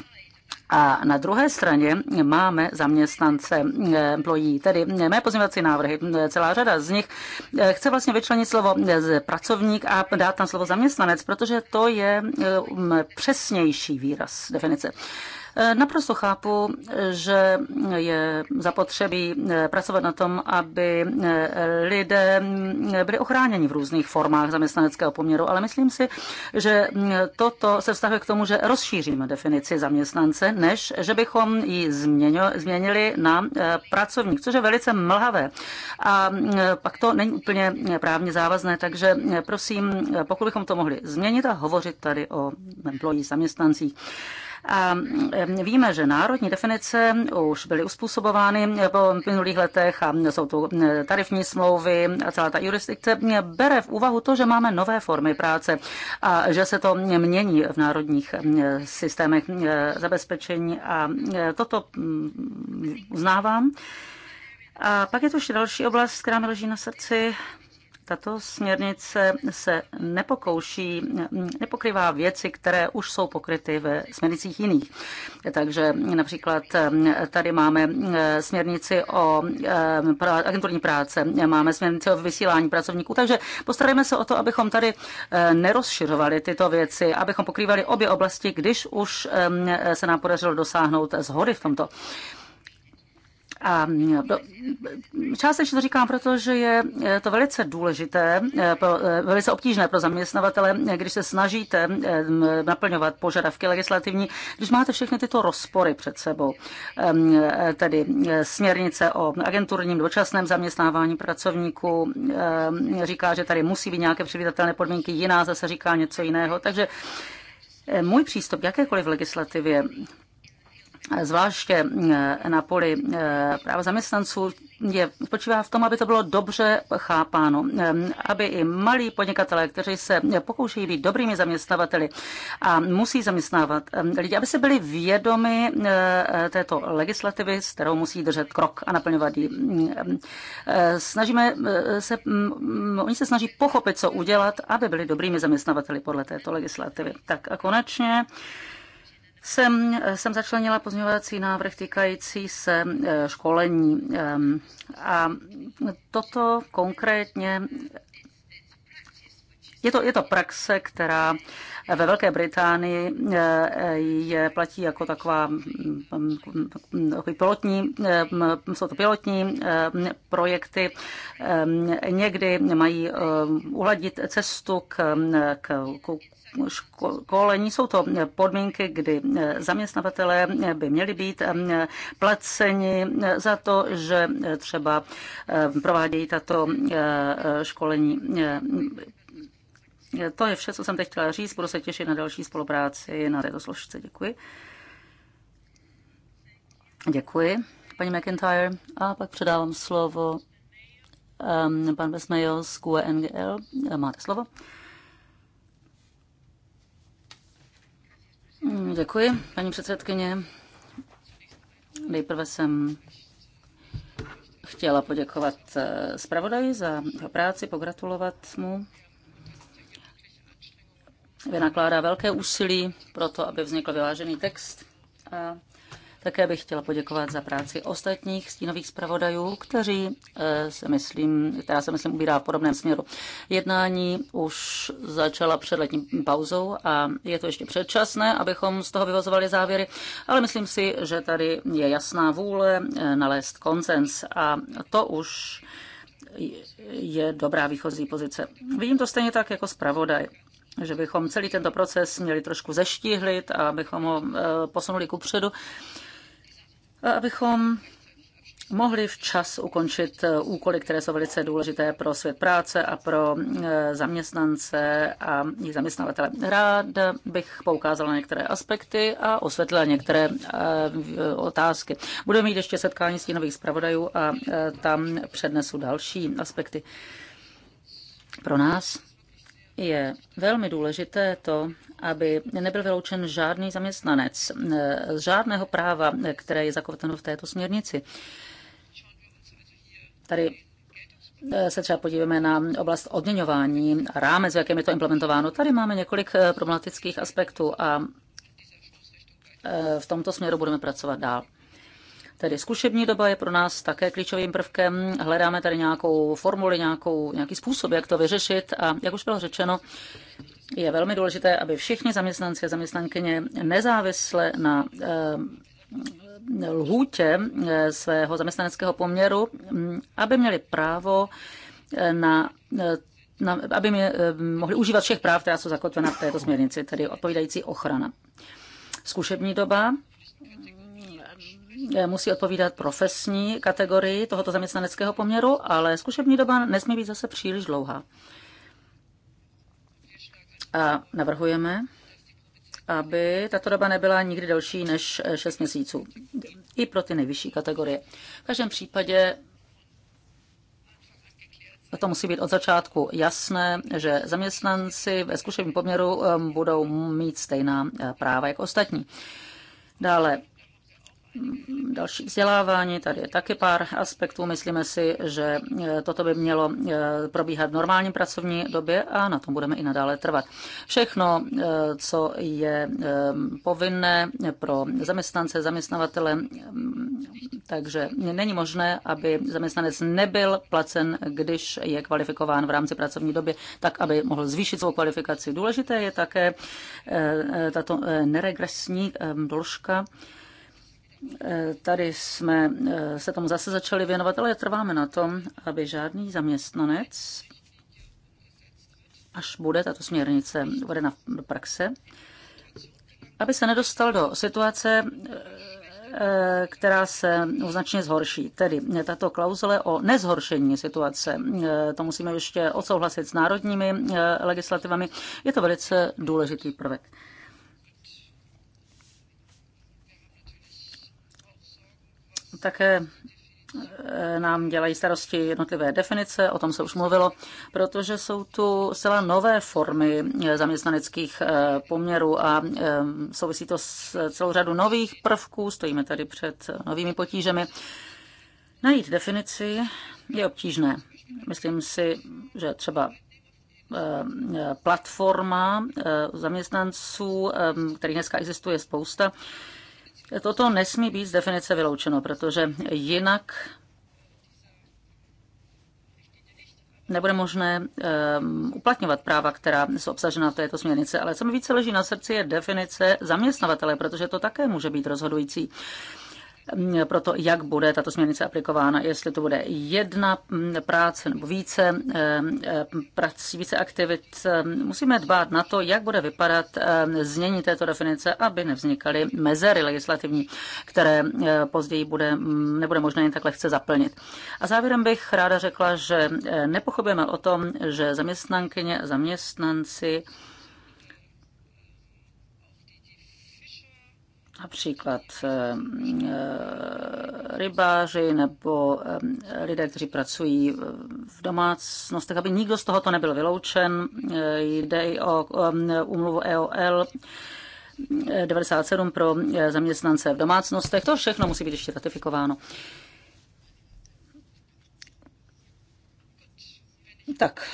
A na druhé straně máme zaměstnance eh, employee, tedy mé pozměňovací návrhy, celá řada z nich eh, chce vlastně vyčlenit slovo eh, pracovník a dát tam slovo zaměstnanec, protože to je přesnější výraz definice. Naprosto chápu, že je zapotřebí eh, pracovat na tom, aby eh, lidé eh, byli ochráněni v různých formách zaměstnaneckého poměru, ale myslím si, že mm, toto se vztahuje k tomu, že rozšíříme definici zaměstnance, než že bychom ji změnili na pracovník, což je velice mlhavé. A mm, pak to není úplně právně závazné, takže prosím, pokud bychom to mohli změnit a hovořit tady o employee zaměstnancích. A víme, že národní definice už byly uspůsobovány po minulých letech a jsou tu tarifní smlouvy a celá ta jurisdikce bere v úvahu to, že máme nové formy práce a že se to mění v národních systémech zabezpečení a toto uznávám. A pak je tu ještě další oblast, která mi leží na srdci, tato směrnice se nepokouší, nepokrývá věci, které už jsou pokryty ve směrnicích jiných. Takže například ehm, tady máme ehm, směrnici o ehm, agenturní práce, máme směrnici o vysílání pracovníků, takže postarajme se o to, abychom tady nerozšiřovali tyto věci, abychom pokrývali obě oblasti, když už se nám podařilo dosáhnout zhody v tomto. A do, částečně to říkám, protože je to velice důležité, e, e, velice obtížné pro zaměstnavatele, e, když se snažíte naplňovat požadavky legislativní, když máte všechny tyto rozpory před sebou, tedy směrnice o agenturním dočasném zaměstnávání pracovníků říká, že tady musí být nějaké předvídatelné podmínky, jiná zase říká něco jiného. Takže můj přístup k jakékoliv legislativě zvláště eh, na poli eh, práva zaměstnanců, je, spočívá v tom, aby to bylo dobře chápáno, eh, aby i malí podnikatelé, kteří se pokoušejí být dobrými zaměstnavateli a musí zaměstnávat lidi, aby se byli vědomi této legislativy, s kterou musí držet krok a naplňovat ji. Snažíme se, mm, mm, oni se snaží pochopit, co udělat, aby byli dobrými zaměstnavateli podle této legislativy. Tak a konečně jsem, jsem začlenila pozměňovací návrh týkající se eh, školení. A toto konkrétně je to, je to praxe, která ve Velké Británii eh, je, platí jako taková mm, mm, pilotní, eh, jsou to pilotní eh, projekty. Někdy mají uhladit cestu k, k, k školení. Jsou to podmínky, kdy zaměstnavatelé by měli být placeni za to, že třeba provádějí tato školení to je vše, co jsem teď chtěla říct. Budu se těšit na další spolupráci na této složce. Děkuji. Děkuji, paní McIntyre. A pak předávám slovo um, pan Vesmejo z QNGL. Máte slovo. Děkuji, paní předsedkyně. Nejprve jsem chtěla poděkovat eh, zpravodaji za jeho práci, pogratulovat mu vynakládá velké úsilí pro to, aby vznikl vyvážený text. A také bych chtěla poděkovat za práci ostatních stínových zpravodajů, kteří eh, se myslím, která se myslím ubírá v podobném směru. Jednání už začala před letní pauzou a je to ještě předčasné, abychom z toho vyvozovali závěry, ale myslím si, že tady je jasná vůle eh, nalézt koncens a to už je dobrá výchozí pozice. Vidím to stejně tak jako zpravodaj že bychom celý tento proces měli trošku zeštíhlit a abychom ho eh, posunuli kupředu a abychom mohli včas ukončit eh, úkoly, které jsou velice důležité pro svět práce a pro eh, zaměstnance a jejich zaměstnavatele. Rád bych poukázala na některé aspekty a osvětlila některé otázky. Budeme mít ještě setkání stínových zpravodajů a tam přednesu další aspekty pro nás je velmi důležité to, aby nebyl vyloučen žádný zaměstnanec z eh, žádného práva, které je zakotveno v této směrnici. Tady eh, se třeba podíváme na oblast odměňování a rámec, v jakém je to implementováno. Tady máme několik eh, problematických aspektů a v tomto směru budeme pracovat dál. Tedy zkušební doba je pro nás také klíčovým prvkem. Hledáme tady nějakou formuli, nějakou, nějaký způsob, jak to vyřešit. A jak už bylo řečeno, je velmi důležité, aby všichni zaměstnanci a zaměstnankyně nezávisle na eh, lhůtě eh, svého zaměstnaneckého poměru, mm, aby měli právo eh, na eh, na, aby mě, mohli užívat všech práv, která jsou zakotvena v této směrnici, tedy odpovídající ochrana. Zkušební doba Eh, musí odpovídat profesní kategorii tohoto zaměstnaneckého poměru, ale zkušební doba nesmí být zase příliš dlouhá. A navrhujeme, aby tato doba nebyla nikdy delší než 6 eh, měsíců. I pro ty nejvyšší kategorie. V každém případě to musí být od začátku jasné, že zaměstnanci ve zkušebním poměru eh, budou mít stejná práva jako ostatní. Dále další vzdělávání, tady je taky pár aspektů. Myslíme si, že e, toto by mělo e, probíhat v normální pracovní době a na tom budeme i nadále trvat. Všechno, e, co je povinné pro zaměstnance, zaměstnavatele, takže není možné, aby zaměstnanec nebyl placen, když je kvalifikován v rámci pracovní doby, tak aby mohl zvýšit svou kvalifikaci. Důležité je také tato neregresní doložka, Eh, tady jsme eh, se tomu zase začali věnovat, ale trváme na tom, aby žádný zaměstnanec, až bude tato směrnice uvedena do praxe, aby se nedostal do situace, eh, která se značně zhorší. Tedy tato klauzule o nezhoršení situace, to musíme ještě odsouhlasit s národními legislativami, je to velice důležitý prvek. Také eh, nám dělají starosti jednotlivé definice, o tom se už mluvilo, protože jsou tu zcela nové formy eh, zaměstnaneckých eh, poměrů a souvisí to s celou řadu nových prvků, stojíme tady před novými potížemi. Najít definici je obtížné. Myslím si, že třeba platforma zaměstnanců, kterých dneska existuje spousta, Toto nesmí být z definice vyloučeno, protože jinak nebude možné um, uplatňovat práva, která jsou obsažena v této směrnice. Ale co mi více leží na srdci, je definice zaměstnavatele, protože to také může být rozhodující Mm, pro to, jak bude tato směrnice aplikována, jestli to bude jedna mm, práce nebo více mm, eh, prací, více aktivit. Musíme dbát na to, jak bude vypadat eh, znění této definice, aby nevznikaly mezery legislativní, které eh, později bude, nebude možné jen tak lehce zaplnit. A závěrem bych ráda řekla, že nepochybujeme o tom, že zaměstnankyně a zaměstnanci například eh, eh, rybáři nebo eh, lidé, kteří pracují v domácnostech, aby nikdo z tohoto nebyl vyloučen. Jde i o umluvu EOL 97 pro zaměstnance v domácnostech. To všechno musí být ještě ratifikováno. Tak,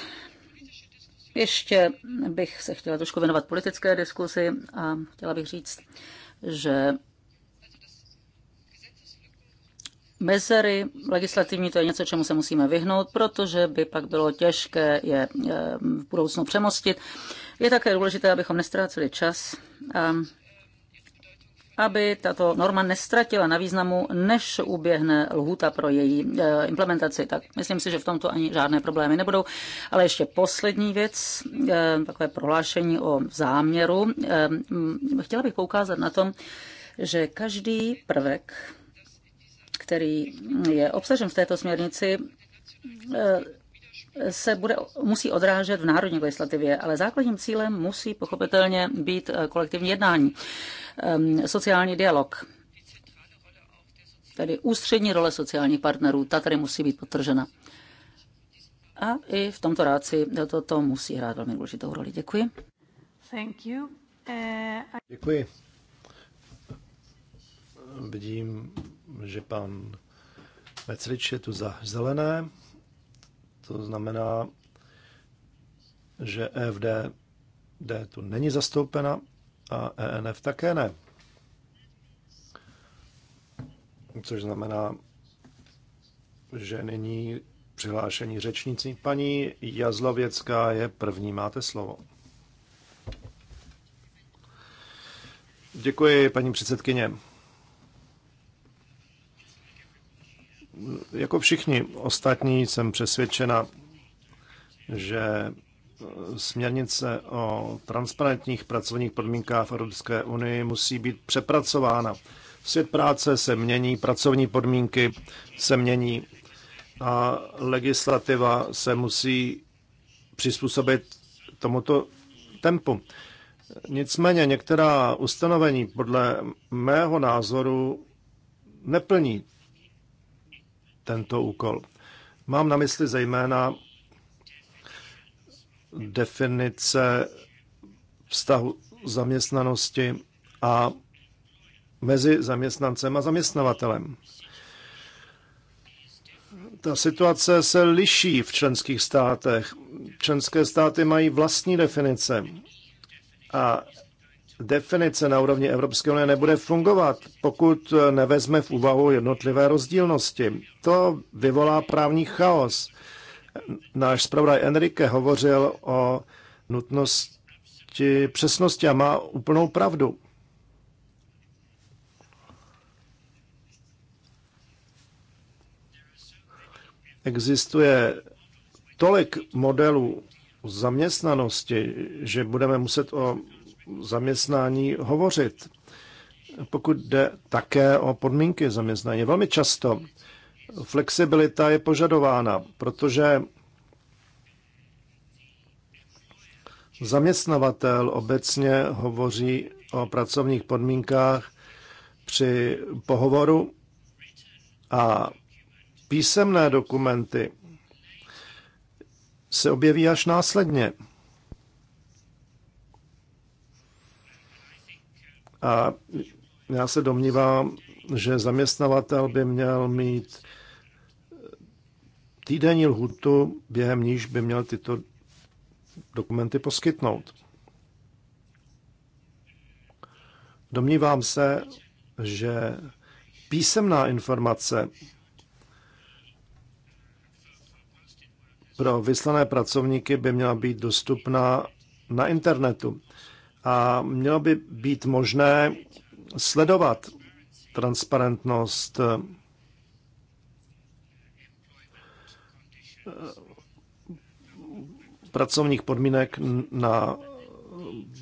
ještě bych se chtěla trošku věnovat politické diskuzi a chtěla bych říct, že mezery legislativní, to je něco, čemu se musíme vyhnout, protože by pak bylo těžké je eh, v budoucnu přemostit. Je také důležité, abychom nestráceli čas a aby tato norma nestratila na významu, než uběhne lhůta pro její eh, implementaci. Tak myslím si, že v tomto ani žádné problémy nebudou. Ale ještě poslední věc, eh, takové prohlášení o záměru. Eh, chtěla bych poukázat na tom, že každý prvek, který je obsažen v této směrnici, se bude, musí odrážet v národní legislativě, ale základním cílem musí pochopitelně být eh, kolektivní jednání, ehm, sociální dialog, tedy ústřední role sociálních partnerů, ta tady musí být potržena. A i v tomto ráci toto to musí hrát velmi důležitou roli. Děkuji. Thank you. Uh, eh, I... Děkuji. Vidím, že pan Meclič je tu za zelené. To znamená, že e D tu není zastoupena a ENF také ne. Což znamená, že není přihlášení řečníci. Paní Jazlověcká je první, máte slovo. Děkuji, paní předsedkyně. Jako všichni ostatní jsem přesvědčena, že směrnice o transparentních pracovních podmínkách v Evropské unii musí být přepracována. Svět práce se mění, pracovní podmínky se mění a legislativa se musí přizpůsobit tomuto tempu. Nicméně některá ustanovení podle mého názoru neplní tento úkol. Mám na mysli zejména definice vztahu zaměstnanosti a mezi zaměstnancem a zaměstnavatelem. Ta situace se liší v členských státech. Členské státy mají vlastní definice a definice na úrovni Evropské unie nebude fungovat, pokud nevezme v úvahu jednotlivé rozdílnosti. To vyvolá právní chaos. Náš zpravodaj Enrique hovořil o nutnosti přesnosti a má úplnou pravdu. Existuje tolik modelů zaměstnanosti, že budeme muset o zaměstnání hovořit. Pokud jde také o podmínky zaměstnání, velmi často flexibilita je požadována, protože zaměstnavatel obecně hovoří o pracovních podmínkách při pohovoru a písemné dokumenty se objeví až následně. A já se domnívám, že zaměstnavatel by měl mít týdenní lhutu, během níž by měl tyto dokumenty poskytnout. Domnívám se, že písemná informace pro vyslané pracovníky by měla být dostupná na internetu a mělo by být možné sledovat transparentnost eh, pracovních podmínek na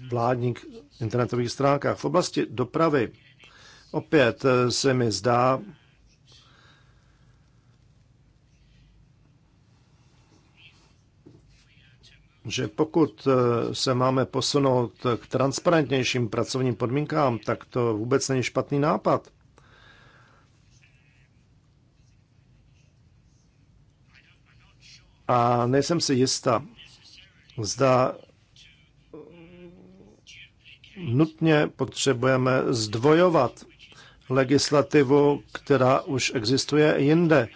vládních internetových stránkách. V oblasti dopravy opět eh, se mi zdá, že pokud eh, se máme posunout k transparentnějším pracovním podmínkám, tak to vůbec není špatný nápad. A nejsem si jista, zda nutně potřebujeme zdvojovat legislativu, která už existuje jinde.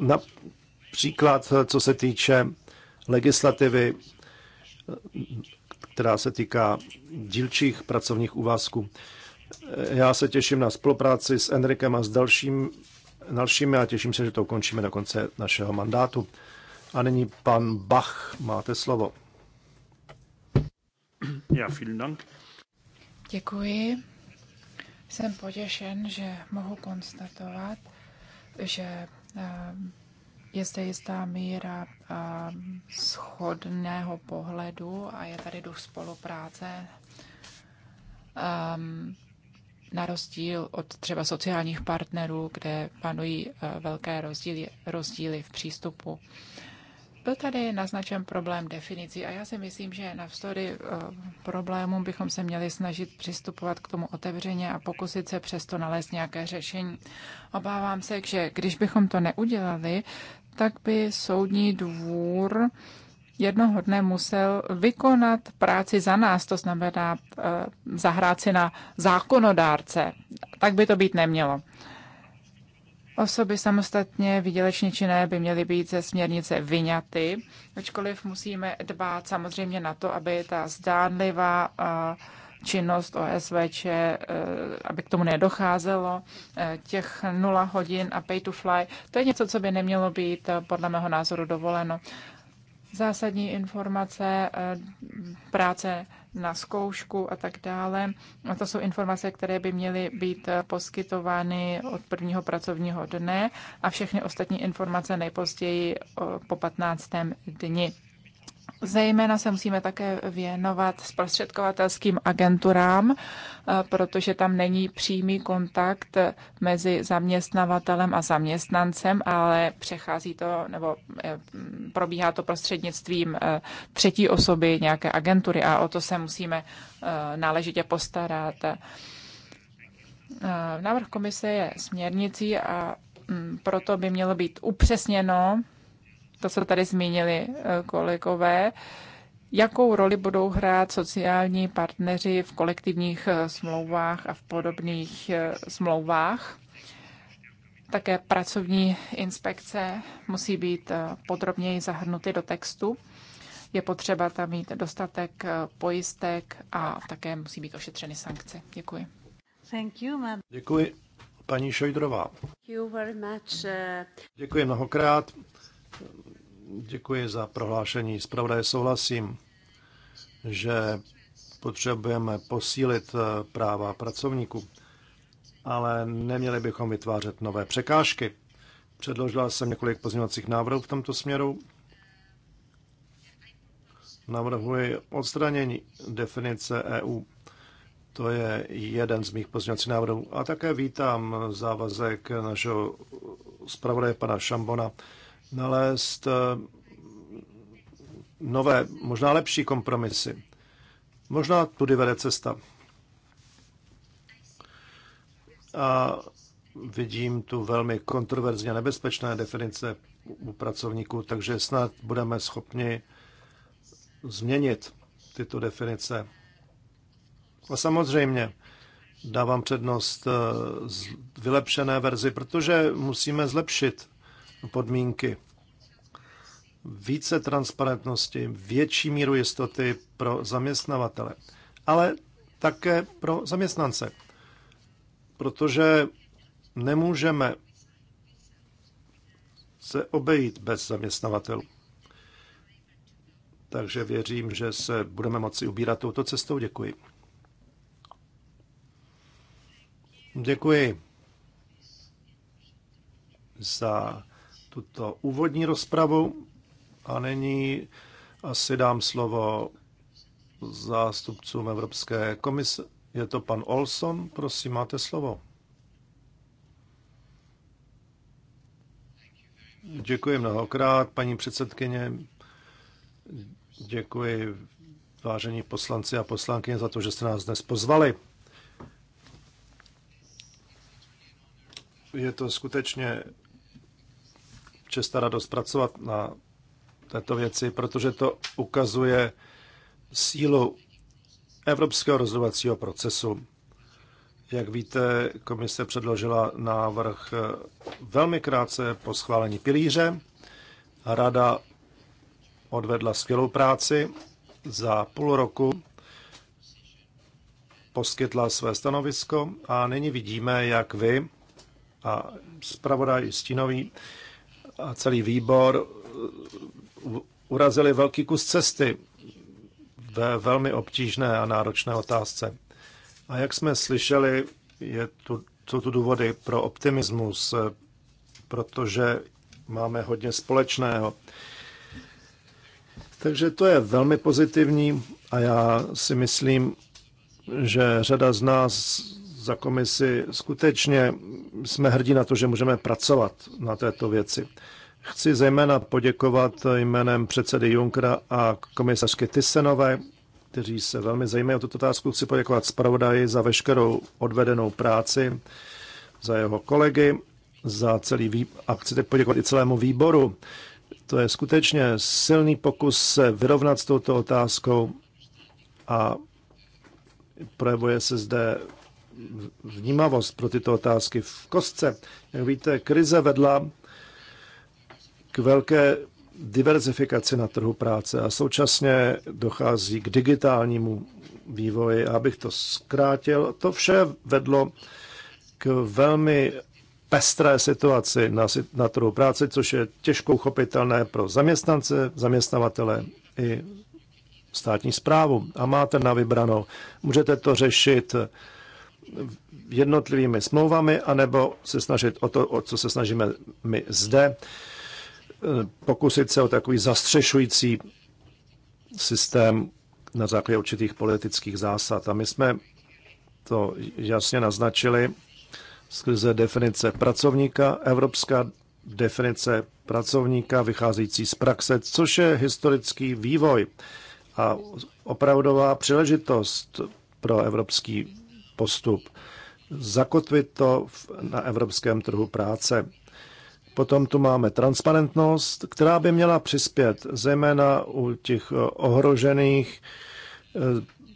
Na, příklad, co se týče legislativy, která se týká dílčích pracovních úvazků. Já se těším na spolupráci s Enrikem a s dalším, dalšími a těším se, že to ukončíme do konce našeho mandátu. A nyní pan Bach, máte slovo. Já, vielen Dank. Děkuji. Jsem potěšen, že mohu konstatovat, že eh, je jistá míra schodného pohledu a je tady duch spolupráce um, na rozdíl od třeba sociálních partnerů, kde panují velké rozdíly, rozdíly v přístupu. Byl tady naznačen problém definicí a já si myslím, že navzdory problémům bychom se měli snažit přistupovat k tomu otevřeně a pokusit se přesto nalézt nějaké řešení. Obávám se, že když bychom to neudělali, tak by soudní dvůr jednoho dne musel vykonat práci za nás, to znamená eh, zahrát si na zákonodárce. Tak by to být nemělo. Osoby samostatně výdělečně činné by měly být ze směrnice vyňaty, ačkoliv musíme dbát samozřejmě na to, aby ta zdánlivá eh, činnost OSVČ, eh, aby k tomu nedocházelo, eh, těch nula hodin a pay to fly, to je něco, co by nemělo být eh, podle mého názoru dovoleno. Zásadní informace, práce na zkoušku a tak dále. A to jsou informace, které by měly být poskytovány od prvního pracovního dne a všechny ostatní informace nejpozději po 15. dni. Zejména se musíme také věnovat zprostředkovatelským agenturám, eh, protože tam není přímý kontakt mezi zaměstnavatelem a zaměstnancem, ale přechází to nebo eh, probíhá to prostřednictvím eh, třetí osoby nějaké agentury a o to se musíme náležitě postarat. Návrh komise je směrnicí a mm, proto by mělo být upřesněno, to, co tady zmínili eh, kolegové, jakou roli budou hrát sociální partneři v kolektivních eh, smlouvách a v podobných eh, smlouvách. Také pracovní inspekce musí být podrobněji zahrnuty do textu. Je potřeba tam mít dostatek pojistek a také musí být ošetřeny sankce. Děkuji. Thank you, Děkuji, paní Šojdrová. Děkuji mnohokrát. Děkuji za prohlášení. Zpravodaj souhlasím, že potřebujeme posílit eh, práva pracovníků, ale neměli bychom vytvářet nové překážky. Předložila jsem několik pozměňovacích návrhů v tomto směru. Navrhuji odstranění definice EU. To je jeden z mých pozměňovacích návrhů. A také vítám závazek našeho zpravodaje pana Šambona, nalézt eh, nové, možná lepší kompromisy. Možná tudy vede cesta. A vidím tu velmi kontroverzně nebezpečné definice u pracovníků, takže snad budeme schopni změnit tyto definice. A samozřejmě dávám přednost eh, vylepšené verzi, protože musíme zlepšit podmínky. Více transparentnosti, větší míru jistoty pro zaměstnavatele, ale také pro zaměstnance. Protože nemůžeme se obejít bez zaměstnavatelů. Takže věřím, že se budeme moci ubírat touto cestou. Děkuji. Děkuji za tuto úvodní rozpravu a nyní asi dám slovo zástupcům Evropské komise. Je to pan Olson, prosím, máte slovo. Děkuji mnohokrát, paní předsedkyně. Děkuji vážení poslanci a poslankyně za to, že jste nás dnes pozvali. Je to skutečně čest radost pracovat na této věci, protože to ukazuje sílu evropského rozhodovacího procesu. Jak víte, komise předložila návrh velmi krátce po schválení pilíře. Rada odvedla skvělou práci. Za půl roku poskytla své stanovisko a nyní vidíme, jak vy a zpravodaj Stinový a celý výbor uh, urazili velký kus cesty ve velmi obtížné a náročné otázce. A jak jsme slyšeli, je tu, jsou tu důvody pro optimismus, eh, protože máme hodně společného. Takže to je velmi pozitivní a já si myslím, že řada z nás za komisi. Skutečně jsme hrdí na to, že můžeme pracovat na této věci. Chci zejména poděkovat jménem předsedy Junkra a komisařky Tysenové, kteří se velmi zajímají o tuto otázku. Chci poděkovat zpravodaji za veškerou odvedenou práci, za jeho kolegy, za celý vý... a chci poděkovat i celému výboru. To je skutečně silný pokus se vyrovnat s touto otázkou a projevuje se zde vnímavost pro tyto otázky. V kostce, jak víte, krize vedla k velké diverzifikaci na trhu práce a současně dochází k digitálnímu vývoji. Abych to zkrátil, to vše vedlo k velmi pestré situaci na, na trhu práce, což je těžko uchopitelné pro zaměstnance, zaměstnavatele i státní zprávu. A máte na vybranou. Můžete to řešit jednotlivými smlouvami, anebo se snažit o to, o co se snažíme my zde, e, pokusit se o takový zastřešující systém na základě určitých politických zásad. A my jsme to jasně naznačili skrze definice pracovníka, evropská definice pracovníka vycházející z praxe, což je historický vývoj a opravdová příležitost pro evropský postup. Zakotvit to na evropském trhu práce. Potom tu máme transparentnost, která by měla přispět zejména u těch eh, ohrožených eh,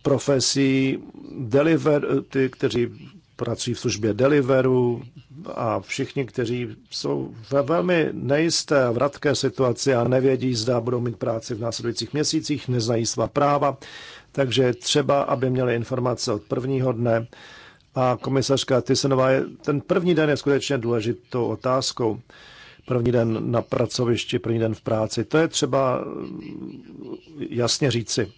profesí, deliver, eh, ty, kteří pracují v službě deliveru a všichni, kteří jsou ve velmi nejisté a vratké situaci a nevědí, zda budou mít práci v následujících měsících, neznají svá práva takže třeba, aby měli informace od prvního dne. A komisařka Tysenová, je, ten první den je skutečně důležitou otázkou. První den na pracovišti, první den v práci. To je třeba mm, jasně říci.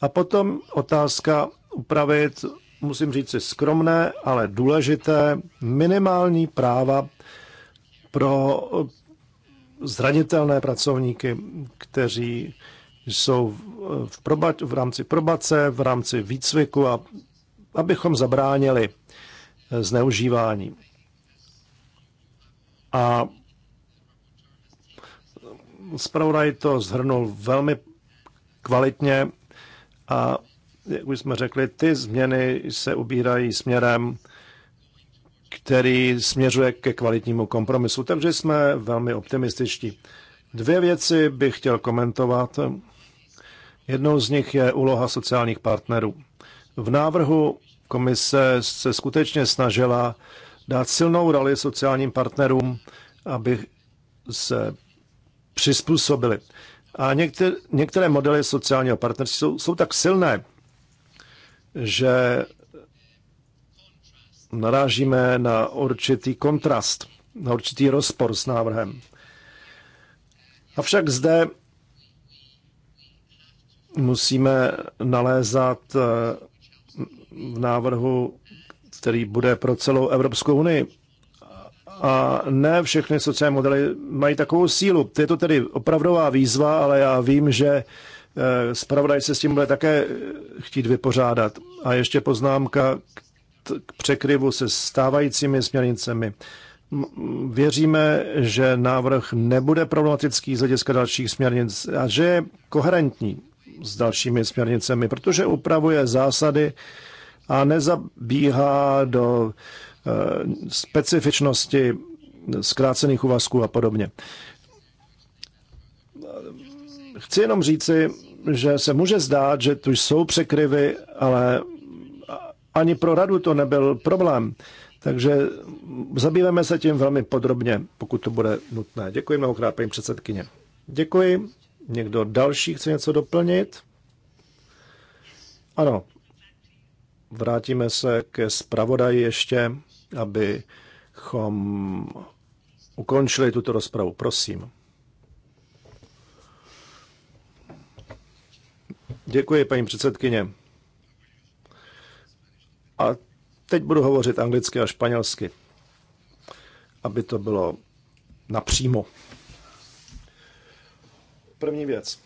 A potom otázka upravit, musím říci skromné, ale důležité, minimální práva pro zranitelné pracovníky, kteří jsou v, proba, v rámci probace, v rámci výcviku, a, abychom zabránili eh, zneužívání. A zpravodaj to zhrnul velmi kvalitně a jak už jsme řekli, ty změny se ubírají směrem, který směřuje ke kvalitnímu kompromisu. Takže jsme velmi optimističtí. Dvě věci bych chtěl komentovat. Jednou z nich je úloha sociálních partnerů. V návrhu komise se skutečně snažila dát silnou roli sociálním partnerům, aby se přizpůsobili. A některé, některé modely sociálního partnerství jsou, jsou tak silné, že narážíme na určitý kontrast, na určitý rozpor s návrhem. Avšak zde musíme nalézat eh, v návrhu, který bude pro celou Evropskou unii. A ne všechny sociální modely mají takovou sílu. Je to tedy opravdová výzva, ale já vím, že eh, zpravodaj se s tím bude také chtít vypořádat. A ještě poznámka k překryvu se stávajícími směrnicemi. Věříme, že návrh nebude problematický z hlediska dalších směrnic a že je koherentní s dalšími směrnicemi, protože upravuje zásady a nezabíhá do eh, specifičnosti zkrácených uvazků a podobně. Chci jenom říci, že se může zdát, že tu jsou překryvy, ale ani pro radu to nebyl problém. Takže zabýváme se tím velmi podrobně, pokud to bude nutné. Děkuji mnohokrát, paní předsedkyně. Děkuji. Někdo další chce něco doplnit? Ano. Vrátíme se ke zpravodaji ještě, abychom ukončili tuto rozpravu. Prosím. Děkuji, paní předsedkyně. A teď budu hovořit anglicky a španělsky, aby to bylo napřímo. První věc.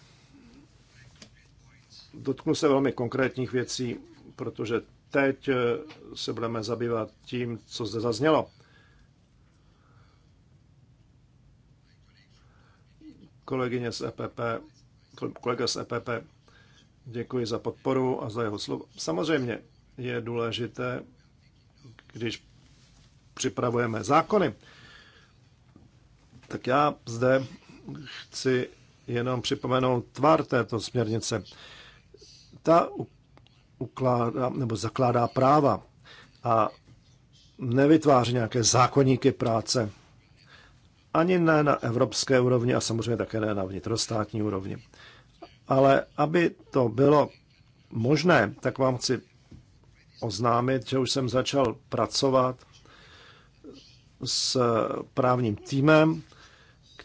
Dotknu se velmi konkrétních věcí, protože teď eh, se budeme zabývat tím, co zde zaznělo. Kolegyně z EPP, kolega z EPP, děkuji za podporu a za jeho slovo. Samozřejmě je důležité, když připravujeme zákony, tak já zde chci jenom připomenout tvar této směrnice. Ta ukládá nebo zakládá práva a nevytváří nějaké zákonníky práce. Ani ne na evropské úrovni a samozřejmě také ne na vnitrostátní úrovni. Ale aby to bylo možné, tak vám chci oznámit, že už jsem začal pracovat s právním týmem,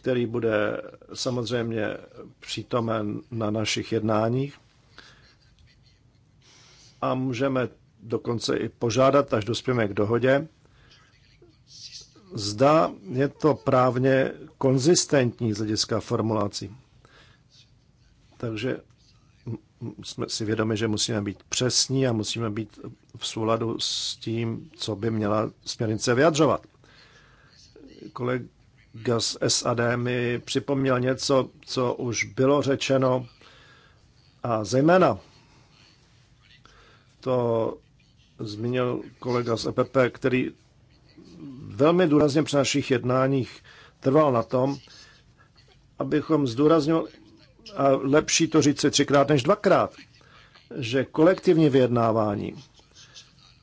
který bude samozřejmě přítomen na našich jednáních. A můžeme dokonce i požádat, až dospěme k dohodě, zda je to právně konzistentní z hlediska formulací. Takže jsme si vědomi, že musíme být přesní a musíme být v souladu s tím, co by měla směrnice vyjadřovat. Kolega Gas SAD mi připomněl něco, co už bylo řečeno a zejména to zmínil kolega z EPP, který velmi důrazně při našich jednáních trval na tom, abychom zdůraznil, a lepší to říct si třikrát než dvakrát, že kolektivní vyjednávání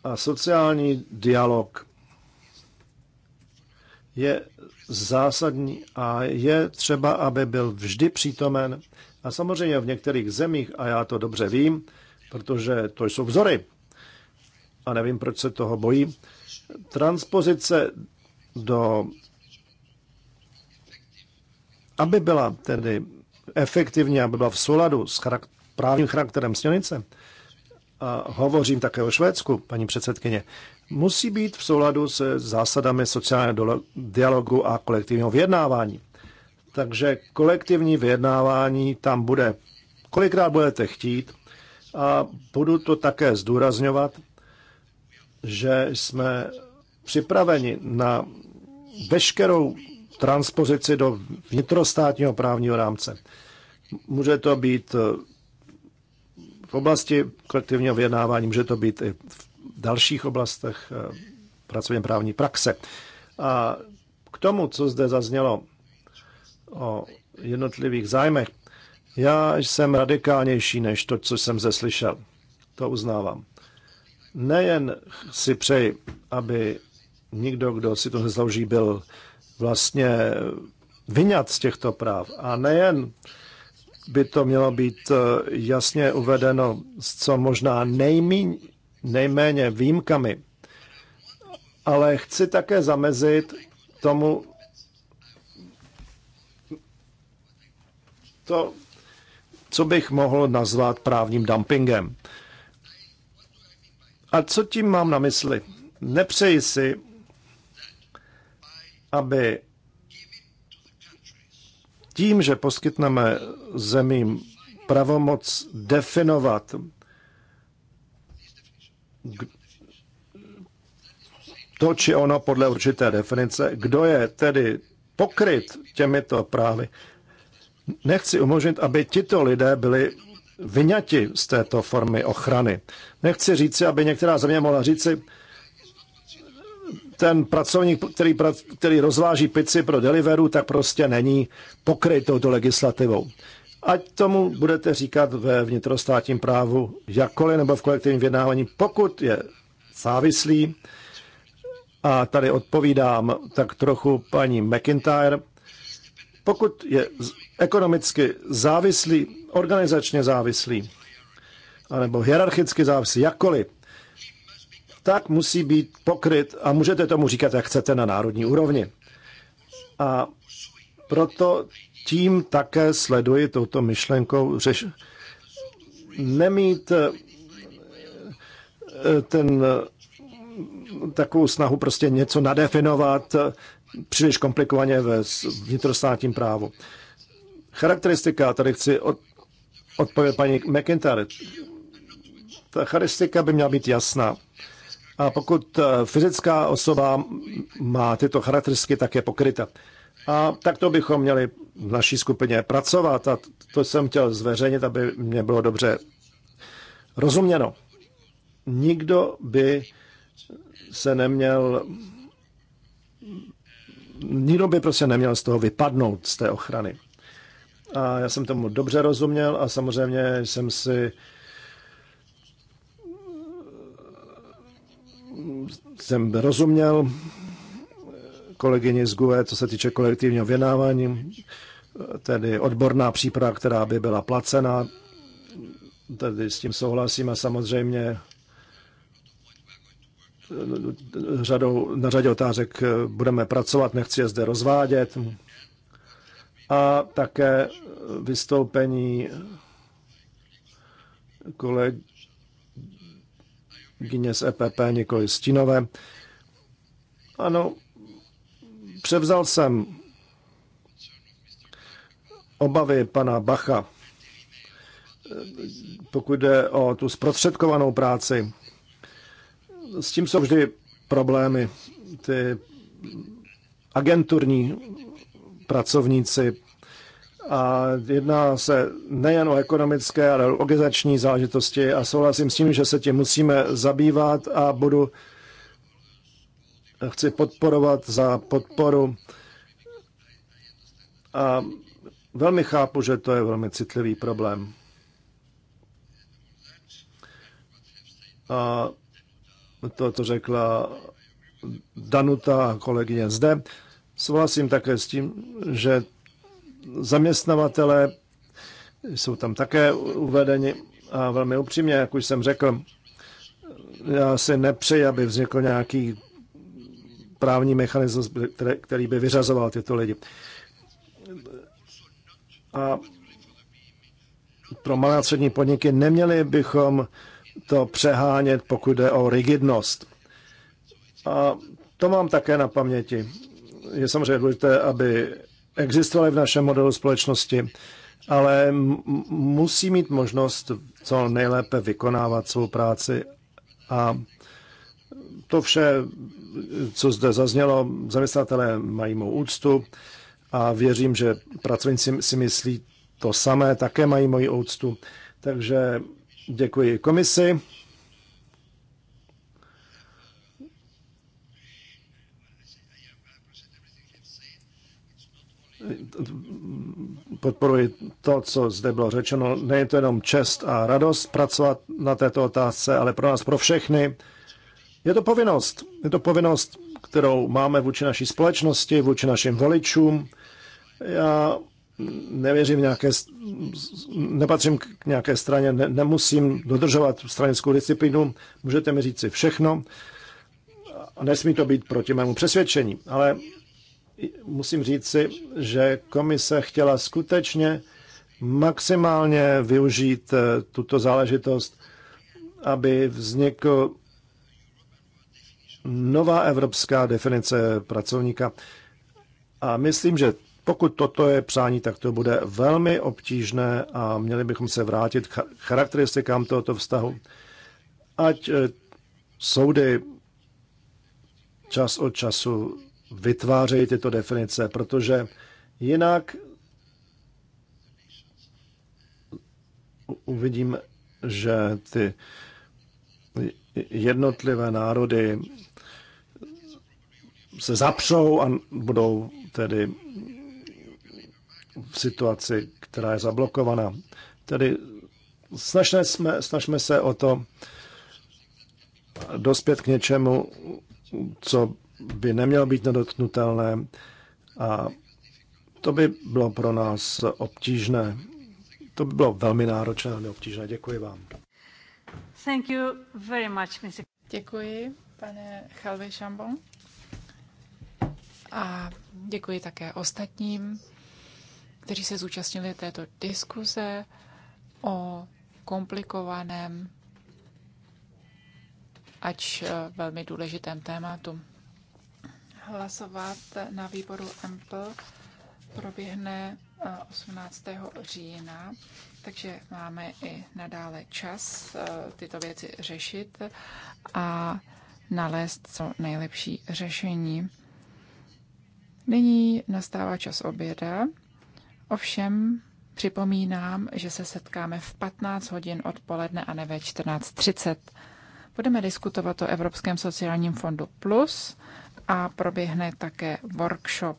a sociální dialog je zásadní a je třeba, aby byl vždy přítomen. A samozřejmě v některých zemích, a já to dobře vím, protože to jsou vzory, a nevím, proč se toho bojí, transpozice do aby byla tedy efektivní, aby byla v souladu s charak- právním charakterem směrnice, a hovořím také o Švédsku, paní předsedkyně, musí být v souladu se zásadami sociálního dialogu a kolektivního vyjednávání. Takže kolektivní vyjednávání tam bude, kolikrát budete chtít, a budu to také zdůrazňovat, že jsme připraveni na veškerou transpozici do vnitrostátního právního rámce. Může to být v oblasti kolektivního vyjednávání, může to být i v dalších oblastech eh, pracovně právní praxe. A k tomu, co zde zaznělo o jednotlivých zájmech, já jsem radikálnější než to, co jsem zde slyšel. To uznávám. Nejen si přeji, aby nikdo, kdo si to nezlouží, byl vlastně vyňat z těchto práv. A nejen by to mělo být eh, jasně uvedeno, co možná nejméně nejméně výjimkami. Ale chci také zamezit tomu to, co bych mohl nazvat právním dumpingem. A co tím mám na mysli? Nepřeji si, aby tím, že poskytneme zemím pravomoc definovat to či ono podle určité definice, kdo je tedy pokryt těmito právy. Nechci umožnit, aby tito lidé byli vyňati z této formy ochrany. Nechci říci, aby některá země mohla říci, ten pracovník, který, který rozváží pici pro deliveru, tak prostě není pokryt touto legislativou. Ať tomu budete říkat ve vnitrostátním právu jakkoliv nebo v kolektivním vyjednávání, pokud je závislý, a tady odpovídám tak trochu paní McIntyre, pokud je ekonomicky závislý, organizačně závislý, anebo hierarchicky závislý, jakkoliv, tak musí být pokryt a můžete tomu říkat, jak chcete na národní úrovni. A proto tím také sleduji touto myšlenkou řeš... nemít eh, ten eh, takovou snahu prostě něco nadefinovat eh, příliš komplikovaně ve vnitrostátním právu. Charakteristika, tady chci od, odpovědět paní McIntyre. Ta charakteristika by měla být jasná. A pokud fyzická osoba má tyto charakteristiky, tak je pokryta. A tak to bychom měli v naší skupině pracovat a to jsem chtěl zveřejnit, aby mě bylo dobře rozuměno. Nikdo by se neměl nikdo by prostě neměl z toho vypadnout z té ochrany. A já jsem tomu dobře rozuměl a samozřejmě jsem si jsem rozuměl kolegyně z GUE, co se týče kolektivního věnávání, tedy odborná příprava, která by byla placena, tedy s tím souhlasím a samozřejmě řadou, na řadě otázek budeme pracovat, nechci je zde rozvádět. A také vystoupení kolegyně z EPP, nikoli Stinové. Ano, Převzal jsem obavy pana Bacha, pokud jde o tu zprostředkovanou práci. S tím jsou vždy problémy. Ty agenturní pracovníci. A jedná se nejen o ekonomické, ale o organizační záležitosti a souhlasím s tím, že se tím musíme zabývat a budu chci podporovat za podporu a velmi chápu, že to je velmi citlivý problém. A to, co řekla Danuta kolegyně zde, souhlasím také s tím, že zaměstnavatele jsou tam také uvedeni a velmi upřímně, jak už jsem řekl, já si nepřeji, aby vznikl nějaký právní mechanismus, který by vyřazoval tyto lidi. A pro malé a střední podniky neměli bychom to přehánět, pokud jde o rigidnost. A to mám také na paměti. Je samozřejmě důležité, aby existovaly v našem modelu společnosti, ale musí mít možnost co nejlépe vykonávat svou práci a to vše co zde zaznělo, zaměstnatelé mají mou úctu a věřím, že pracovníci si myslí to samé, také mají moji úctu. Takže děkuji komisi. podporuji to, co zde bylo řečeno. Není to jenom čest a radost pracovat na této otázce, ale pro nás, pro všechny, je to povinnost. Je to povinnost, kterou máme vůči naší společnosti, vůči našim voličům. Já nevěřím nějaké, nepatřím k nějaké straně, ne, nemusím dodržovat stranickou disciplínu, můžete mi říct si všechno a nesmí to být proti mému přesvědčení, ale musím říct si, že komise chtěla skutečně maximálně využít eh, tuto záležitost, aby vznikl nová evropská definice pracovníka. A myslím, že pokud toto je přání, tak to bude velmi obtížné a měli bychom se vrátit k charakteristikám tohoto vztahu. Ať eh, soudy čas od času vytvářejí tyto definice, protože jinak uvidím, že ty jednotlivé národy se zapřou a budou tedy v situaci, která je zablokovaná. Tedy snažme, jsme, snažme se o to dospět k něčemu, co by nemělo být nedotknutelné a to by bylo pro nás obtížné. To by bylo velmi náročné a obtížné. Děkuji vám. Thank you very much, Mr. Děkuji, pane Chalvy Šambon. A děkuji také ostatním, kteří se zúčastnili této diskuze o komplikovaném, ač eh, velmi důležitém tématu. Hlasovat na výboru MPL proběhne 18. Eh, října, takže máme i nadále čas eh, tyto věci řešit a nalézt co nejlepší řešení. Nyní nastává čas oběda. Ovšem připomínám, že se setkáme v 15 hodin odpoledne a ne ve 14.30. Budeme diskutovat o Evropském sociálním fondu Plus a proběhne také workshop.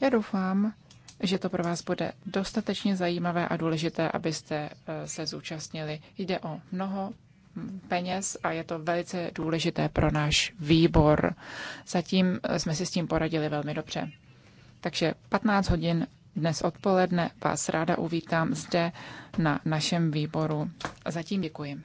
Já doufám, že to pro vás bude dostatečně zajímavé a důležité, abyste eh, se zúčastnili. Jde o mnoho peněz a je to velice důležité pro náš výbor. Zatím eh, jsme si s tím poradili velmi dobře. Takže 15 hodin dnes odpoledne vás ráda uvítám zde na našem výboru. Zatím děkuji.